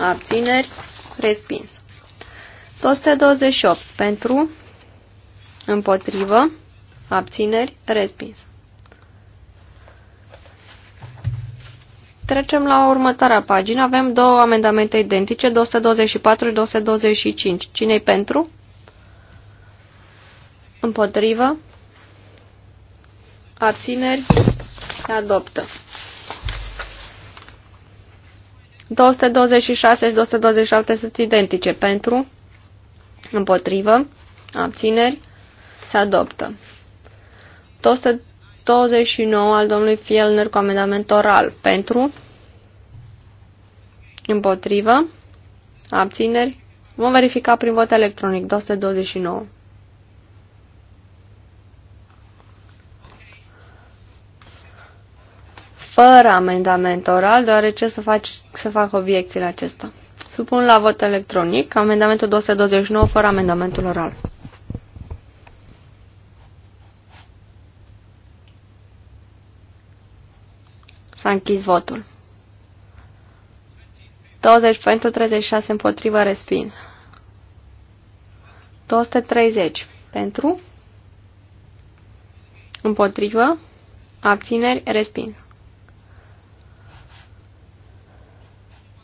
abțineri, respins. 228 pentru, împotrivă, abțineri, respins. Trecem la următoarea pagină. Avem două amendamente identice, 224 și 225. Cine-i pentru? Împotrivă? Abțineri? Se adoptă. 226 și 227 sunt identice. Pentru? Împotrivă? Abțineri? Se adoptă. 200 29 al domnului Fielner cu amendament oral. Pentru? Împotrivă? Abțineri? Vom verifica prin vot electronic. 229. Fără amendament oral, deoarece să, faci, să fac obiecțiile acesta. Supun la vot electronic amendamentul 229 fără amendamentul oral. S-a închis votul. 20 pentru 36 împotriva respins. 230 pentru împotriva abțineri respins.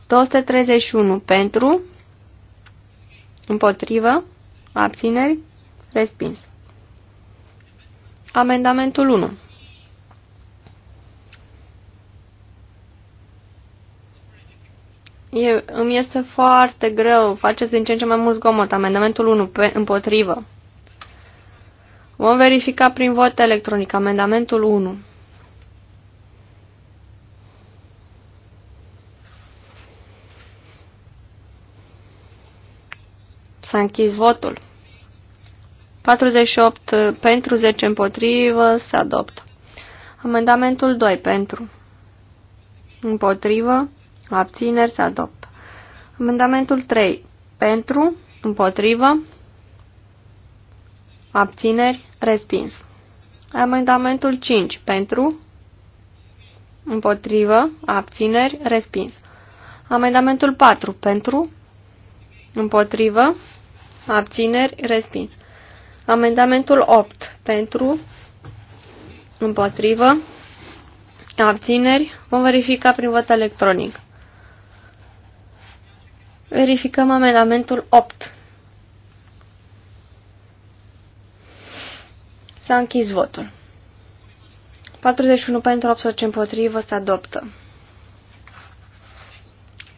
231 pentru împotrivă abțineri respins. Amendamentul 1 E, îmi este foarte greu. Faceți din ce în ce mai mult zgomot. Amendamentul 1 pe, împotrivă. Vom verifica prin vot electronic. Amendamentul 1. S-a închis votul. 48 uh, pentru, 10 împotrivă, se adoptă. Amendamentul 2 pentru, împotrivă, Abțineri se adoptă. Amendamentul 3. Pentru, împotrivă, abțineri, respins. Amendamentul 5. Pentru, împotrivă, abțineri, respins. Amendamentul 4. Pentru, împotrivă, abțineri, respins. Amendamentul 8. Pentru, împotrivă, abțineri, vom verifica prin vot electronic. Verificăm amendamentul 8. S-a închis votul. 41 pentru 18 împotrivă se adoptă.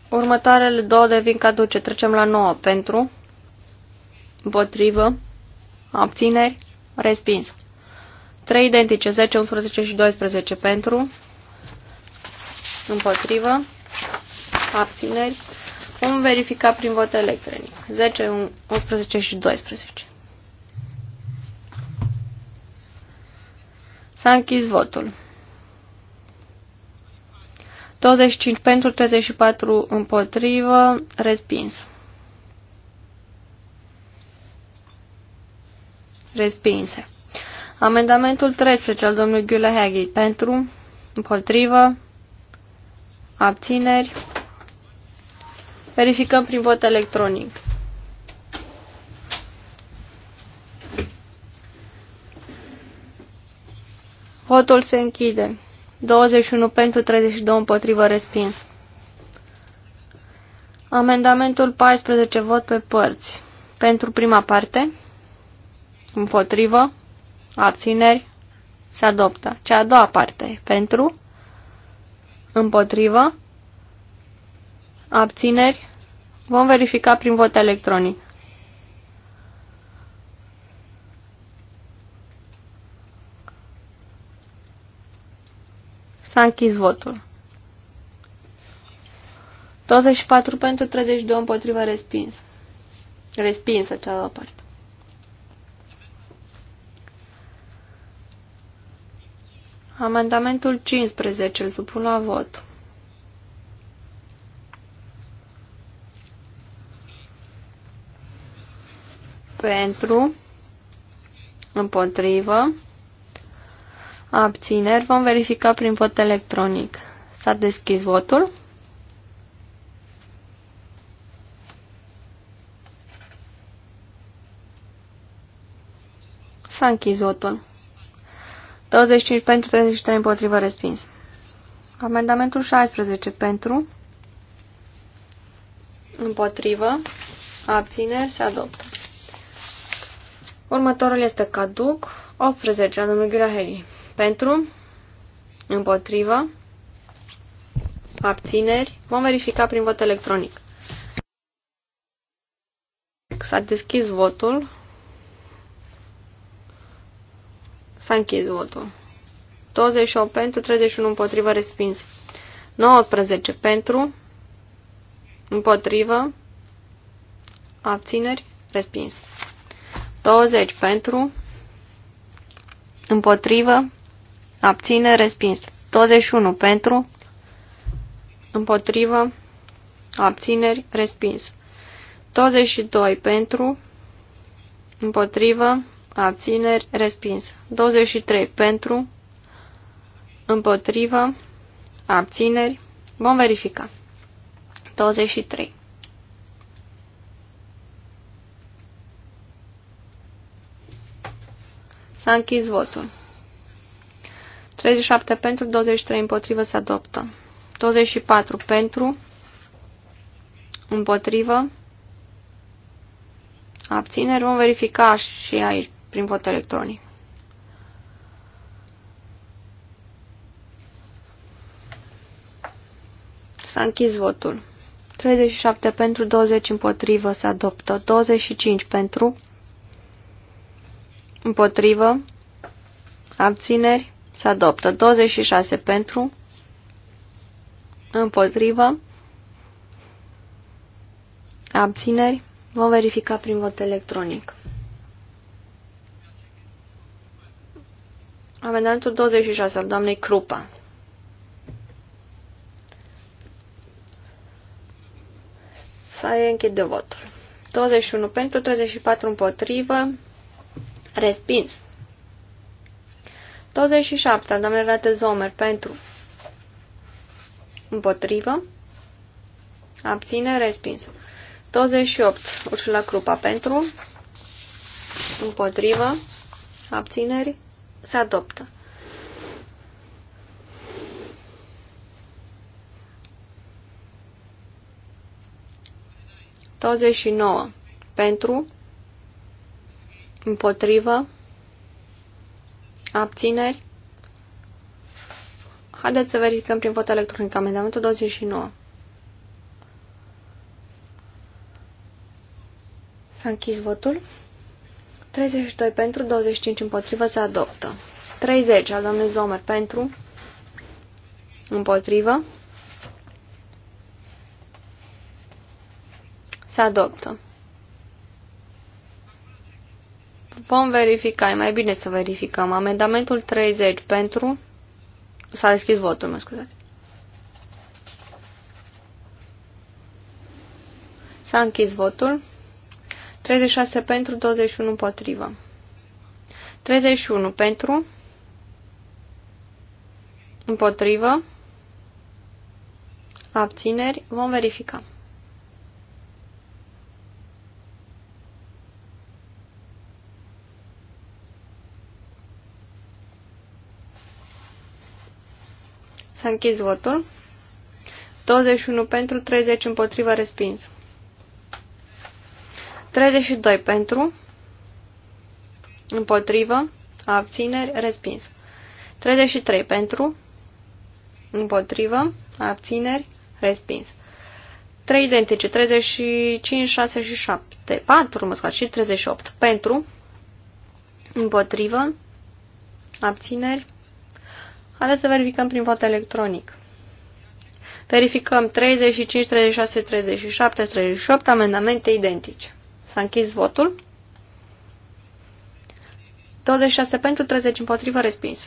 Următoarele două devin caduce. Trecem la 9 pentru, împotrivă, abțineri, respins. 3 identice, 10, 11 și 12 pentru, împotrivă, abțineri, Vom verifica prin vot electronic. 10, 11 și 12. S-a închis votul. 25 pentru, 34 împotrivă, respins. Respinse. Amendamentul 13 al domnului Ghiulehaghi pentru, împotrivă, abțineri, Verificăm prin vot electronic. Votul se închide. 21 pentru, 32 împotrivă, respins. Amendamentul 14, vot pe părți. Pentru prima parte, împotrivă, abțineri, se adoptă. Cea a doua parte, pentru, împotrivă, Abțineri? Vom verifica prin vot electronic. S-a închis votul. 24 pentru 32 împotriva respins. Respinsă cealaltă parte. Amendamentul 15 îl supun la vot. pentru, împotrivă, abțineri. Vom verifica prin vot electronic. S-a deschis votul. S-a închis votul. 25 pentru, 33 împotrivă, respins. Amendamentul 16 pentru, împotrivă, abțineri, se adoptă. Următorul este caduc, 18 a domnului Guraheli. Pentru, împotrivă, abțineri, vom verifica prin vot electronic. S-a deschis votul. S-a închis votul. 28 pentru, 31 împotrivă, respins. 19 pentru, împotrivă, abțineri, respins. 20 pentru, împotrivă, abține, respins. 21 pentru, împotrivă, abțineri, respins. 22 pentru, împotrivă, abțineri, respins. 23 pentru, împotrivă, abțineri, vom verifica. 23. S-a închis votul. 37 pentru, 23 împotrivă se adoptă. 24 pentru, împotrivă, abțineri. Vom verifica și aici prin vot electronic. S-a închis votul. 37 pentru, 20 împotrivă se adoptă. 25 pentru, Împotrivă. Abțineri. Se adoptă. 26 pentru. Împotrivă. Abțineri. Vom verifica prin vot electronic. Amendamentul 26 al doamnei Crupa. S-a de votul. 21 pentru, 34 împotrivă, Respins. 27. Doamne rate Zomer pentru. Împotrivă. Abține. Respins. 28. Ursula Crupa pentru. Împotrivă. Abțineri. Se adoptă. 29. și nouă. Pentru Împotrivă? Abțineri? Haideți să verificăm prin vot electronic amendamentul 29. S-a închis votul. 32 pentru, 25 împotrivă, se adoptă. 30 al domnului Zomer pentru, împotrivă, se adoptă. Vom verifica, e mai bine să verificăm. Amendamentul 30 pentru... S-a deschis votul, mă scuzați. S-a închis votul. 36 pentru, 21 împotrivă. 31 pentru, împotrivă, abțineri, vom verifica. S-a închis votul. 21 pentru, 30 împotriva, respins. 32 pentru, împotrivă, abțineri, respins. 33 pentru, împotrivă, abțineri, respins. 3 identice, 35, 6 și 7, 4, mă scoate, și 38. Pentru, împotrivă, abțineri, Haideți să verificăm prin vot electronic. Verificăm 35, 36, 37, 38 amendamente identice. S-a închis votul. 26 pentru, 30 împotrivă, respinse.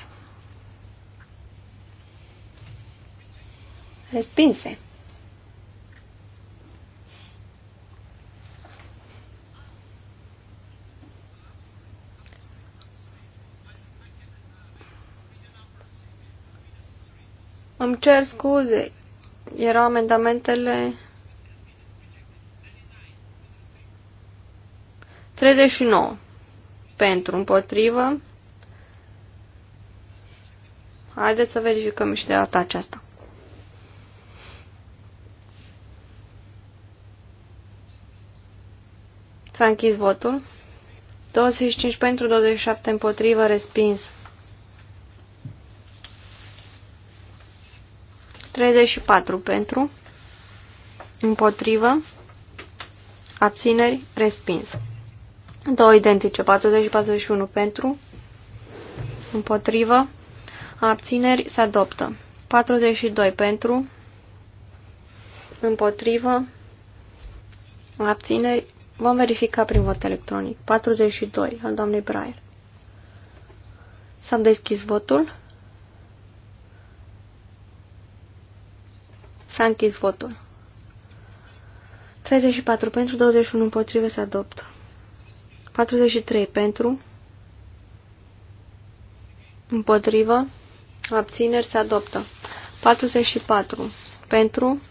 Respinse. Îmi cer scuze. Erau amendamentele 39 pentru împotrivă. Haideți să verificăm și de data aceasta. S-a închis votul. 25 pentru, 27 împotrivă, respins. 34 pentru, împotrivă, abțineri, respins. 2 identice, 40 și 41 pentru, împotrivă, abțineri, se adoptă. 42 pentru, împotrivă, abțineri, vom verifica prin vot electronic. 42 al doamnei Braille. S-a deschis votul. S-a închis votul. 34 pentru, 21 împotrivă se adoptă. 43 pentru, împotrivă, abțineri se adoptă. 44 pentru,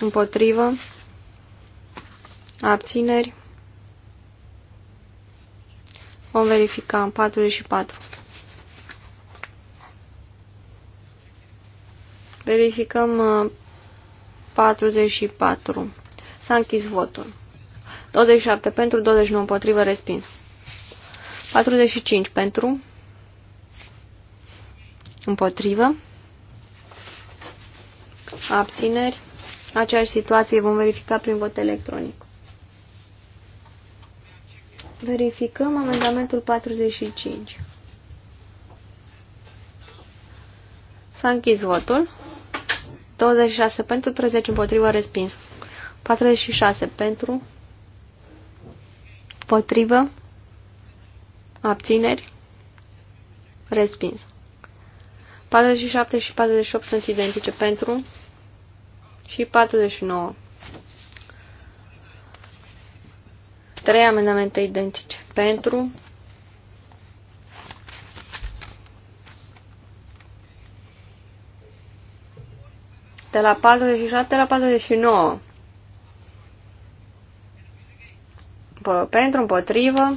împotrivă, abțineri. Vom verifica în 44. Verificăm uh, 44. S-a închis votul. 27 pentru, 29 împotrivă, respins. 45 pentru, împotrivă, abțineri. Aceeași situație vom verifica prin vot electronic. Verificăm amendamentul 45. S-a închis votul. 26 pentru, 30 împotrivă, respins. 46 pentru, potrivă, abțineri, respins. 47 și 48 sunt identice pentru și 49. Trei amendamente identice pentru, de la 47 la 49. Pentru, împotrivă.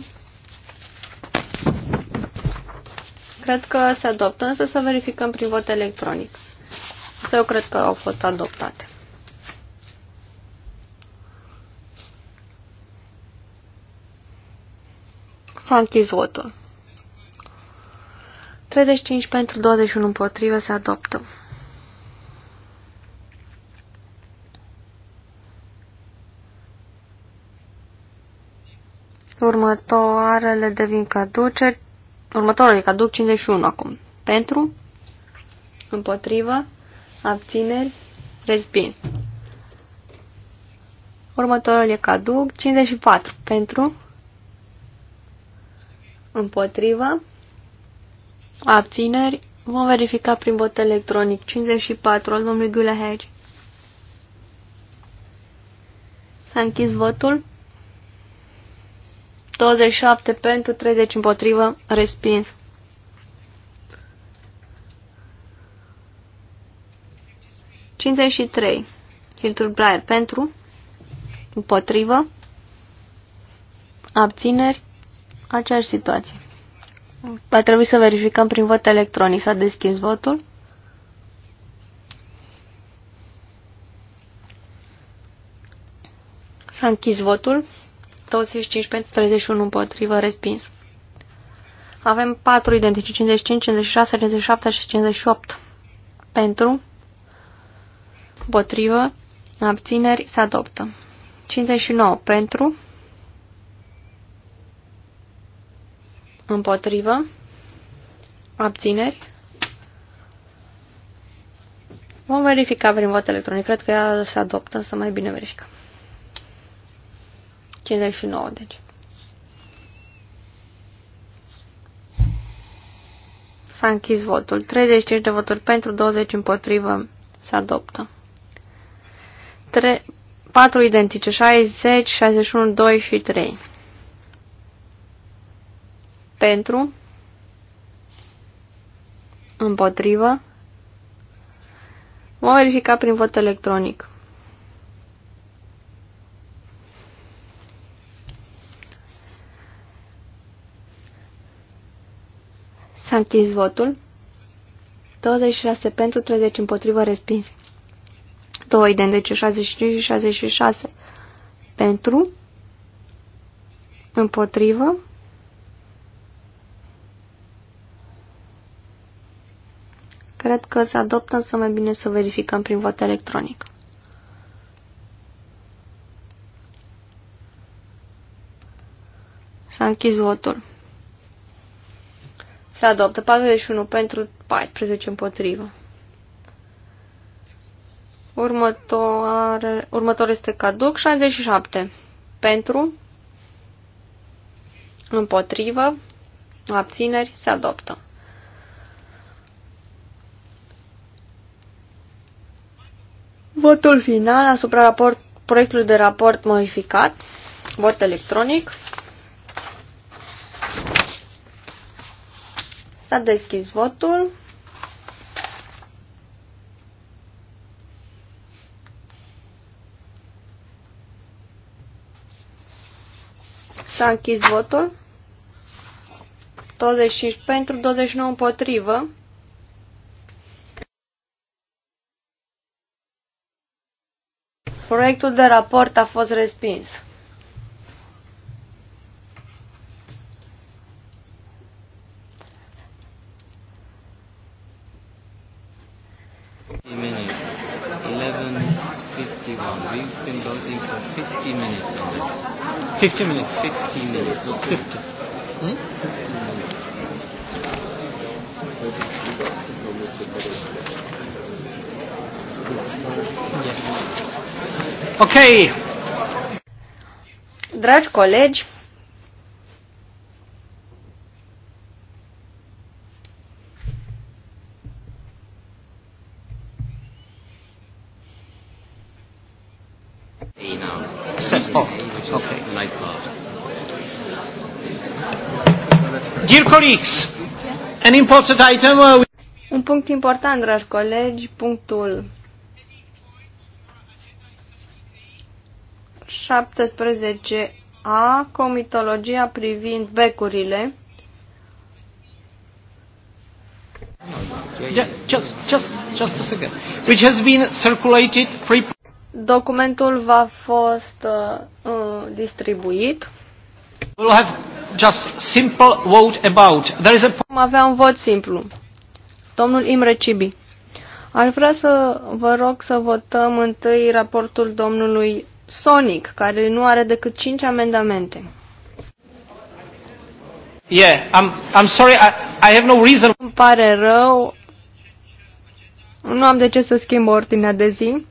Cred că se adoptă, însă să verificăm prin vot electronic. Să eu cred că au fost adoptate. S-a închis votul. 35 pentru 21 împotrivă se adoptă. Următoarele devin caduce. Următoarele caduc 51 acum. Pentru, împotrivă, abțineri, respins. Următorul e caduc. 54 pentru, împotrivă, abțineri. Vom verifica prin vot electronic. 54 al domnului Gulehegi. S-a închis votul. 27 pentru, 30 împotrivă, respins. 53. Hiltul Blair pentru, împotrivă, abțineri, aceeași situație. Va trebui să verificăm prin vot electronic. S-a deschis votul. S-a închis votul. 25 pentru 31 împotrivă, respins. Avem 4 identici, 55, 56, 57 și 58. Pentru, împotrivă, abțineri, se adoptă. 59 pentru, împotrivă, abțineri. Vom verifica prin vot electronic. Cred că ea se adoptă, să mai bine verificăm. 59, deci. S-a închis votul. 35 de voturi pentru, 20 împotrivă. Se adoptă. 3, 4 identice, 60, 61, 2 și 3. Pentru. Împotrivă. Vom verifica prin vot electronic. S-a închis votul. 26 pentru, 30 împotrivă, respins. 2 identice, 65 și 66 pentru, împotrivă, Cred că se adoptă, însă mai bine să verificăm prin vot electronic. S-a închis votul. Se adoptă 41 pentru 14 împotrivă. Următoare, următor este caduc 67 pentru împotrivă abțineri se adoptă. Votul final asupra raport, proiectului de raport modificat, vot electronic. S-a deschis votul. S-a închis votul. 25 pentru, 29 împotrivă. Proiectul de raport a fost respins. 50 minutes. 50 minutes. 50. Hmm? Yeah. Ok. Dragi colegi, weeks. an important item. Uh, we Un punct important, dragi colegi, punctul 17a, comitologia privind becurile. Just, just, just a second. Which has been circulated pre Documentul va fost uh, distribuit. We'll have just simple vote about. There is a... Am avea un vot simplu. Domnul Imre Cibi. Aș vrea să vă rog să votăm întâi raportul domnului Sonic, care nu are decât 5 amendamente. Yeah, I'm, I'm sorry, I, I have no reason. Îmi pare rău, nu am de ce să schimb ordinea de zi.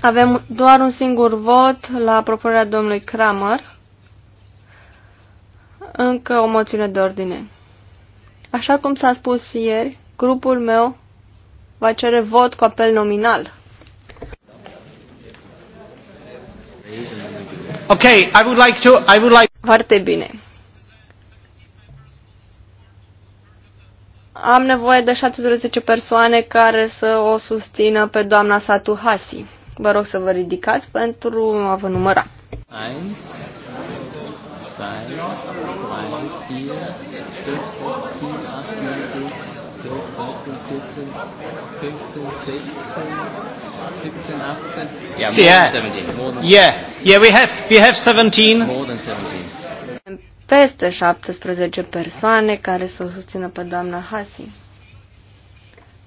Avem doar un singur vot la propunerea domnului Kramer. Încă o moțiune de ordine. Așa cum s-a spus ieri, grupul meu va cere vot cu apel nominal. Ok, I would like to, I would like... Foarte bine. Am nevoie de 17 persoane care să o susțină pe doamna Satu Hasi. Vă rog să vă ridicați pentru a vă număra. 1, 2, 3, 4, 5, 6, 7, 8, 9, 10, 12, 13, 14, 15, 16, 15, 18. Yeah, more yeah. than 17. More 17. yeah, we have, we have 17. More than 17. peste 17 persoane care să o susțină pe doamna Hasi.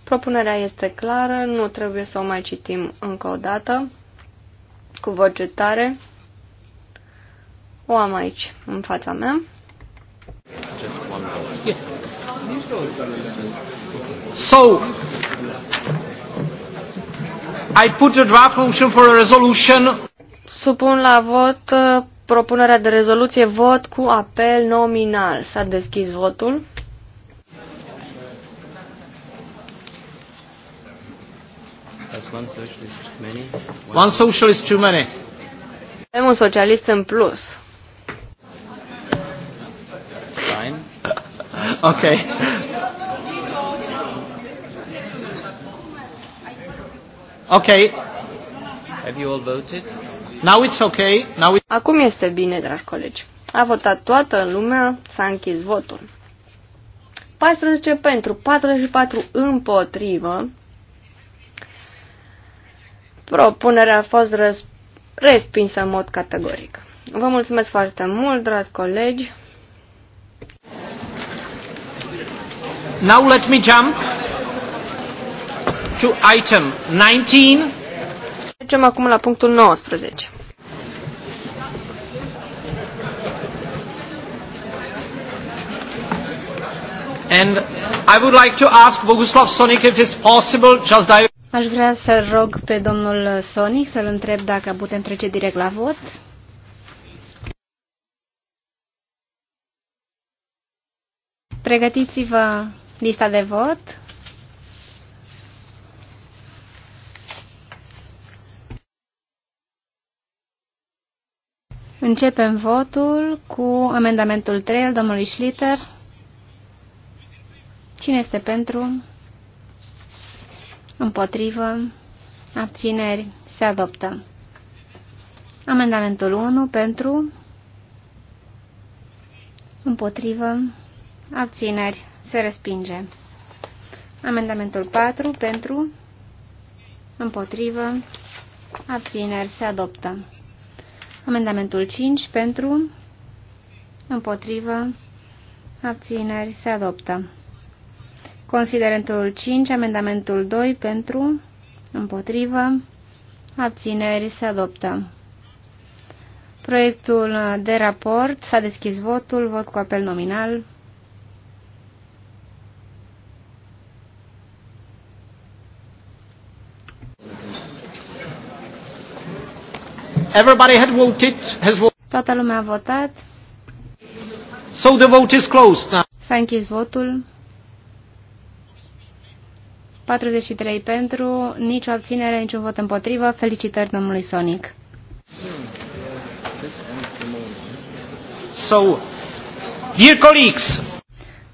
Propunerea este clară, nu trebuie să o mai citim încă o dată, cu voce tare. O am aici, în fața mea. So, I put a draft motion for a resolution. Supun la vot uh, propunerea de rezoluție vot cu apel nominal. S-a deschis votul. One socialist too many. One socialist too many. Avem un socialist în plus sein. Okay. Okay. Have you all voted? Now it's okay. Now it... Acum este bine, dragi colegi. A votat toată lumea, s-a închis votul. 14 pentru, 44 împotrivă. Propunerea a fost respinsă în mod categoric. Vă mulțumesc foarte mult, dragi colegi. Now let me jump to item 19. Mergem acum la punctul 19. And I would like to ask Boguslav Sonic if it's possible just die. Aș vrea să rog pe domnul Sonic să-l întreb dacă putem trece direct la vot. Pregătiți-vă lista de vot. Începem votul cu amendamentul 3 al domnului Schlitter. Cine este pentru? Împotrivă? Abțineri? Se adoptă. Amendamentul 1 pentru? Împotrivă? Abțineri? Se respinge. Amendamentul 4 pentru, împotrivă, abțineri se adoptă. Amendamentul 5 pentru, împotrivă, abțineri se adoptă. Considerentul 5, amendamentul 2 pentru, împotrivă, abțineri se adoptă. Proiectul de raport s-a deschis votul, vot cu apel nominal. Everybody had voted, has voted. Toată lumea a votat. So the vote is closed now. S-a închis votul. 43 pentru, nicio abținere, niciun vot împotrivă. Felicitări domnului Sonic. So, dear colleagues,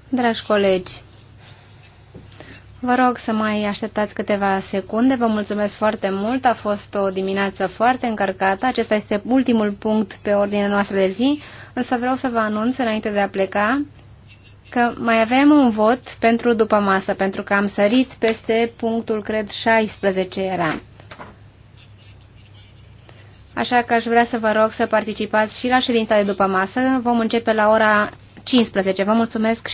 Dragi colegi, Vă rog să mai așteptați câteva secunde. Vă mulțumesc foarte mult. A fost o dimineață foarte încărcată. Acesta este ultimul punct pe ordinea noastră de zi, însă vreau să vă anunț înainte de a pleca că mai avem un vot pentru după masă, pentru că am sărit peste punctul, cred, 16 era. Așa că aș vrea să vă rog să participați și la ședința de după masă. Vom începe la ora 15. Vă mulțumesc